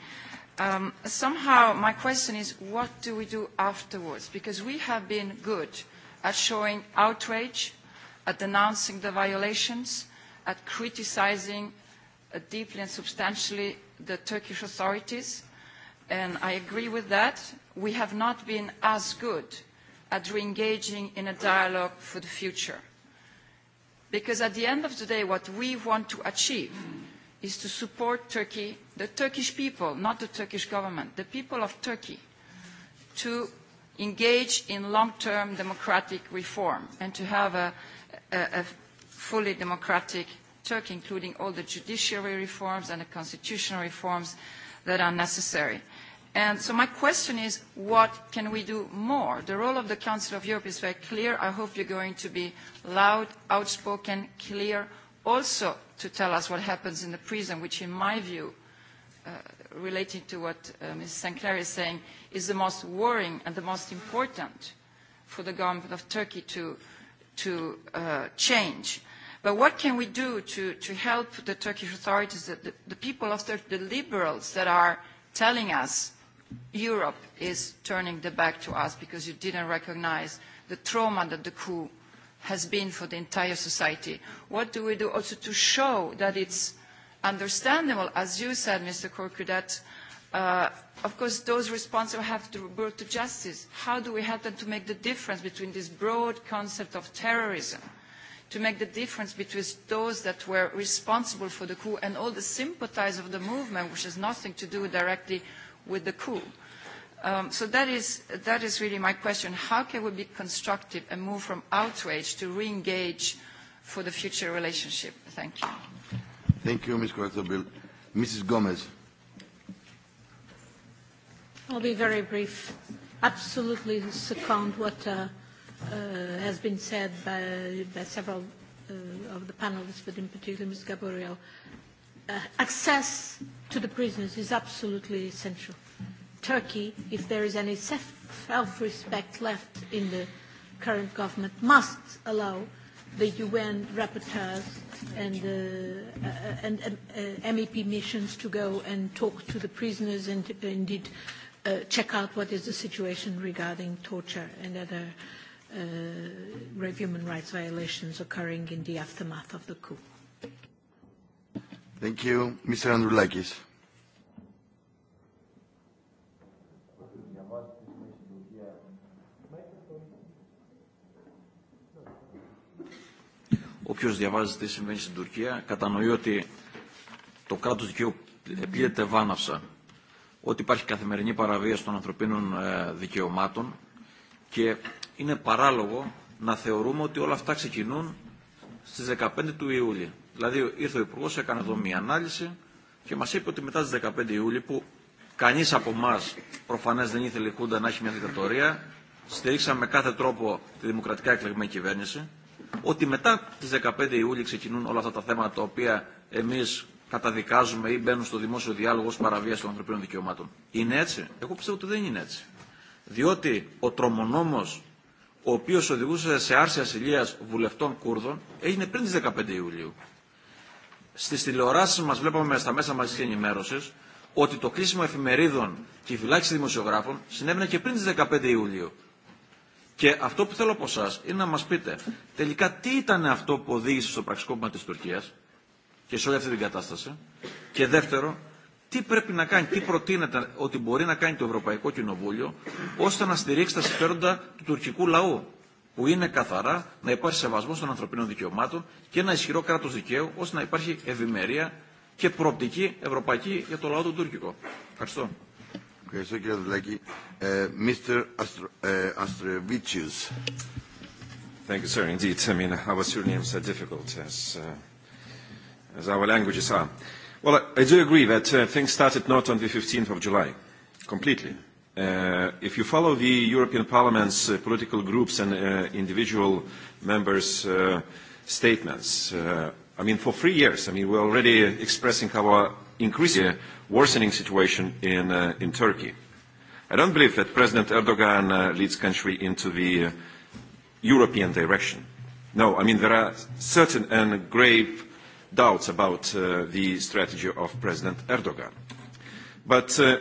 Um, somehow, my question is, what do we do afterwards? Because we have been good at showing outrage, at denouncing the violations, at criticizing uh, deeply and substantially the Turkish authorities, and I agree with that, we have not been as good at re-engaging in a dialogue for the future. Because at the end of the day, what we want to achieve is to support Turkey, the Turkish people, not the Turkish government, the people of Turkey, to engage in long-term democratic reform and to have a, a, a fully democratic Turkey, including all the judiciary reforms and the constitutional reforms that are necessary. And so my question is, what can we do more? The role of the Council of Europe is very clear. I hope you're going to be loud, outspoken, clear, also to tell us what happens in the prison, which in my view, uh, relating to what uh, Ms. Sinclair is saying, is the most worrying and the most important for the government of Turkey to, to uh, change. But what can we do to, to help the Turkish authorities, the, the, the people of Turkey, the liberals that are telling us Europe is turning their back to us because you didn't recognize the trauma that the coup has been for the entire society. What do we do also to show that it's understandable, as you said, Mr. Corcu, that uh, of course those responsible have to be brought to justice. How do we help them to make the difference between this broad concept of terrorism, to make the difference between those that were responsible for the coup and all the sympathizers of the movement, which has nothing to do directly with the coup. Um, so that is, that is really my question. How can we be constructive and move from outrage to re-engage for the future relationship? Thank you. Thank you, Ms. Corazza-Bill. Mrs. Gomez. I'll be very brief. Absolutely second what uh, uh, has been said by, by several uh, of the panelists, but in particular Ms. Gabriel uh, access to the prisoners is absolutely essential. Turkey, if there is any self-respect left in the current government, must allow the UN rapporteurs and, uh, uh, and uh, MEP missions to go and talk to the prisoners and uh, indeed uh, check out what is the situation regarding torture and other uh, grave human rights violations occurring in the aftermath of the coup. Thank you. Mr. Androulakis. Όποιος διαβάζει τι συμβαίνει στην Τουρκία κατανοεί ότι το κράτος δικαίου πλήττεται βάναυσα. Ότι υπάρχει καθημερινή παραβίαση των ανθρωπίνων δικαιωμάτων και είναι παράλογο να θεωρούμε ότι όλα αυτά ξεκινούν στις 15 του Ιούλη. Δηλαδή ήρθε ο Υπουργό, έκανε εδώ μία ανάλυση και μα είπε ότι μετά τι 15 Ιούλη, που κανεί από εμά προφανέ δεν ήθελε η Χούντα να έχει μια δικτατορία, στηρίξαμε με κάθε τρόπο τη δημοκρατικά εκλεγμένη κυβέρνηση, ότι μετά τι 15 Ιούλη ξεκινούν όλα αυτά τα θέματα τα οποία εμεί καταδικάζουμε ή μπαίνουν στο δημόσιο διάλογο ω παραβίαση των ανθρωπίνων δικαιωμάτων. Είναι έτσι. Εγώ πιστεύω ότι δεν είναι έτσι. Διότι ο τρομονόμος ο οποίος οδηγούσε σε άρση ασυλίας βουλευτών Κούρδων έγινε πριν τις 15 Ιουλίου στις τηλεοράσεις μας βλέπαμε στα μέσα μαζικής ενημέρωσης ότι το κλείσιμο εφημερίδων και η φυλάξη δημοσιογράφων συνέβαινε και πριν τις 15 Ιουλίου. Και αυτό που θέλω από εσά είναι να μας πείτε τελικά τι ήταν αυτό που οδήγησε στο πραξικόπημα της Τουρκίας και σε όλη αυτή την κατάσταση. Και δεύτερο, τι πρέπει να κάνει, τι προτείνεται ότι μπορεί να κάνει το Ευρωπαϊκό Κοινοβούλιο ώστε να στηρίξει τα συμφέροντα του τουρκικού λαού που είναι καθαρά να υπάρχει σεβασμό των ανθρωπίνων δικαιωμάτων και ένα ισχυρό κράτο δικαίου, ώστε να υπάρχει ευημερία και προοπτική ευρωπαϊκή για το λαό του τουρκικό. Ευχαριστώ. Ευχαριστώ κύριε Δουλάκη. Uh, Mr. Astro, uh, Astrovicius. Thank you, sir. Indeed, I mean, our surnames are difficult as, uh, as our languages are. Well, I, I do agree that uh, things started not on the 15th of July, completely. Uh, if you follow the European Parliament's uh, political groups and uh, individual members' uh, statements, uh, I mean, for three years, I mean, we're already expressing our increasing uh, worsening situation in, uh, in Turkey. I don't believe that President Erdogan uh, leads country into the uh, European direction. No, I mean, there are certain and grave doubts about uh, the strategy of President Erdogan. But uh,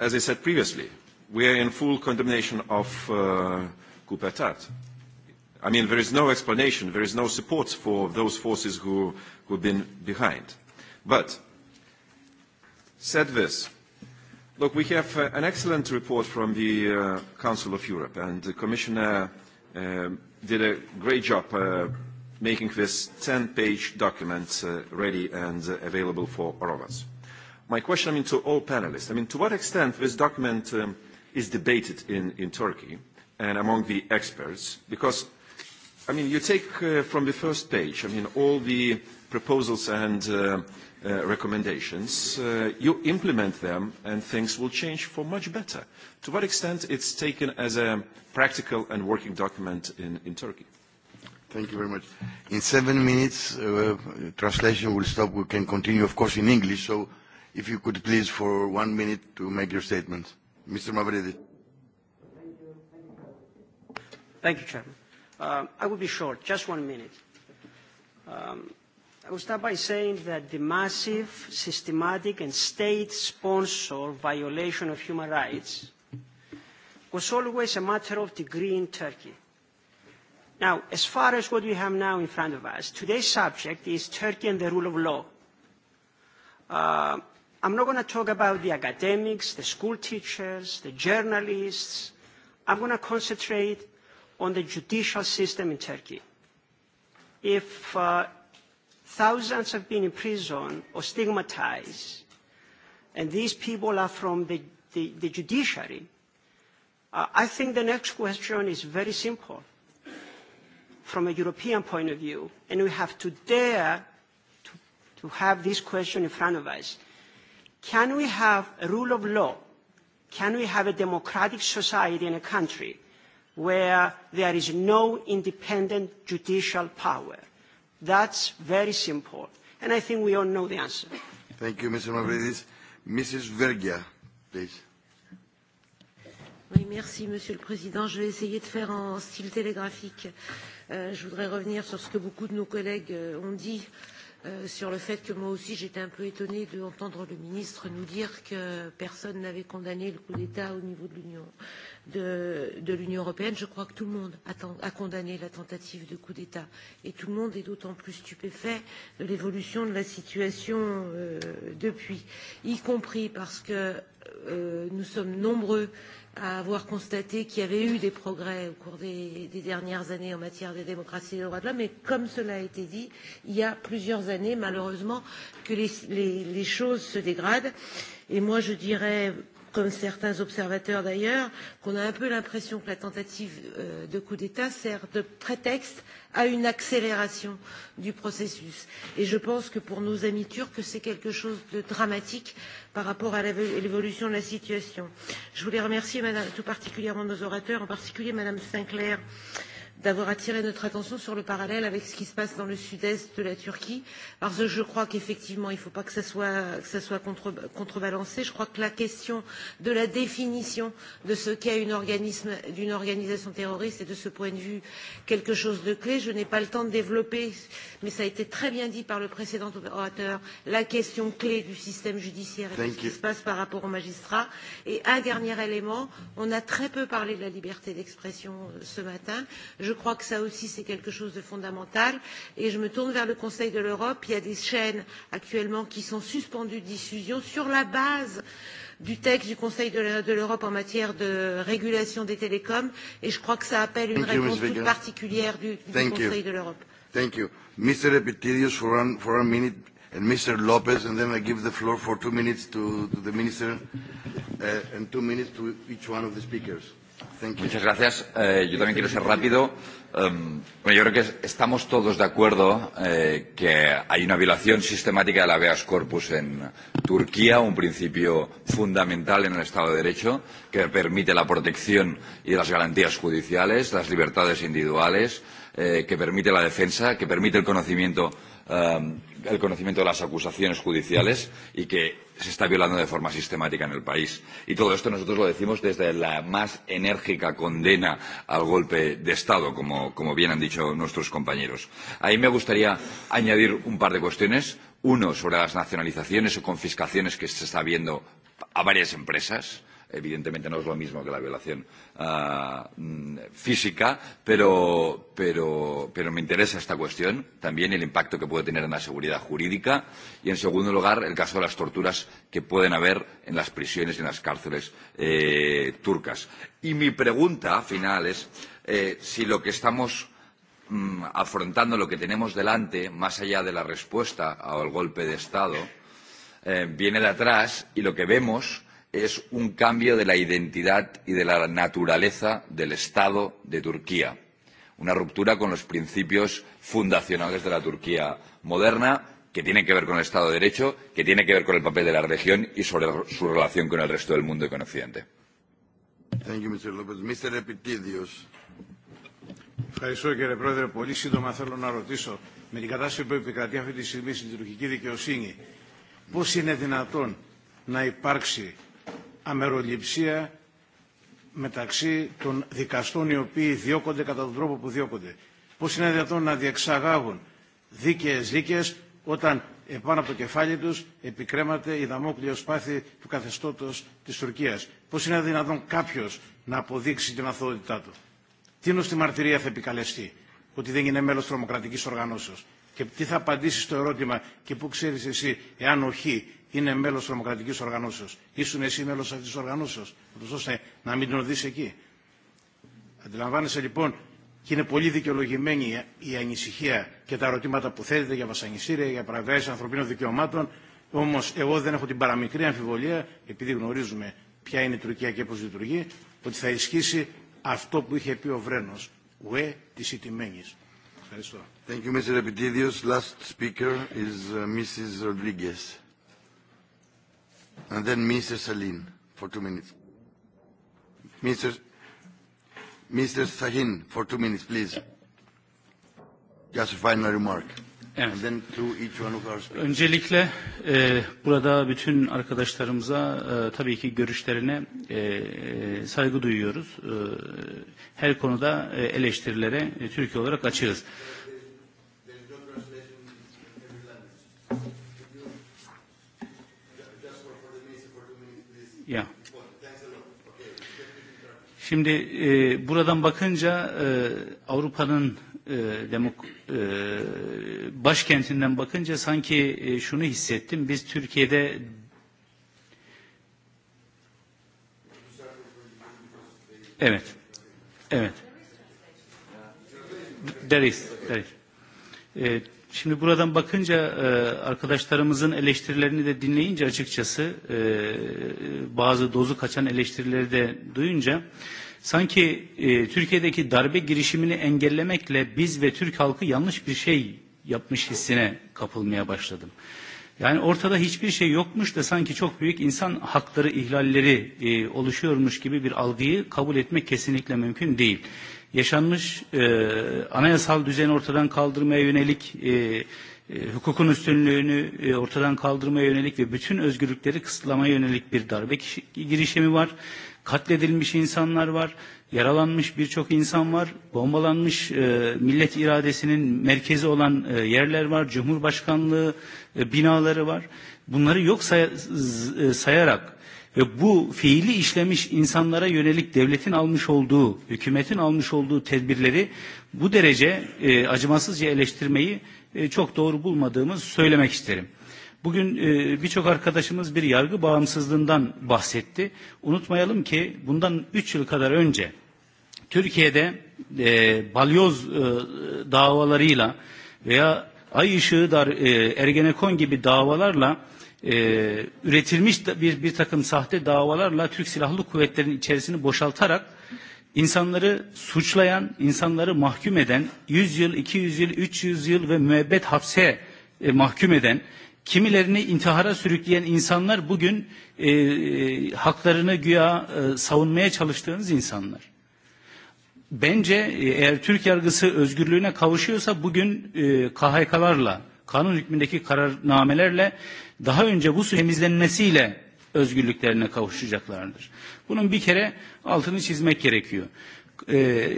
as I said previously, we are in full condemnation of uh, coup d'etat. I mean, there is no explanation, there is no support for those forces who, who have been behind. But, said this, look, we have uh, an excellent report from the uh, Council of Europe, and the Commissioner uh, did a great job uh, making this 10-page document uh, ready and uh, available for all of us. My question, I mean, to all panelists, I mean, to what extent this document um, – is debated in, in Turkey and among the experts because, I mean, you take uh, from the first page, I mean, all the proposals and uh, uh, recommendations, uh, you implement them and things will change for much better. To what extent it's taken as a practical and working document in, in Turkey? Thank you very much. In seven minutes, uh, translation will stop. We can continue, of course, in English. So if you could please, for one minute, to make your statement. Mr. Mavridis. Thank you, Chairman. Um, I will be short, just one minute. Um, I will start by saying that the massive, systematic, and state-sponsored violation of human rights was always a matter of degree in Turkey. Now, as far as what we have now in front of us, today's subject is Turkey and the rule of law. Uh, I'm not going to talk about the academics, the school teachers, the journalists. I'm going to concentrate on the judicial system in Turkey. If uh, thousands have been in prison or stigmatized, and these people are from the, the, the judiciary, uh, I think the next question is very simple from a European point of view, and we have to dare to, to have this question in front of us. Can we have a rule of law? Can we have a democratic society in a country where there is no independent judicial power? That's very simple. And I think we all know the answer. Thank you, Mr. Mavridis. Mrs. Vergia, please. Oui, merci, Monsieur le Président. Je vais essayer de faire en style télégraphique. Euh, je voudrais revenir sur ce que beaucoup de nos collègues euh, ont dit. Euh, euh, sur le fait que moi aussi j'étais un peu étonnée d'entendre le ministre nous dire que personne n'avait condamné le coup d'État au niveau de l'Union de, de l'Union européenne. Je crois que tout le monde a, a condamné la tentative de coup d'État et tout le monde est d'autant plus stupéfait de l'évolution de la situation euh, depuis, y compris parce que euh, nous sommes nombreux à avoir constaté qu'il y avait eu des progrès au cours des, des dernières années en matière de démocratie et de droits de l'homme, mais comme cela a été dit, il y a plusieurs années, malheureusement, que les, les, les choses se dégradent. Et moi, je dirais, comme certains observateurs d'ailleurs, qu'on a un peu l'impression que la tentative euh, de coup d'État sert de prétexte à une accélération du processus. Et je pense que pour nos amis turcs, c'est quelque chose de dramatique par rapport à l'évolution de la situation. Je voulais remercier madame, tout particulièrement nos orateurs, en particulier Madame Sinclair, euh, d'avoir attiré notre attention sur le parallèle avec ce qui se passe dans le sud-est de la Turquie, parce que je crois qu'effectivement, il ne faut pas que ça soit, que ça soit contre, contrebalancé. Je crois que la question de la définition de ce qu'est une, organisme, une organisation terroriste est de ce point de vue quelque chose de clé. Je n'ai pas le temps de développer, mais ça a été très bien dit par le précédent orateur, la question clé du système judiciaire et de ce qui se passe par rapport aux magistrats. Et un dernier élément, on a très peu parlé de la liberté d'expression euh, ce matin. Je Je crois que ça aussi, c'est quelque chose de fondamental. Et je me tourne vers le Conseil de l'Europe. Il y a des chaînes actuellement qui sont suspendues de diffusion sur la base du texte du Conseil de l'Europe en matière de régulation des télécoms. Et je crois que ça appelle une Thank réponse you, toute particulière du, du Thank Conseil you. de l'Europe. Thank you. Mr. Epitirios, for one, for one minute, and Mr. Lopez, and then I give the floor for two minutes to, to the Minister, uh, and two minutes to each one of the speakers. Muchas gracias. Eh, yo también quiero ser rápido. Um, bueno, yo creo que estamos todos de acuerdo eh, que hay una violación sistemática del habeas corpus en Turquía, un principio fundamental en el Estado de Derecho que permite la protección y las garantías judiciales, las libertades individuales, eh, que permite la defensa, que permite el conocimiento, um, el conocimiento de las acusaciones judiciales y que se está violando de forma sistemática en el país. Y todo esto nosotros lo decimos desde la más enérgica condena al golpe de Estado, como, como bien han dicho nuestros compañeros. Ahí me gustaría añadir un par de cuestiones. Uno, sobre las nacionalizaciones o confiscaciones que se está viendo a varias empresas. Eh, Evidentemente no es lo mismo que la violación uh, física, pero, pero, pero me interesa esta cuestión, también el impacto que puede tener en la seguridad jurídica y, en segundo lugar, el caso de las torturas que pueden haber en las prisiones y en las cárceles eh, turcas. Y mi pregunta final es eh, si lo que estamos mm, afrontando, lo que tenemos delante, más allá de la respuesta al golpe de Estado, eh, viene de atrás y lo que vemos es un cambio de la identidad y de la naturaleza del Estado de Turquía, una ruptura con los principios fundacionales de la Turquía moderna, que tienen que ver con el Estado de Derecho, que tiene que ver con el papel de la región y sobre su relación con el resto del mundo y con Occidente. Thank you, Mr. Lopez. Mr. Epitidios. Ευχαριστώ κύριε Πρόεδρε. Πολύ σύντομα θέλω να ρωτήσω με την κατάσταση που επικρατεί αυτή τη στιγμή στην τουρκική δικαιοσύνη πώς είναι δυνατόν να υπάρξει αμεροληψία μεταξύ των δικαστών οι οποίοι διώκονται κατά τον τρόπο που διώκονται. Πώς είναι δυνατόν να διεξαγάγουν δίκαιες δίκαιες όταν επάνω από το κεφάλι τους επικρέμαται η δαμόκλειο σπάθη του καθεστώτος της Τουρκίας. Πώς είναι δυνατόν κάποιος να αποδείξει την αθωότητά του. Τι νος τη μαρτυρία θα επικαλεστεί ότι δεν είναι μέλος τρομοκρατικής οργανώσεως. Και τι θα απαντήσει στο ερώτημα και πού ξέρεις εσύ εάν ο Χ είναι μέλο τρομοκρατική οργανώσεω. Ήσουν εσύ μέλο αυτή τη οργανώσεω, ούτω ώστε να μην τον δει εκεί. Αντιλαμβάνεσαι λοιπόν και είναι πολύ δικαιολογημένη η ανησυχία και τα ερωτήματα που θέτετε για βασανιστήρια, για παραβιάσει ανθρωπίνων δικαιωμάτων. Όμω εγώ δεν έχω την παραμικρή αμφιβολία, επειδή γνωρίζουμε ποια είναι η Τουρκία και πώ λειτουργεί, ότι θα ισχύσει αυτό που είχε πει ο Βρένο. Ουέ τη ιτημένη. Ευχαριστώ. Thank you, Mr. Epitidios. Last speaker is uh, Mrs. Rodriguez. And then Minister Salim for two minutes. Minister, Mr. Sahin for two minutes, please. Just a final remark. Evet. And then to each one of our speakers. Öncelikle e, burada bütün arkadaşlarımıza e, tabii ki görüşlerine e, e saygı duyuyoruz. E, her konuda e, eleştirilere e, Türkiye olarak açığız. E, Ya. Şimdi e, buradan bakınca e, Avrupa'nın e, demok e, başkentinden bakınca sanki e, şunu hissettim. Biz Türkiye'de Evet. Evet. There is. There is. E, Şimdi buradan bakınca e, arkadaşlarımızın eleştirilerini de dinleyince açıkçası e, bazı dozu kaçan eleştirileri de duyunca sanki e, Türkiye'deki darbe girişimini engellemekle biz ve Türk halkı yanlış bir şey yapmış hissine kapılmaya başladım. Yani ortada hiçbir şey yokmuş da sanki çok büyük insan hakları ihlalleri e, oluşuyormuş gibi bir algıyı kabul etmek kesinlikle mümkün değil yaşanmış e, anayasal düzeni ortadan kaldırmaya yönelik e, e, hukukun üstünlüğünü e, ortadan kaldırmaya yönelik ve bütün özgürlükleri kısıtlamaya yönelik bir darbe girişimi var. Katledilmiş insanlar var, yaralanmış birçok insan var, bombalanmış e, millet iradesinin merkezi olan e, yerler var, Cumhurbaşkanlığı e, binaları var. Bunları yok say e, sayarak e, bu fiili işlemiş insanlara yönelik devletin almış olduğu, hükümetin almış olduğu tedbirleri bu derece e, acımasızca eleştirmeyi e, çok doğru bulmadığımız söylemek isterim. Bugün e, birçok arkadaşımız bir yargı bağımsızlığından bahsetti. Unutmayalım ki bundan 3 yıl kadar önce Türkiye'de e, balyoz e, davalarıyla veya ay ışığı dar, e, Ergenekon gibi davalarla e, üretilmiş bir, bir takım sahte davalarla Türk Silahlı Kuvvetleri'nin içerisini boşaltarak insanları suçlayan, insanları mahkum eden, 100 yıl, 200 yıl, 300 yıl ve müebbet hapse e, mahkum eden, kimilerini intihara sürükleyen insanlar bugün e, e, haklarını güya e, savunmaya çalıştığınız insanlar. Bence e, eğer Türk yargısı özgürlüğüne kavuşuyorsa bugün e, KHK'larla, kanun hükmündeki kararnamelerle daha önce bu sürecin temizlenmesiyle özgürlüklerine kavuşacaklardır. Bunun bir kere altını çizmek gerekiyor. Ee,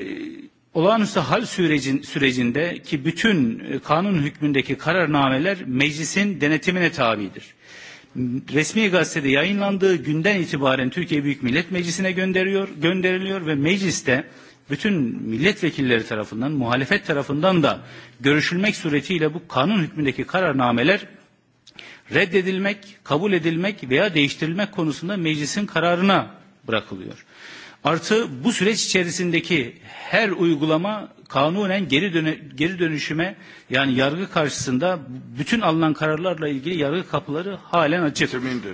olağanüstü hal sürecin, sürecindeki bütün e, kanun hükmündeki kararnameler meclisin denetimine tabidir resmi gazetede yayınlandığı günden itibaren Türkiye Büyük Millet Meclisi'ne gönderiyor, gönderiliyor ve mecliste bütün milletvekilleri tarafından, muhalefet tarafından da görüşülmek suretiyle bu kanun hükmündeki kararnameler reddedilmek, kabul edilmek veya değiştirilmek konusunda meclisin kararına bırakılıyor. Artı bu süreç içerisindeki her uygulama kanunen geri, döne, geri dönüşüme yani yargı karşısında bütün alınan kararlarla ilgili yargı kapıları halen açık.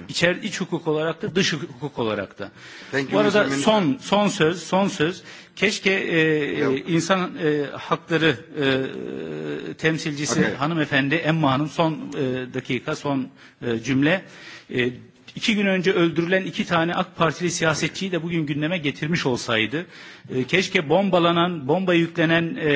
İçer, iç hukuk olarak da dış hukuk olarak da. Thank bu arada son son söz son söz keşke e, Yok. E, insan e, hakları e, temsilcisi okay. hanımefendi Emma Hanım son e, dakika son e, cümle e, iki gün önce öldürülen iki tane AK Partili siyasetçiyi de bugün gündeme getirmiş olsaydı, e, keşke bombalanan, bomba yüklenen e,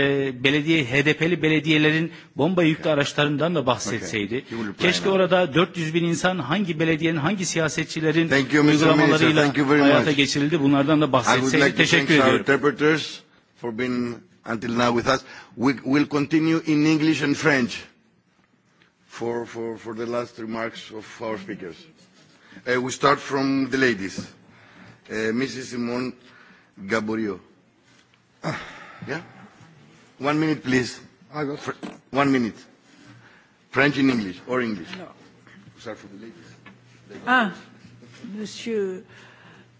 belediye, HDP'li belediyelerin bomba yüklü okay. araçlarından da bahsetseydi. Okay. Keşke now. orada 400 bin insan hangi belediyenin, hangi siyasetçilerin thank you, uygulamalarıyla Thank you hayata much. geçirildi bunlardan da bahsetseydi. Like Teşekkür ediyorum. For being until now with us. We will continue in English and French for, for, for the last remarks of our speakers. Uh, we start from the ladies. Uh, Mrs. Simone Gaborio. Uh, yeah? One minute, please. I will. Fr one minute. French in English or English? No. We start from the ladies. ladies. Ah, Monsieur,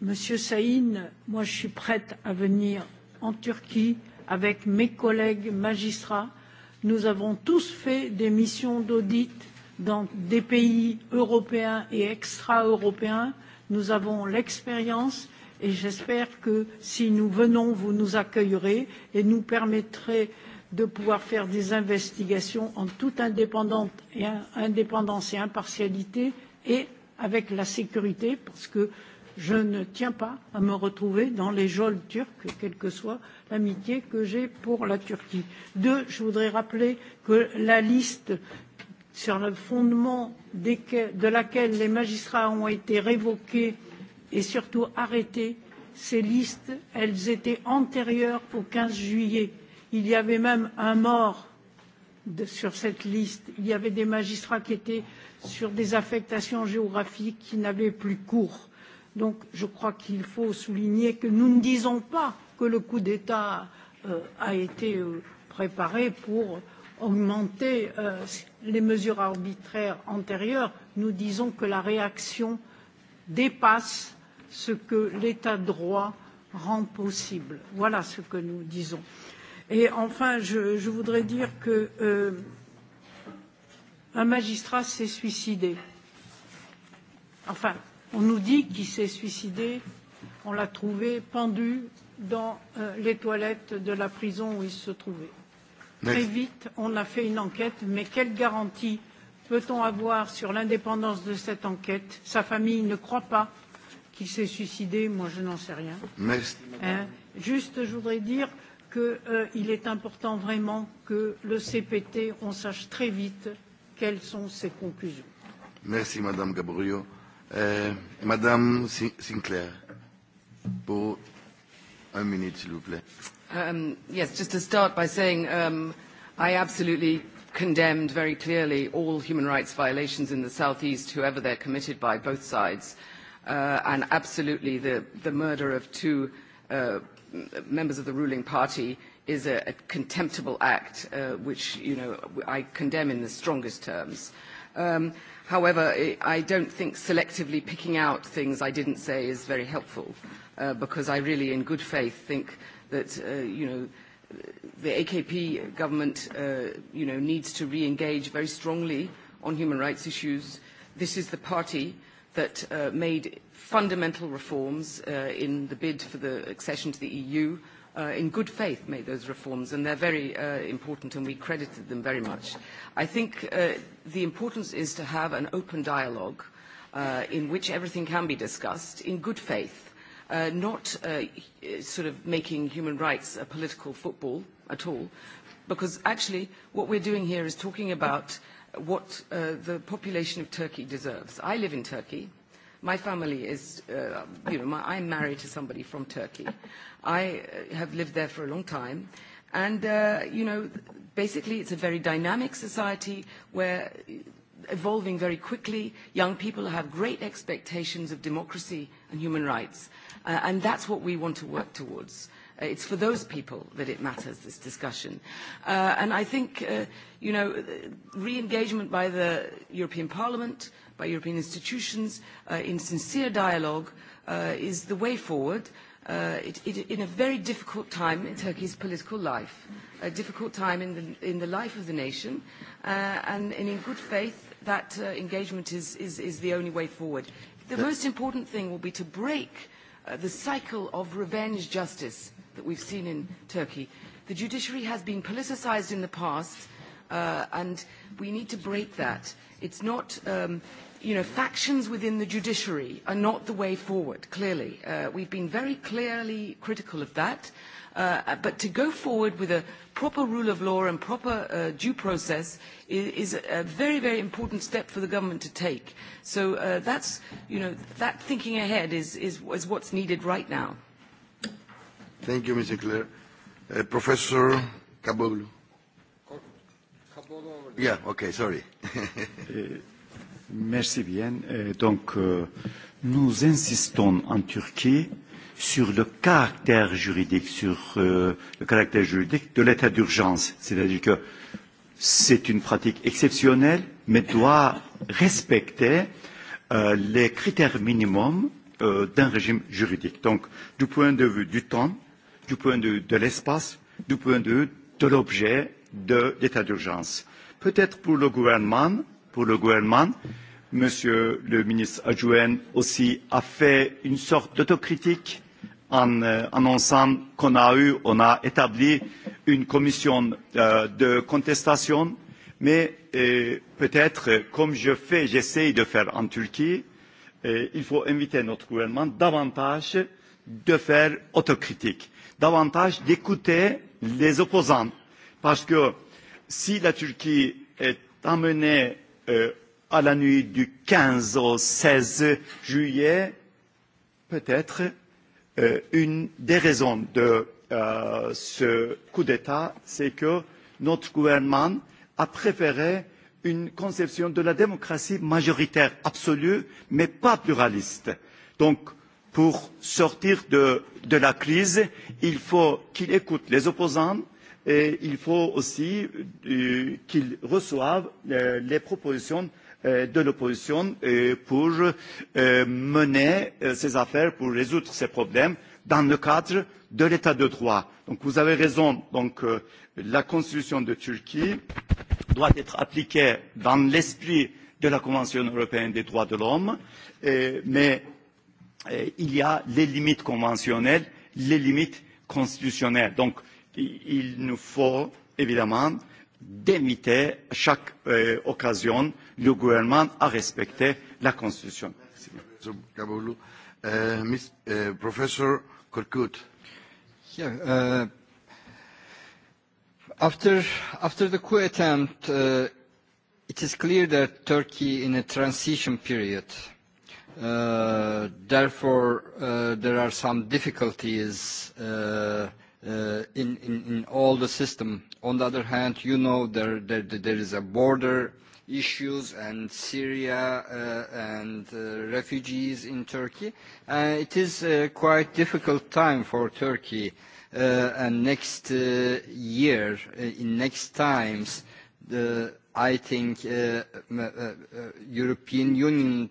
Monsieur Saïn, moi je suis prête à venir en Turquie avec mes collègues magistrats. Nous avons tous fait des missions d'audit dans des pays européens et extra-européens. Nous avons l'expérience et j'espère que si nous venons, vous nous accueillerez et nous permettrez de pouvoir faire des investigations en toute indépendance et, indépendance et impartialité et avec la sécurité parce que je ne tiens pas à me retrouver dans les geôles turques, quelle que soit l'amitié que j'ai pour la Turquie. Deux, je voudrais rappeler que la liste sur le fondement de laquelle les magistrats ont été révoqués et surtout arrêtés, ces listes, elles étaient antérieures au 15 juillet. Il y avait même un mort de, sur cette liste. Il y avait des magistrats qui étaient sur des affectations géographiques qui n'avaient plus cours. Donc je crois qu'il faut souligner que nous ne disons pas que le coup d'État euh, a été euh, préparé pour augmenter euh, les mesures arbitraires antérieures, nous disons que la réaction dépasse ce que l'état de droit rend possible. Voilà ce que nous disons. Et enfin, je, je voudrais dire que euh, un magistrat s'est suicidé. Enfin, on nous dit qu'il s'est suicidé. On l'a trouvé pendu dans euh, les toilettes de la prison où il se trouvait. Très vite, on a fait une enquête, mais quelle garantie peut-on avoir sur l'indépendance de cette enquête Sa famille ne croit pas qu'il s'est suicidé, moi je n'en sais rien. Merci. Hein Juste, je voudrais dire qu'il euh, est important vraiment que le CPT, on sache très vite quelles sont ses conclusions. Merci, Madame Gabriel. Euh, Madame Sinclair, pour Un minute, s'il vous plaît. Um, yes, just to start by saying um, I absolutely condemned very clearly all human rights violations in the southeast, whoever they're committed by, both sides, uh, and absolutely the, the murder of two uh, members of the ruling party is a, a contemptible act, uh, which you know I condemn in the strongest terms. Um, however, I don't think selectively picking out things I didn't say is very helpful uh, because I really, in good faith, think that, uh, you know, the AKP government, uh, you know, needs to re-engage very strongly on human rights issues. This is the party that uh, made fundamental reforms uh, in the bid for the accession to the EU, uh, in good faith made those reforms, and they're very uh, important, and we credited them very much. I think uh, the importance is to have an open dialogue uh, in which everything can be discussed in good faith uh, not uh, sort of making human rights a political football at all, because actually what we're doing here is talking about what uh, the population of Turkey deserves. I live in Turkey. My family is, uh, you know, my, I'm married to somebody from Turkey. I uh, have lived there for a long time. And, uh, you know, basically it's a very dynamic society where evolving very quickly. Young people have great expectations of democracy and human rights. Uh, and that's what we want to work towards. Uh, it's for those people that it matters, this discussion. Uh, and I think, uh, you know, re-engagement by the European Parliament, by European institutions, uh, in sincere dialogue uh, is the way forward. Uh, it, it, in a very difficult time in Turkey's political life, a difficult time in the, in the life of the nation, uh, and, and in good faith, that uh, engagement is, is, is the only way forward. The most important thing will be to break uh, uh, the cycle of revenge justice that we've seen in Turkey. The judiciary has been politicized in the past, uh, and we need to break that. It's not, um, you know, factions within the judiciary are not the way forward, clearly. Uh, we've been very clearly critical of that. Uh, Uh, but to go forward with a proper rule of law and proper uh, due process is, is a very, very important step for the government to take. So uh, that's, you know, that thinking ahead is, is, is what's needed right now. Thank you, Mr. Clare. Uh, Professor Kaboglu. Yeah, okay, sorry. Uh, merci bien. Uh, donc, uh, nous insistons en Turquie euh, sur le caractère juridique, sur euh, le caractère juridique de l'état d'urgence. C'est-à-dire que c'est une pratique exceptionnelle, mais doit respecter euh, les critères minimums euh, d'un régime juridique. Donc, du point de vue du temps, du point de vue de l'espace, du point de vue de l'objet de l'état d'urgence. Peut-être pour le gouvernement, pour le gouvernement, Monsieur le ministre adjoint aussi a fait une sorte d'autocritique en euh, annonçant qu'on a eu, on a établi une commission euh, de contestation, mais euh, peut-être, comme je fais, j'essaye de faire en Turquie, euh, il faut inviter notre gouvernement davantage de faire autocritique, davantage d'écouter les opposants. Parce que si la Turquie est amenée euh, à la nuit du 15 au 16 juillet, peut-être Euh, une des raisons de euh, ce coup d'État, c'est que notre gouvernement a préféré une conception de la démocratie majoritaire absolue, mais pas pluraliste. Donc, pour sortir de, de la crise, il faut qu'il écoute les opposants et il faut aussi euh, qu'il reçoive euh, les propositions Euh, de l'opposition euh, pour euh, mener ces affaires, pour résoudre ces problèmes dans le cadre de l'état de droit. Donc vous avez raison, donc, la constitution de Turquie doit être appliquée dans l'esprit de la Convention européenne des droits de l'homme, mais il y a les limites conventionnelles, les limites constitutionnelles. Donc il nous faut évidemment d'éviter à chaque euh, occasion le gouvernement à respecter la Constitution. Uh, Miss, uh, Professor Korkut. Yeah, uh, after, after the coup attempt, uh, it is clear that Turkey in a transition period. Uh, therefore, uh, there are some difficulties uh, uh, in, in, in all the system. On the other hand, you know there, there, there is a border issues and Syria uh, and uh, refugees in Turkey. Uh, it is a uh, quite difficult time for Turkey uh, and next uh, year, uh, in next times, the, I think uh, uh, uh, European Union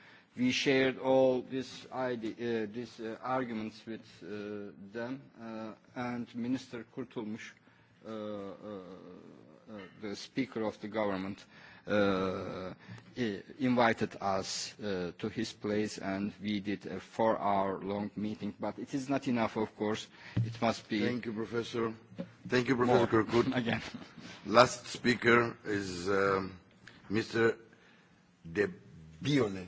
We shared all these, idea, uh, these uh, arguments with uh, them, uh, and Minister Kurtulmuş, uh, uh, uh, the Speaker of the government, uh, invited us uh, to his place, and we did a four-hour-long meeting. But it is not enough, of course. It must be... Thank you, Professor. Thank you, Professor More. Kirkwood. Again. Last speaker is um, Mr. De Bione.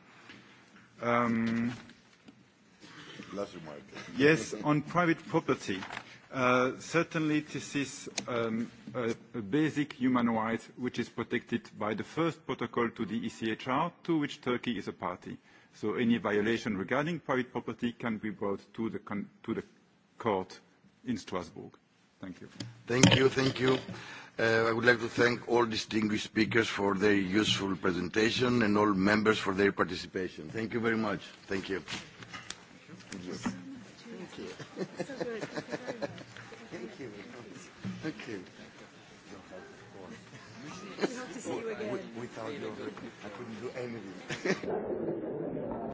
Um, Last remark. Yes, on private property. Uh, certainly, this is um, a, a basic human right which is protected by the first protocol to the ECHR, to which Turkey is a party. So any violation regarding private property can be brought to the, con to the court in Strasbourg. Thank you. Thank you. Thank you. Uh, I would like to thank all distinguished speakers for their useful presentation and all members for their participation. Thank you very much. Thank you. Thank you. Thank you. Thank you. Thank you. Thank you. We hope to see you again. Without your, I couldn't do anything.